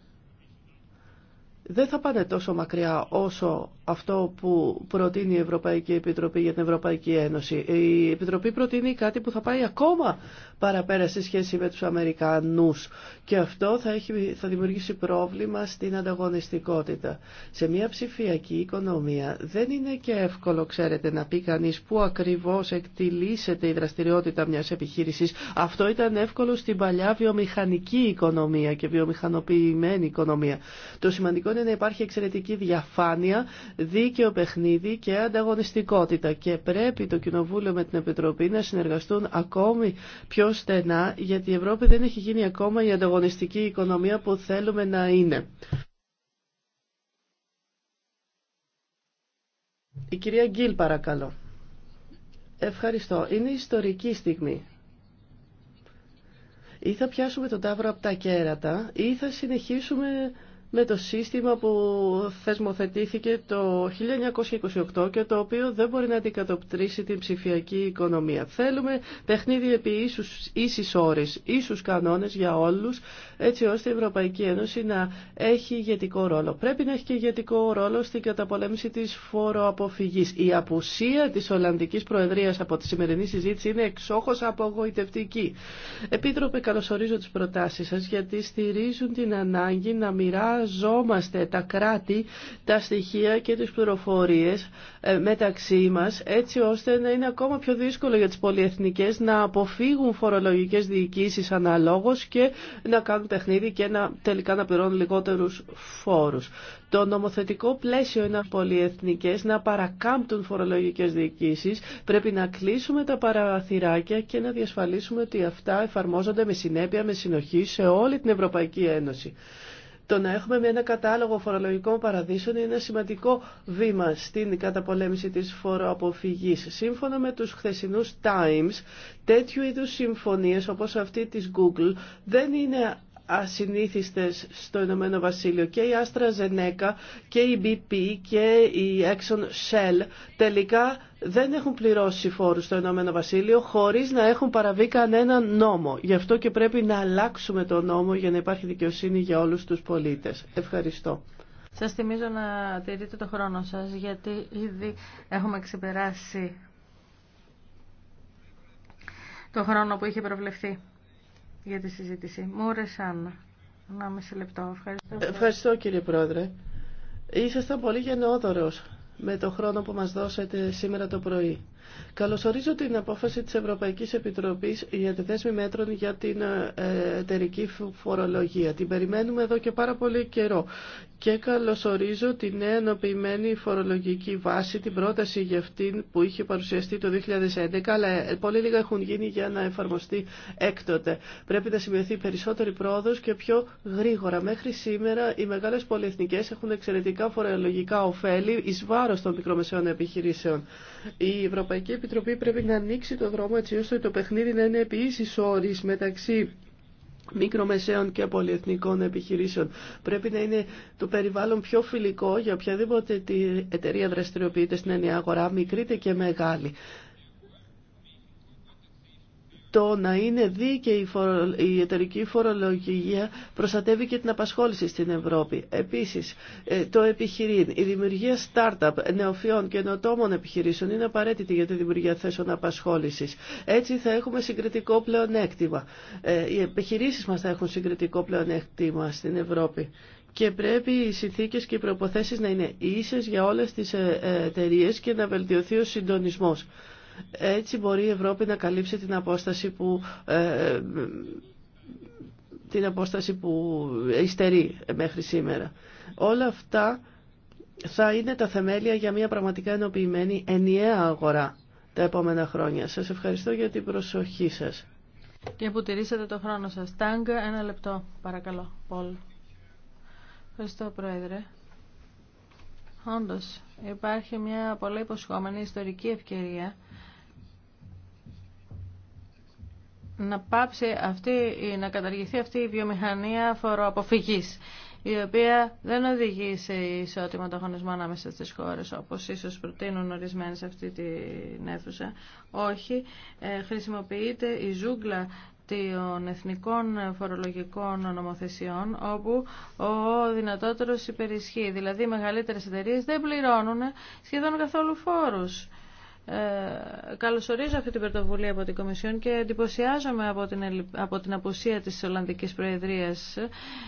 δεν θα πάνε τόσο μακριά όσο αυτό που προτείνει η Ευρωπαϊκή Επιτροπή για την Ευρωπαϊκή Ένωση. Η Επιτροπή προτείνει κάτι που θα πάει ακόμα παραπέρα σε σχέση με τους Αμερικανούς και αυτό θα, έχει, θα δημιουργήσει πρόβλημα στην ανταγωνιστικότητα. Σε μια ψηφιακή οικονομία δεν είναι και εύκολο, ξέρετε, να πει κανείς πού ακριβώς εκτιλήσεται η δραστηριότητα μιας επιχείρησης. Αυτό ήταν εύκολο στην παλιά βιομηχανική οικονομία και βιομηχανοποιημένη οικονομία. Το σημαντικό είναι να υπάρχει εξαιρετική διαφάνεια, δίκαιο παιχνίδι και ανταγωνιστικότητα και πρέπει το Κοινοβούλιο με την Επιτροπή να συνεργαστούν ακόμη πιο στενά γιατί η Ευρώπη δεν έχει γίνει ακόμα η ανταγωνιστική οικονομία που θέλουμε να είναι. Η κυρία Γκίλ παρακαλώ. Ευχαριστώ. Είναι ιστορική στιγμή. Ή θα πιάσουμε τον τάβρο από τα κέρατα ή θα συνεχίσουμε με το σύστημα που θεσμοθετήθηκε το 1928 και το οποίο δεν μπορεί να αντικατοπτρίσει την ψηφιακή οικονομία. Θέλουμε παιχνίδι επί ίσους, ίσους όρες, ίσους κανόνες για όλους, έτσι ώστε η Ευρωπαϊκή Ένωση να έχει ηγετικό ρόλο. Πρέπει να έχει και ηγετικό ρόλο στην καταπολέμηση της φοροαποφυγής. Η απουσία της Ολλανδικής Προεδρίας από τη σημερινή συζήτηση είναι εξόχως απογοητευτική. Επίτροπε, καλωσορίζω τις προτάσεις σας γιατί στηρίζουν την ανάγκη να μοιράζουν μοιραζόμαστε τα κράτη, τα στοιχεία και τις πληροφορίες ε, μεταξύ μας έτσι ώστε να είναι ακόμα πιο δύσκολο για τις πολυεθνικές να αποφύγουν φορολογικές διοικήσεις αναλόγως και να κάνουν παιχνίδι και να, τελικά να πληρώνουν λιγότερους φόρους. Το νομοθετικό πλαίσιο είναι πολυεθνικές να παρακάμπτουν φορολογικές διοικήσεις. Πρέπει να κλείσουμε τα παραθυράκια και να διασφαλίσουμε ότι αυτά εφαρμόζονται με συνέπεια, με συνοχή σε όλη την Ευρωπαϊκή Ένωση. Το να έχουμε με ένα κατάλογο φορολογικών παραδείσων είναι ένα σημαντικό βήμα στην καταπολέμηση της φοροαποφυγής. Σύμφωνα με τους χθεσινούς Times, τέτοιου είδους συμφωνίες όπως αυτή της Google δεν είναι ασυνήθιστες στο Ηνωμένο Βασίλειο και η Άστρα Ζενέκα και η BP και η Exxon Shell τελικά δεν έχουν πληρώσει φόρους στο Ηνωμένο Βασίλειο χωρίς να έχουν παραβεί κανένα νόμο. Γι' αυτό και πρέπει να αλλάξουμε τον νόμο για να υπάρχει δικαιοσύνη για όλους τους πολίτες. Ευχαριστώ. Σας θυμίζω να τηρείτε το χρόνο σας γιατί ήδη έχουμε ξεπεράσει το χρόνο που είχε προβλεφθεί για τη συζήτηση. Μου Σάννα, Να μισή λεπτό. Ευχαριστώ. Ευχαριστώ κύριε Πρόεδρε. Ήσασταν πολύ γενναιόδωρος με το χρόνο που μας δώσετε σήμερα το πρωί. Καλωσορίζω την απόφαση της Ευρωπαϊκής Επιτροπής για τη δέσμη μέτρων για την ε, εταιρική φορολογία. Την περιμένουμε εδώ και πάρα πολύ καιρό. Και καλωσορίζω την νέα ενοποιημένη φορολογική βάση, την πρόταση για αυτήν που είχε παρουσιαστεί το 2011, αλλά ε, πολύ λίγα έχουν γίνει για να εφαρμοστεί έκτοτε. Πρέπει να σημειωθεί περισσότερη πρόοδο και πιο γρήγορα. Μέχρι σήμερα οι μεγάλε πολυεθνικές έχουν εξαιρετικά φορολογικά ωφέλη ει βάρο των μικρομεσαίων επιχειρήσεων. Η Ευρωπαϊκή Επιτροπή πρέπει να ανοίξει το δρόμο έτσι ώστε το παιχνίδι να είναι επίσης όρης μεταξύ μικρομεσαίων και πολυεθνικών επιχειρήσεων. Πρέπει να είναι το περιβάλλον πιο φιλικό για οποιαδήποτε εταιρεία δραστηριοποιείται στην ενιαία αγορά, μικρή και μεγάλη το να είναι δίκαιη η εταιρική φορολογία προστατεύει και την απασχόληση στην Ευρώπη. Επίσης, ε, το επιχειρήν, η δημιουργία startup νεοφιών και νοτόμων επιχειρήσεων είναι απαραίτητη για τη δημιουργία θέσεων απασχόλησης. Έτσι θα έχουμε συγκριτικό πλεονέκτημα. Ε, οι επιχειρήσεις μας θα έχουν συγκριτικό πλεονέκτημα στην Ευρώπη και πρέπει οι συνθήκες και οι προποθέσει να είναι ίσες για όλες τις ε, εταιρείε και να βελτιωθεί ο συντονισμό. Έτσι μπορεί η Ευρώπη να καλύψει την απόσταση που ε, την απόσταση που μέχρι σήμερα. Όλα αυτά θα είναι τα θεμέλια για μια πραγματικά ενοποιημένη ενιαία αγορά τα επόμενα χρόνια. Σας ευχαριστώ για την προσοχή σας. Και που το χρόνο σας. Τάγκα, ένα λεπτό, παρακαλώ, Πολ. Ευχαριστώ, Πρόεδρε. Όντως, υπάρχει μια πολύ υποσχόμενη ιστορική ευκαιρία να πάψει αυτή, να καταργηθεί αυτή η βιομηχανία φοροαποφυγής η οποία δεν οδηγεί σε ισότιμο ανταγωνισμό ανάμεσα στις χώρες, όπως ίσως προτείνουν ορισμένες σε αυτή την αίθουσα. Όχι, ε, χρησιμοποιείται η ζούγκλα των εθνικών φορολογικών νομοθεσιών όπου ο δυνατότερος υπερισχύει. Δηλαδή οι μεγαλύτερες εταιρείες δεν πληρώνουν σχεδόν καθόλου φόρους. Ε, καλωσορίζω αυτή την πρωτοβουλία από την Κομισιόν και εντυπωσιάζομαι από την, από την απουσία της Ολλανδικής Προεδρίας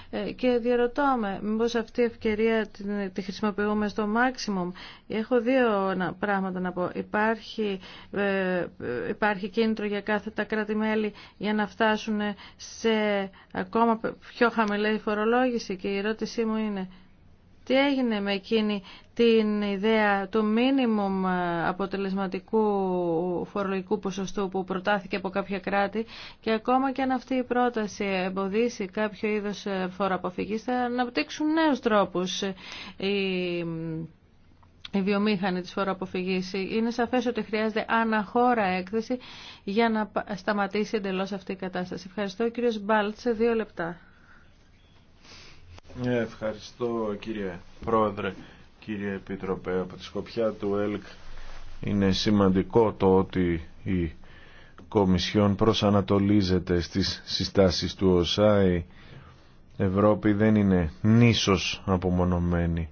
ε, και διαρωτώ με μήπως αυτή η ευκαιρία τη χρησιμοποιούμε στο maximum. Έχω δύο πράγματα να πω. Υπάρχει, ε, υπάρχει κίνητρο για κάθε τα κράτη-μέλη για να φτάσουν σε ακόμα πιο χαμηλή φορολόγηση και η ερώτησή μου είναι τι έγινε με εκείνη την ιδέα του μίνιμουμ αποτελεσματικού φορολογικού ποσοστού που προτάθηκε από κάποια κράτη και ακόμα και αν αυτή η πρόταση εμποδίσει κάποιο είδος φοροαποφυγής θα αναπτύξουν νέους τρόπους οι βιομήχανοι της φοροαποφυγής. Είναι σαφές ότι χρειάζεται αναχώρα έκθεση για να σταματήσει εντελώς αυτή η κατάσταση. Ευχαριστώ κύριος Μπάλτ σε δύο λεπτά. Ε, ευχαριστώ κύριε Πρόεδρε, κύριε Επίτροπε. Από τη σκοπιά του ΕΛΚ είναι σημαντικό το ότι η Κομισιόν προσανατολίζεται στις συστάσεις του ΟΣΑ. Η Ευρώπη δεν είναι νήσος απομονωμένη.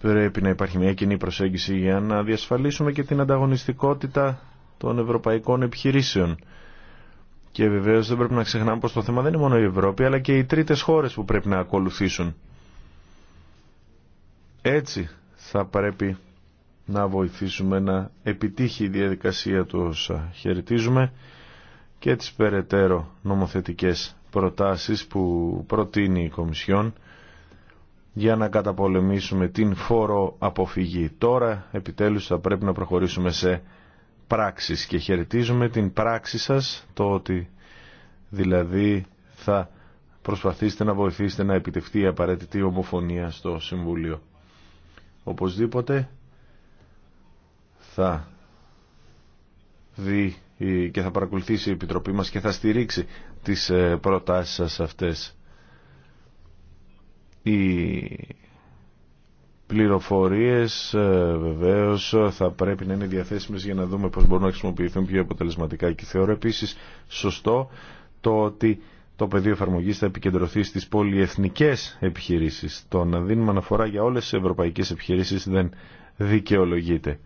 Πρέπει να υπάρχει μια κοινή προσέγγιση για να διασφαλίσουμε και την ανταγωνιστικότητα των ευρωπαϊκών επιχειρήσεων και βεβαίω δεν πρέπει να ξεχνάμε πω το θέμα δεν είναι μόνο η Ευρώπη αλλά και οι τρίτες χώρες που πρέπει να ακολουθήσουν. Έτσι θα πρέπει να βοηθήσουμε να επιτύχει η διαδικασία του όσα χαιρετίζουμε και τις περαιτέρω νομοθετικές προτάσεις που προτείνει η Κομισιόν για να καταπολεμήσουμε την φόρο αποφυγή. Τώρα επιτέλους θα πρέπει να προχωρήσουμε σε πράξεις και χαιρετίζουμε την πράξη σας, το ότι δηλαδή θα προσπαθήσετε να βοηθήσετε να επιτευχθεί η απαραίτητη ομοφωνία στο Συμβούλιο. Οπωσδήποτε θα δει και θα παρακολουθήσει η Επιτροπή μας και θα στηρίξει τις ε, προτάσεις σας αυτές πληροφορίες ε, βεβαίως θα πρέπει να είναι διαθέσιμες για να δούμε πώς μπορούν να χρησιμοποιηθούν πιο αποτελεσματικά και θεωρώ επίσης σωστό το ότι το πεδίο εφαρμογής θα επικεντρωθεί στις πολυεθνικές επιχειρήσεις. Το να δίνουμε αναφορά για όλες τις ευρωπαϊκές επιχειρήσεις δεν δικαιολογείται.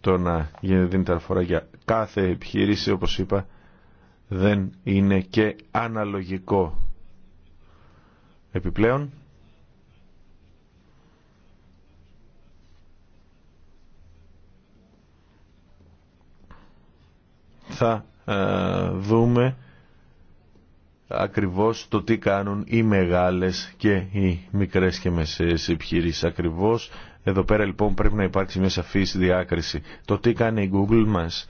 Το να δίνεται αναφορά για κάθε επιχειρήση, όπως είπα, δεν είναι και αναλογικό. Επιπλέον, θα ε, δούμε ακριβώς το τι κάνουν οι μεγάλες και οι μικρές και μεσαίες επιχειρήσεις. Ακριβώς εδώ πέρα λοιπόν πρέπει να υπάρξει μια σαφής διάκριση. Το τι κάνει η Google μας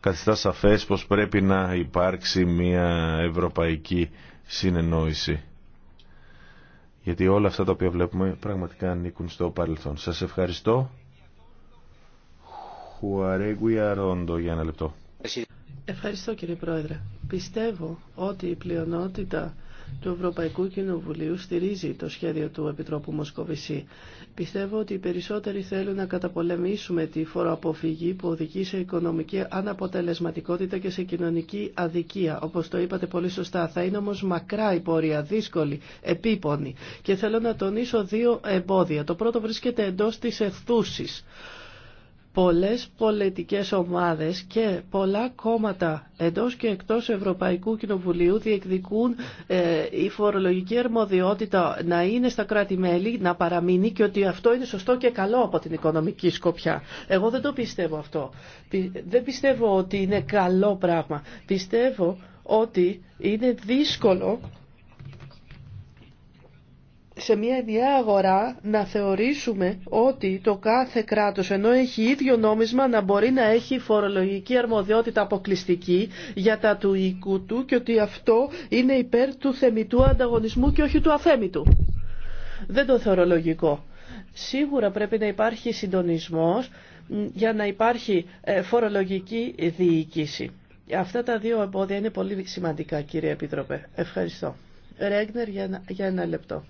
καθιστά σαφές πως πρέπει να υπάρξει μια ευρωπαϊκή συνεννόηση. Γιατί όλα αυτά τα οποία βλέπουμε πραγματικά ανήκουν στο παρελθόν. Σας ευχαριστώ. Χουαρέγουια για ένα λεπτό. Ευχαριστώ κύριε Πρόεδρε. Πιστεύω ότι η πλειονότητα του Ευρωπαϊκού Κοινοβουλίου στηρίζει το σχέδιο του Επιτρόπου Μοσκοβισή. Πιστεύω ότι οι περισσότεροι θέλουν να καταπολεμήσουμε τη φοροαποφυγή που οδηγεί σε οικονομική αναποτελεσματικότητα και σε κοινωνική αδικία. Όπως το είπατε πολύ σωστά, θα είναι όμως μακρά η πορεία, δύσκολη, επίπονη. Και θέλω να τονίσω δύο εμπόδια. Το πρώτο βρίσκεται εντός της ευθούσης πολλές πολιτικές ομάδες και πολλά κόμματα εντός και εκτός Ευρωπαϊκού Κοινοβουλίου διεκδικούν ε, η φορολογική αρμοδιότητα να είναι στα κράτη-μέλη, να παραμείνει και ότι αυτό είναι σωστό και καλό από την οικονομική σκοπιά. Εγώ δεν το πιστεύω αυτό. Δεν πιστεύω ότι είναι καλό πράγμα. Πιστεύω ότι είναι δύσκολο σε μια ενιαία αγορά να θεωρήσουμε ότι το κάθε κράτος ενώ έχει ίδιο νόμισμα να μπορεί να έχει φορολογική αρμοδιότητα αποκλειστική για τα του οίκου του και ότι αυτό είναι υπέρ του θεμητού ανταγωνισμού και όχι του αθέμητου. Δεν το θεωρώ Σίγουρα πρέπει να υπάρχει συντονισμός για να υπάρχει ε, φορολογική διοίκηση. Αυτά τα δύο εμπόδια είναι πολύ σημαντικά κύριε Επίτροπε. Ευχαριστώ. Ρέγνερ για ένα λεπτό.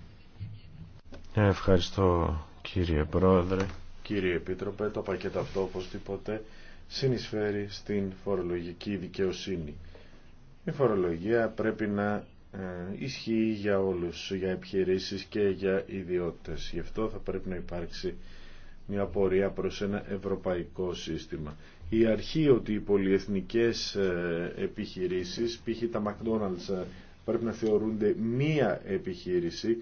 Ευχαριστώ κύριε Πρόεδρε, κύριε Επίτροπε. Το πακέτο αυτό τίποτε, συνεισφέρει στην φορολογική δικαιοσύνη. Η φορολογία πρέπει να ε, ισχύει για όλους, για επιχειρήσεις και για ιδιώτες. Γι' αυτό θα πρέπει να υπάρξει μια πορεία προς ένα ευρωπαϊκό σύστημα. Η αρχή ότι οι πολυεθνικές ε, επιχειρήσεις, π.χ. τα McDonald's, ε, πρέπει να θεωρούνται μία επιχείρηση,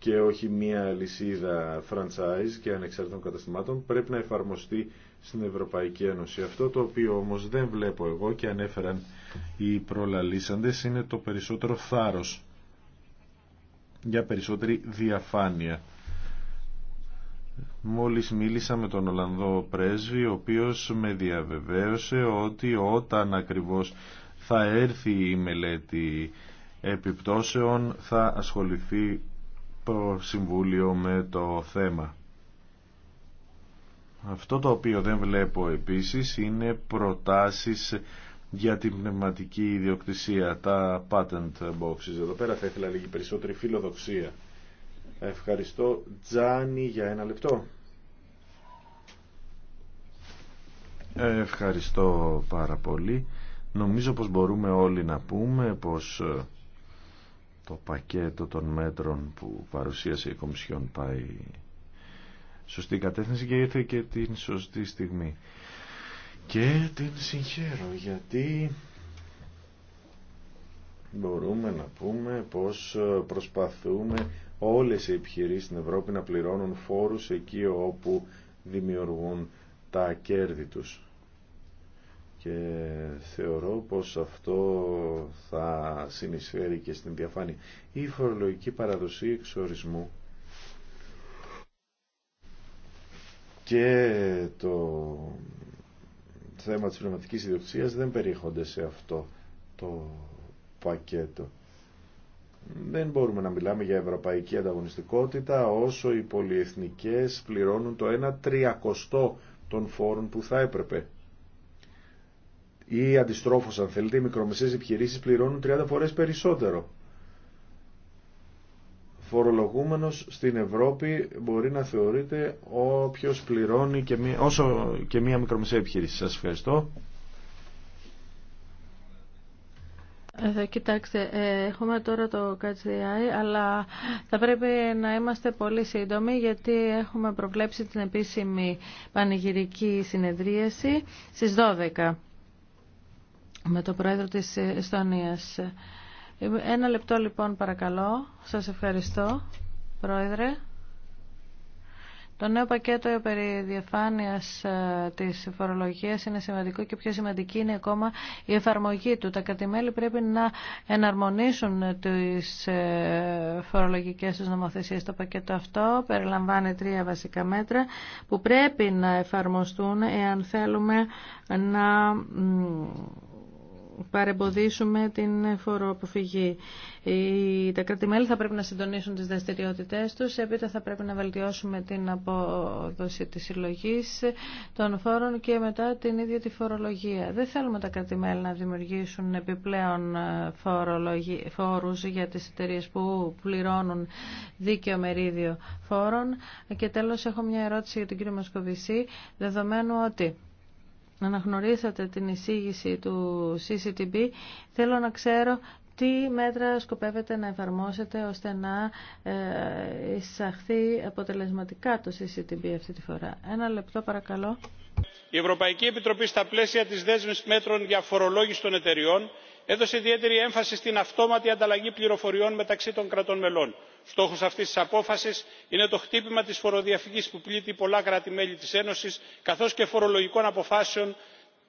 και όχι μία λυσίδα franchise και ανεξαρτήτων καταστημάτων πρέπει να εφαρμοστεί στην Ευρωπαϊκή Ένωση. Αυτό το οποίο όμως δεν βλέπω εγώ και ανέφεραν οι προλαλήσαντες είναι το περισσότερο θάρρος για περισσότερη διαφάνεια. Μόλις μίλησα με τον Ολλανδό πρέσβη, ο οποίος με διαβεβαίωσε ότι όταν ακριβώς θα έρθει η μελέτη επιπτώσεων θα ασχοληθεί το Συμβούλιο με το θέμα. Αυτό το οποίο δεν βλέπω επίσης είναι προτάσεις για την πνευματική ιδιοκτησία, τα patent boxes. Εδώ πέρα θα ήθελα λίγη περισσότερη φιλοδοξία. Ευχαριστώ Τζάνι για ένα λεπτό. Ευχαριστώ πάρα πολύ. Νομίζω πως μπορούμε όλοι να πούμε πως ε, το πακέτο των μέτρων που παρουσίασε η Κομισιόν πάει σωστή κατεύθυνση και ήρθε και την σωστή στιγμή. Και την συγχαίρω γιατί μπορούμε να πούμε πως προσπαθούμε όλες οι επιχειρήσεις στην Ευρώπη να πληρώνουν φόρους εκεί όπου δημιουργούν τα κέρδη τους και θεωρώ πως αυτό θα συνεισφέρει και στην διαφάνεια. Η φορολογική παραδοσή εξορισμού και το θέμα της πνευματικής ιδιοκτησίας δεν περιέχονται σε αυτό το πακέτο. Δεν μπορούμε να μιλάμε για ευρωπαϊκή ανταγωνιστικότητα όσο οι πολυεθνικές πληρώνουν το ένα τριακοστό των φόρων που θα έπρεπε ή αντιστρόφως αν θέλετε, οι μικρομεσαίες επιχειρήσεις πληρώνουν 30 φορές περισσότερο. Φορολογούμενος στην Ευρώπη μπορεί να θεωρείται όποιος πληρώνει και μία, όσο και μία μικρομεσαία επιχειρήση. Σας ευχαριστώ. Ε, κοιτάξτε, ε, έχουμε τώρα το ΚΑΤΣΔΙ, αλλά θα πρέπει να είμαστε πολύ σύντομοι, γιατί έχουμε προβλέψει την επίσημη πανηγυρική συνεδρίαση στις 12 με τον Πρόεδρο της Εστονίας. Ένα λεπτό λοιπόν παρακαλώ. Σας ευχαριστώ, Πρόεδρε. Το νέο πακέτο περί διαφάνειας ε, της φορολογίας είναι σημαντικό και πιο σημαντική είναι ακόμα η εφαρμογή του. Τα κατημέλη πρέπει να εναρμονίσουν τις ε, φορολογικές τους νομοθεσίες. Το πακέτο αυτό περιλαμβάνει τρία βασικά μέτρα που πρέπει να εφαρμοστούν εάν θέλουμε να παρεμποδίσουμε την φοροαποφυγή. Τα κρατημέλη θα πρέπει να συντονίσουν τις δραστηριότητές τους, έπειτα θα πρέπει να βελτιώσουμε την απόδοση της συλλογή των φόρων και μετά την ίδια τη φορολογία. Δεν θέλουμε τα κρατημέλη να δημιουργήσουν επιπλέον ε, φόρους για τις εταιρείε που πληρώνουν δίκαιο μερίδιο φόρων. Και τέλος έχω μια ερώτηση για τον κύριο Μασκοβισή, δεδομένου ότι να αναγνωρίσατε την εισήγηση του CCTB. Θέλω να ξέρω τι μέτρα σκοπεύετε να εφαρμόσετε ώστε να ε, εισαχθεί αποτελεσματικά το CCTB αυτή τη φορά. Ένα λεπτό παρακαλώ. Η Ευρωπαϊκή Επιτροπή στα πλαίσια της δέσμης μέτρων για φορολόγηση των εταιριών έδωσε ιδιαίτερη έμφαση στην αυτόματη ανταλλαγή πληροφοριών μεταξύ των κρατών μελών στόχος αυτής της απόφασης είναι το χτύπημα της φοροδιαφυγής που πλήττει πολλά κράτη μέλη της ένωσης καθώς και φορολογικών αποφάσεων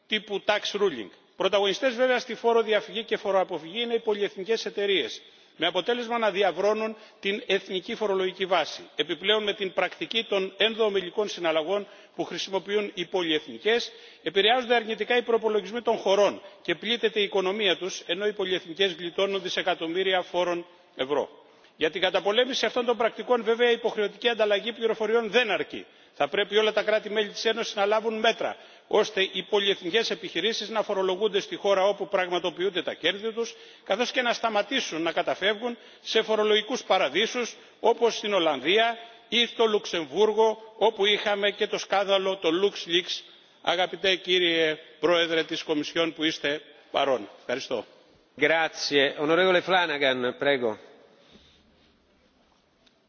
τύπου tax ruling. πρωταγωνιστές βέβαια στη φοροδιαφυγή και φοροαποφυγή είναι οι πολυεθνικές εταιρείες με αποτέλεσμα να διαβρώνουν την εθνική φορολογική βάση. επιπλέον με την πρακτική των ενδοομιλικών συναλλαγών που χρησιμοποιούν οι πολυεθνικές επηρεάζονται αρνητικά οι προπολογισμοί των χωρών και πλήττεται η οικονομία τους ενώ οι πολυεθνικές γλιτώνουν δισεκατομμύρια φόρων ευρώ για την καταπολέμηση αυτών των πρακτικών βέβαια η υποχρεωτική ανταλλαγή πληροφοριών δεν αρκεί. θα πρέπει όλα τα κράτη μέλη της ένωσης να λάβουν μέτρα ώστε οι πολυεθνικές επιχειρήσεις να φορολογούνται στη χώρα όπου πραγματοποιούνται τα κέρδη τους καθώς και να σταματήσουν να καταφεύγουν σε φορολογικούς παραδείσους όπως στην ολλανδία ή στο λουξεμβούργο όπου είχαμε και το σκάνδαλο το luxleaks αγαπητέ κύριε πρόεδρε της κομισιόν που είστε παρόν. ευχαριστώ.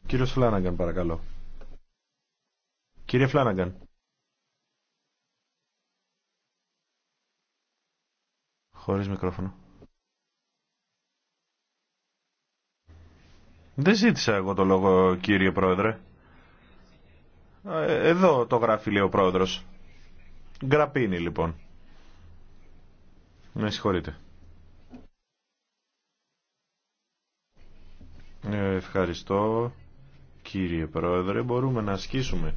Κύριος Φλάναγκαν, παρακαλώ. Κύριε Φλάναγκαν. Χωρίς μικρόφωνο. Δεν ζήτησα εγώ το λόγο, κύριε Πρόεδρε. Ε, εδώ το γράφει, λέει ο Πρόεδρος. γραπίνη λοιπόν. Με συγχωρείτε. Ε, ευχαριστώ κύριε Πρόεδρε, μπορούμε να ασκήσουμε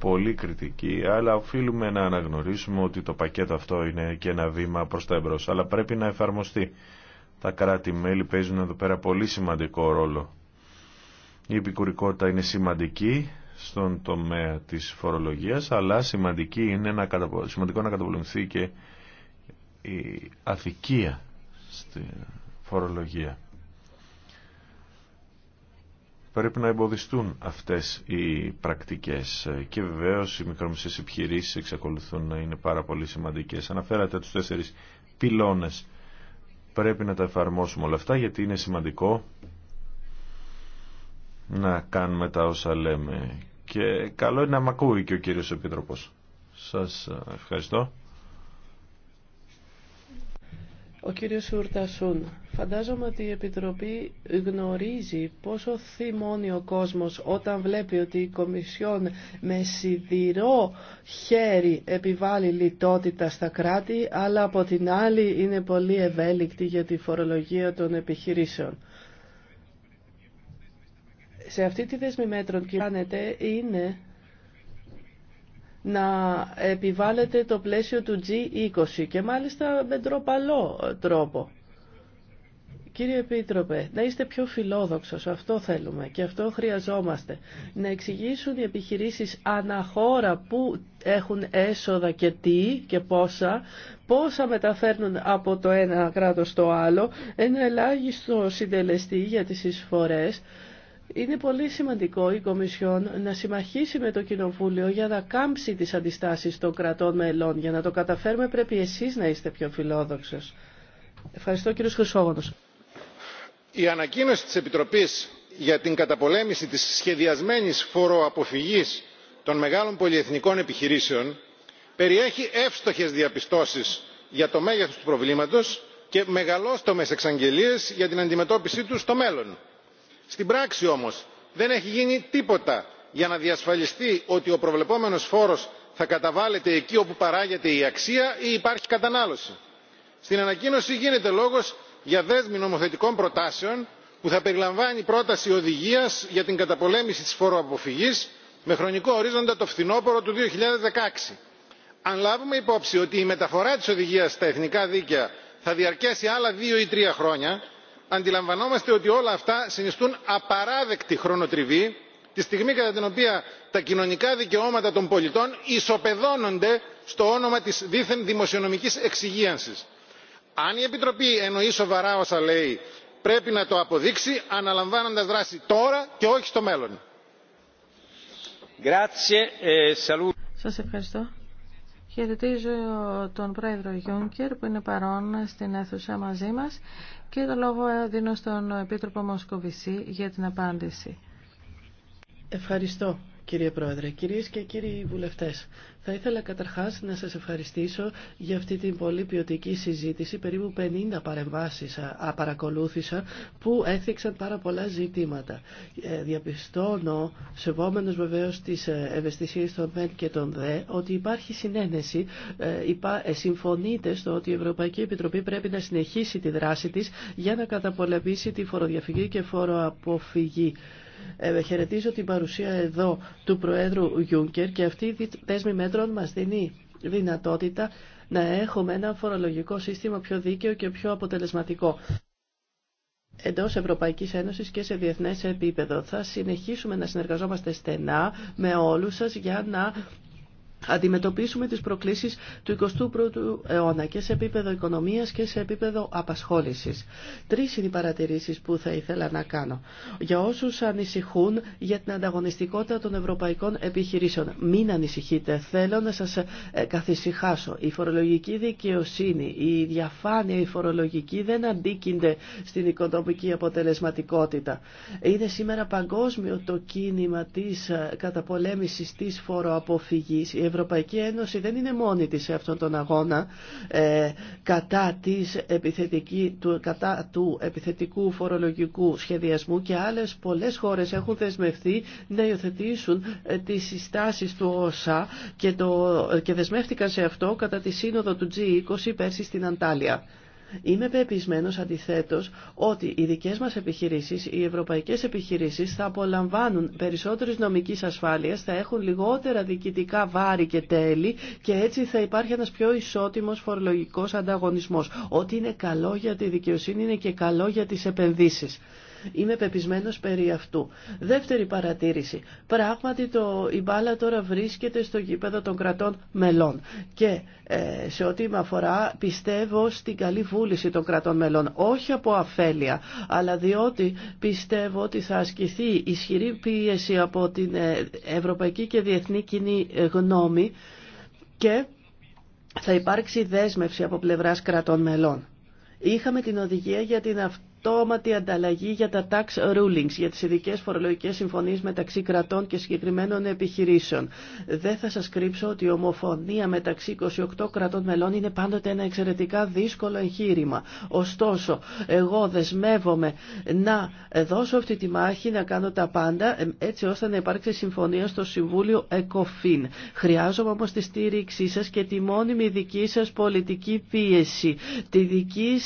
πολύ κριτική, αλλά οφείλουμε να αναγνωρίσουμε ότι το πακέτο αυτό είναι και ένα βήμα προς τα εμπρός, αλλά πρέπει να εφαρμοστεί. Τα κράτη-μέλη παίζουν εδώ πέρα πολύ σημαντικό ρόλο. Η επικουρικότητα είναι σημαντική στον τομέα της φορολογίας, αλλά σημαντική είναι να καταπο... σημαντικό να καταπολεμηθεί και η αθικία στη φορολογία πρέπει να εμποδιστούν αυτές οι πρακτικές και βεβαίως οι μικρομεσαίες επιχειρήσεις εξακολουθούν να είναι πάρα πολύ σημαντικές. Αναφέρατε τους τέσσερις πυλώνες. Πρέπει να τα εφαρμόσουμε όλα αυτά γιατί είναι σημαντικό να κάνουμε τα όσα λέμε. Και καλό είναι να μ' ακούει και ο κύριος Επίτροπος. Σας ευχαριστώ. Ο κύριος Ουρτασούν, φαντάζομαι ότι η Επιτροπή γνωρίζει πόσο θυμώνει ο κόσμος όταν βλέπει ότι η Κομισιόν με σιδηρό χέρι επιβάλλει λιτότητα στα κράτη, αλλά από την άλλη είναι πολύ ευέλικτη για τη φορολογία των επιχειρήσεων. Σε αυτή τη δεσμή μέτρων, είναι να επιβάλλεται το πλαίσιο του G20 και μάλιστα με ντροπαλό τρόπο. Κύριε Επίτροπε, να είστε πιο φιλόδοξος, αυτό θέλουμε και αυτό χρειαζόμαστε. Να εξηγήσουν οι επιχειρήσεις αναχώρα που έχουν έσοδα και τι και πόσα, πόσα μεταφέρνουν από το ένα κράτος στο άλλο, ένα ελάχιστο συντελεστή για τις εισφορές, είναι πολύ σημαντικό η Κομισιόν να συμμαχίσει με το Κοινοβούλιο για να κάμψει τις αντιστάσεις των κρατών μελών. Για να το καταφέρουμε πρέπει εσείς να είστε πιο φιλόδοξος. Ευχαριστώ κύριος Χρυσόγονος. Η ανακοίνωση της Επιτροπής για την καταπολέμηση της σχεδιασμένης φοροαποφυγής των μεγάλων πολυεθνικών επιχειρήσεων περιέχει εύστοχες διαπιστώσεις για το μέγεθος του προβλήματος και μεγαλόστομες εξαγγελίες για την αντιμετώπιση του στο μέλλον στην πράξη όμως δεν έχει γίνει τίποτα για να διασφαλιστεί ότι ο προβλεπόμενος φόρος θα καταβάλλεται εκεί όπου παράγεται η αξία ή υπάρχει κατανάλωση. στην ανακοίνωση γίνεται λόγος για δέσμη νομοθετικών προτάσεων που θα περιλαμβάνει πρόταση οδηγίας για την καταπολέμηση της φοροαποφυγής με χρονικό ορίζοντα το φθινόπωρο του. 2016. αν λάβουμε υπόψη ότι η μεταφορά της οδηγίας στα εθνικά δίκαια θα διαρκέσει άλλα δύο ή τρία χρόνια αντιλαμβανόμαστε ότι όλα αυτά συνιστούν απαράδεκτη χρονοτριβή τη στιγμή κατά την οποία τα κοινωνικά δικαιώματα των πολιτών ισοπεδώνονται στο όνομα της δίθεν δημοσιονομικής εξυγίανσης. αν η επιτροπή εννοεί σοβαρά όσα λέει πρέπει να το αποδείξει αναλαμβάνοντας δράση τώρα και όχι στο μέλλον. Ε, Σας ευχαριστώ. Χαιρετίζω τον πρόεδρο Γιούνκερ που είναι παρόν στην αίθουσα μαζί μας και το λόγο δίνω στον Επίτροπο Μοσκοβισή για την απάντηση. Ευχαριστώ κύριε Πρόεδρε. Κυρίες και κύριοι βουλευτές, θα ήθελα καταρχάς να σας ευχαριστήσω για αυτή την πολύ ποιοτική συζήτηση. Περίπου 50 παρεμβάσεις παρακολούθησα που έθιξαν πάρα πολλά ζητήματα. Ε, διαπιστώνω, σεβόμενος βεβαίως τι ε, ευαισθησίες των ΜΕΝ και των ΔΕ, ότι υπάρχει συνένεση, ε, συμφωνείτε στο ότι η Ευρωπαϊκή Επιτροπή πρέπει να συνεχίσει τη δράση της για να καταπολεμήσει τη φοροδιαφυγή και φοροαποφυγή. Ε, χαιρετίζω την παρουσία εδώ του Προέδρου Γιούγκερ και αυτή η δέσμη μέτρων μας δίνει δυνατότητα να έχουμε ένα φορολογικό σύστημα πιο δίκαιο και πιο αποτελεσματικό εντός Ευρωπαϊκής Ένωσης και σε διεθνές επίπεδο. Θα συνεχίσουμε να συνεργαζόμαστε στενά με όλους σας για να αντιμετωπίσουμε τις προκλήσεις του 21ου αιώνα και σε επίπεδο οικονομίας και σε επίπεδο απασχόλησης. Τρεις είναι οι παρατηρήσεις που θα ήθελα να κάνω. Για όσους ανησυχούν για την ανταγωνιστικότητα των ευρωπαϊκών επιχειρήσεων, μην ανησυχείτε. Θέλω να σας ε, καθησυχάσω. Η φορολογική δικαιοσύνη, η διαφάνεια, η φορολογική δεν αντίκυνται στην οικονομική αποτελεσματικότητα. Είναι σήμερα παγκόσμιο το κίνημα της ε, καταπολέμησης της φοροαποφυγής. Ευρωπαϊκή Ένωση δεν είναι μόνη της σε αυτόν τον αγώνα ε, κατά, της του, κατά του επιθετικού φορολογικού σχεδιασμού και άλλες πολλές χώρες έχουν δεσμευτεί να υιοθετήσουν ε, τις συστάσεις του ΩΣΑ και, το, ε, και δεσμεύτηκαν σε αυτό κατά τη σύνοδο του G20 πέρσι στην Αντάλια. Είμαι πεπισμένο αντιθέτως ότι οι δικέ μας επιχειρήσεις, οι ευρωπαϊκές επιχειρήσεις θα απολαμβάνουν περισσότερη νομική ασφάλεια, θα έχουν λιγότερα διοικητικά βάρη και τέλη και έτσι θα υπάρχει ένας πιο ισότιμος φορολογικό ανταγωνισμός. Ό,τι είναι καλό για τη δικαιοσύνη είναι και καλό για τι επενδύσει. Είμαι πεπισμένος περί αυτού. Δεύτερη παρατήρηση. Πράγματι το, η μπάλα τώρα βρίσκεται στο γήπεδο των κρατών μελών και ε, σε ό,τι με αφορά πιστεύω στην καλή βούληση των κρατών μελών. Όχι από αφέλεια, αλλά διότι πιστεύω ότι θα ασκηθεί ισχυρή πίεση από την ε, ευρωπαϊκή και διεθνή κοινή ε, γνώμη και θα υπάρξει δέσμευση από πλευράς κρατών μελών. Είχαμε την οδηγία για την αυτόματη ανταλλαγή για τα tax rulings, για τις ειδικέ φορολογικές συμφωνίες μεταξύ κρατών και συγκεκριμένων επιχειρήσεων. Δεν θα σας κρύψω ότι η ομοφωνία μεταξύ 28 κρατών μελών είναι πάντοτε ένα εξαιρετικά δύσκολο εγχείρημα. Ωστόσο, εγώ δεσμεύομαι να δώσω αυτή τη μάχη, να κάνω τα πάντα, έτσι ώστε να υπάρξει συμφωνία στο Συμβούλιο ΕΚΟΦΗΝ. Χρειάζομαι όμως τη στήριξή σας και τη μόνιμη δική σας πολιτική πίεση, τη δική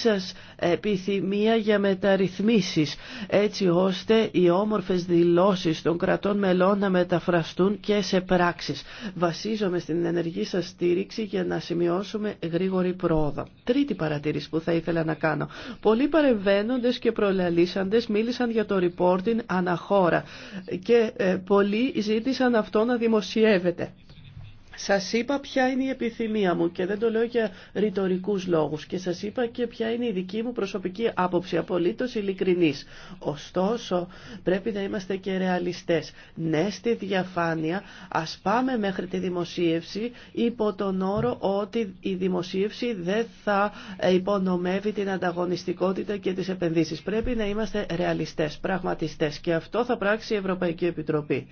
επιθυμία για μεταρρυθμίσεις έτσι ώστε οι όμορφες δηλώσεις των κρατών μελών να μεταφραστούν και σε πράξεις. Βασίζομαι στην ενεργή σας στήριξη για να σημειώσουμε γρήγορη πρόοδο. Τρίτη παρατήρηση που θα ήθελα να κάνω. Πολλοί παρεμβαίνοντες και προλαλήσαντες μίλησαν για το reporting αναχώρα και ε, πολλοί ζήτησαν αυτό να δημοσιεύεται. Σας είπα ποια είναι η επιθυμία μου και δεν το λέω για ρητορικού λόγους και σας είπα και ποια είναι η δική μου προσωπική άποψη, απολύτως ειλικρινής. Ωστόσο, πρέπει να είμαστε και ρεαλιστές. Ναι, στη διαφάνεια, ας πάμε μέχρι τη δημοσίευση υπό τον όρο ότι η δημοσίευση δεν θα υπονομεύει την ανταγωνιστικότητα και τις επενδύσεις. Πρέπει να είμαστε ρεαλιστές, πραγματιστές και αυτό θα πράξει η Ευρωπαϊκή Επιτροπή.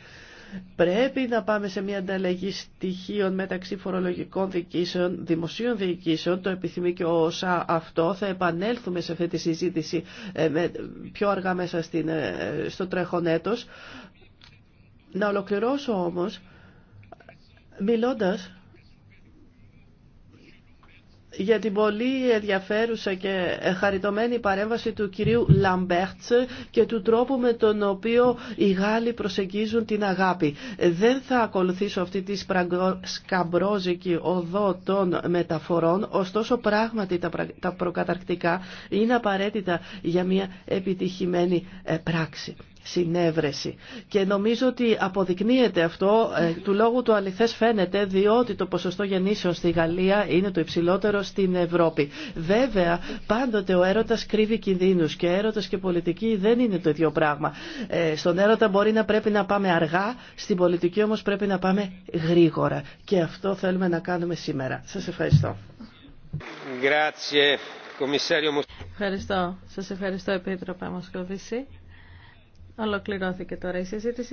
Πρέπει να πάμε σε μια ανταλλαγή στοιχείων μεταξύ φορολογικών διοικήσεων, δημοσίων διοικήσεων, το επιθυμεί και ο ΩΣΑ αυτό. Θα επανέλθουμε σε αυτή τη συζήτηση ε, πιο αργά μέσα στην, ε, στο τρέχον έτος. Να ολοκληρώσω όμως μιλώντας για την πολύ ενδιαφέρουσα και χαριτωμένη παρέμβαση του κυρίου Λαμπέρτς και του τρόπου με τον οποίο οι Γάλλοι προσεγγίζουν την αγάπη. Δεν θα ακολουθήσω αυτή τη σκαμπρόζικη οδό των μεταφορών, ωστόσο πράγματι τα προκαταρκτικά είναι απαραίτητα για μια επιτυχημένη ε, πράξη συνέβρεση. Και νομίζω ότι αποδεικνύεται αυτό, ε, του λόγου του αληθές φαίνεται, διότι το ποσοστό γεννήσεων στη Γαλλία είναι το υψηλότερο στην Ευρώπη. Βέβαια, πάντοτε ο έρωτας κρύβει κινδύνους και έρωτας και πολιτική δεν είναι το ίδιο πράγμα. Ε, στον έρωτα μπορεί να πρέπει να πάμε αργά, στην πολιτική όμως πρέπει να πάμε γρήγορα. Και αυτό θέλουμε να κάνουμε σήμερα. Σας ευχαριστώ. Ευχαριστώ. Σας ευχαριστώ, Επίτροπε Ολοκληρώθηκε τώρα η συζήτηση.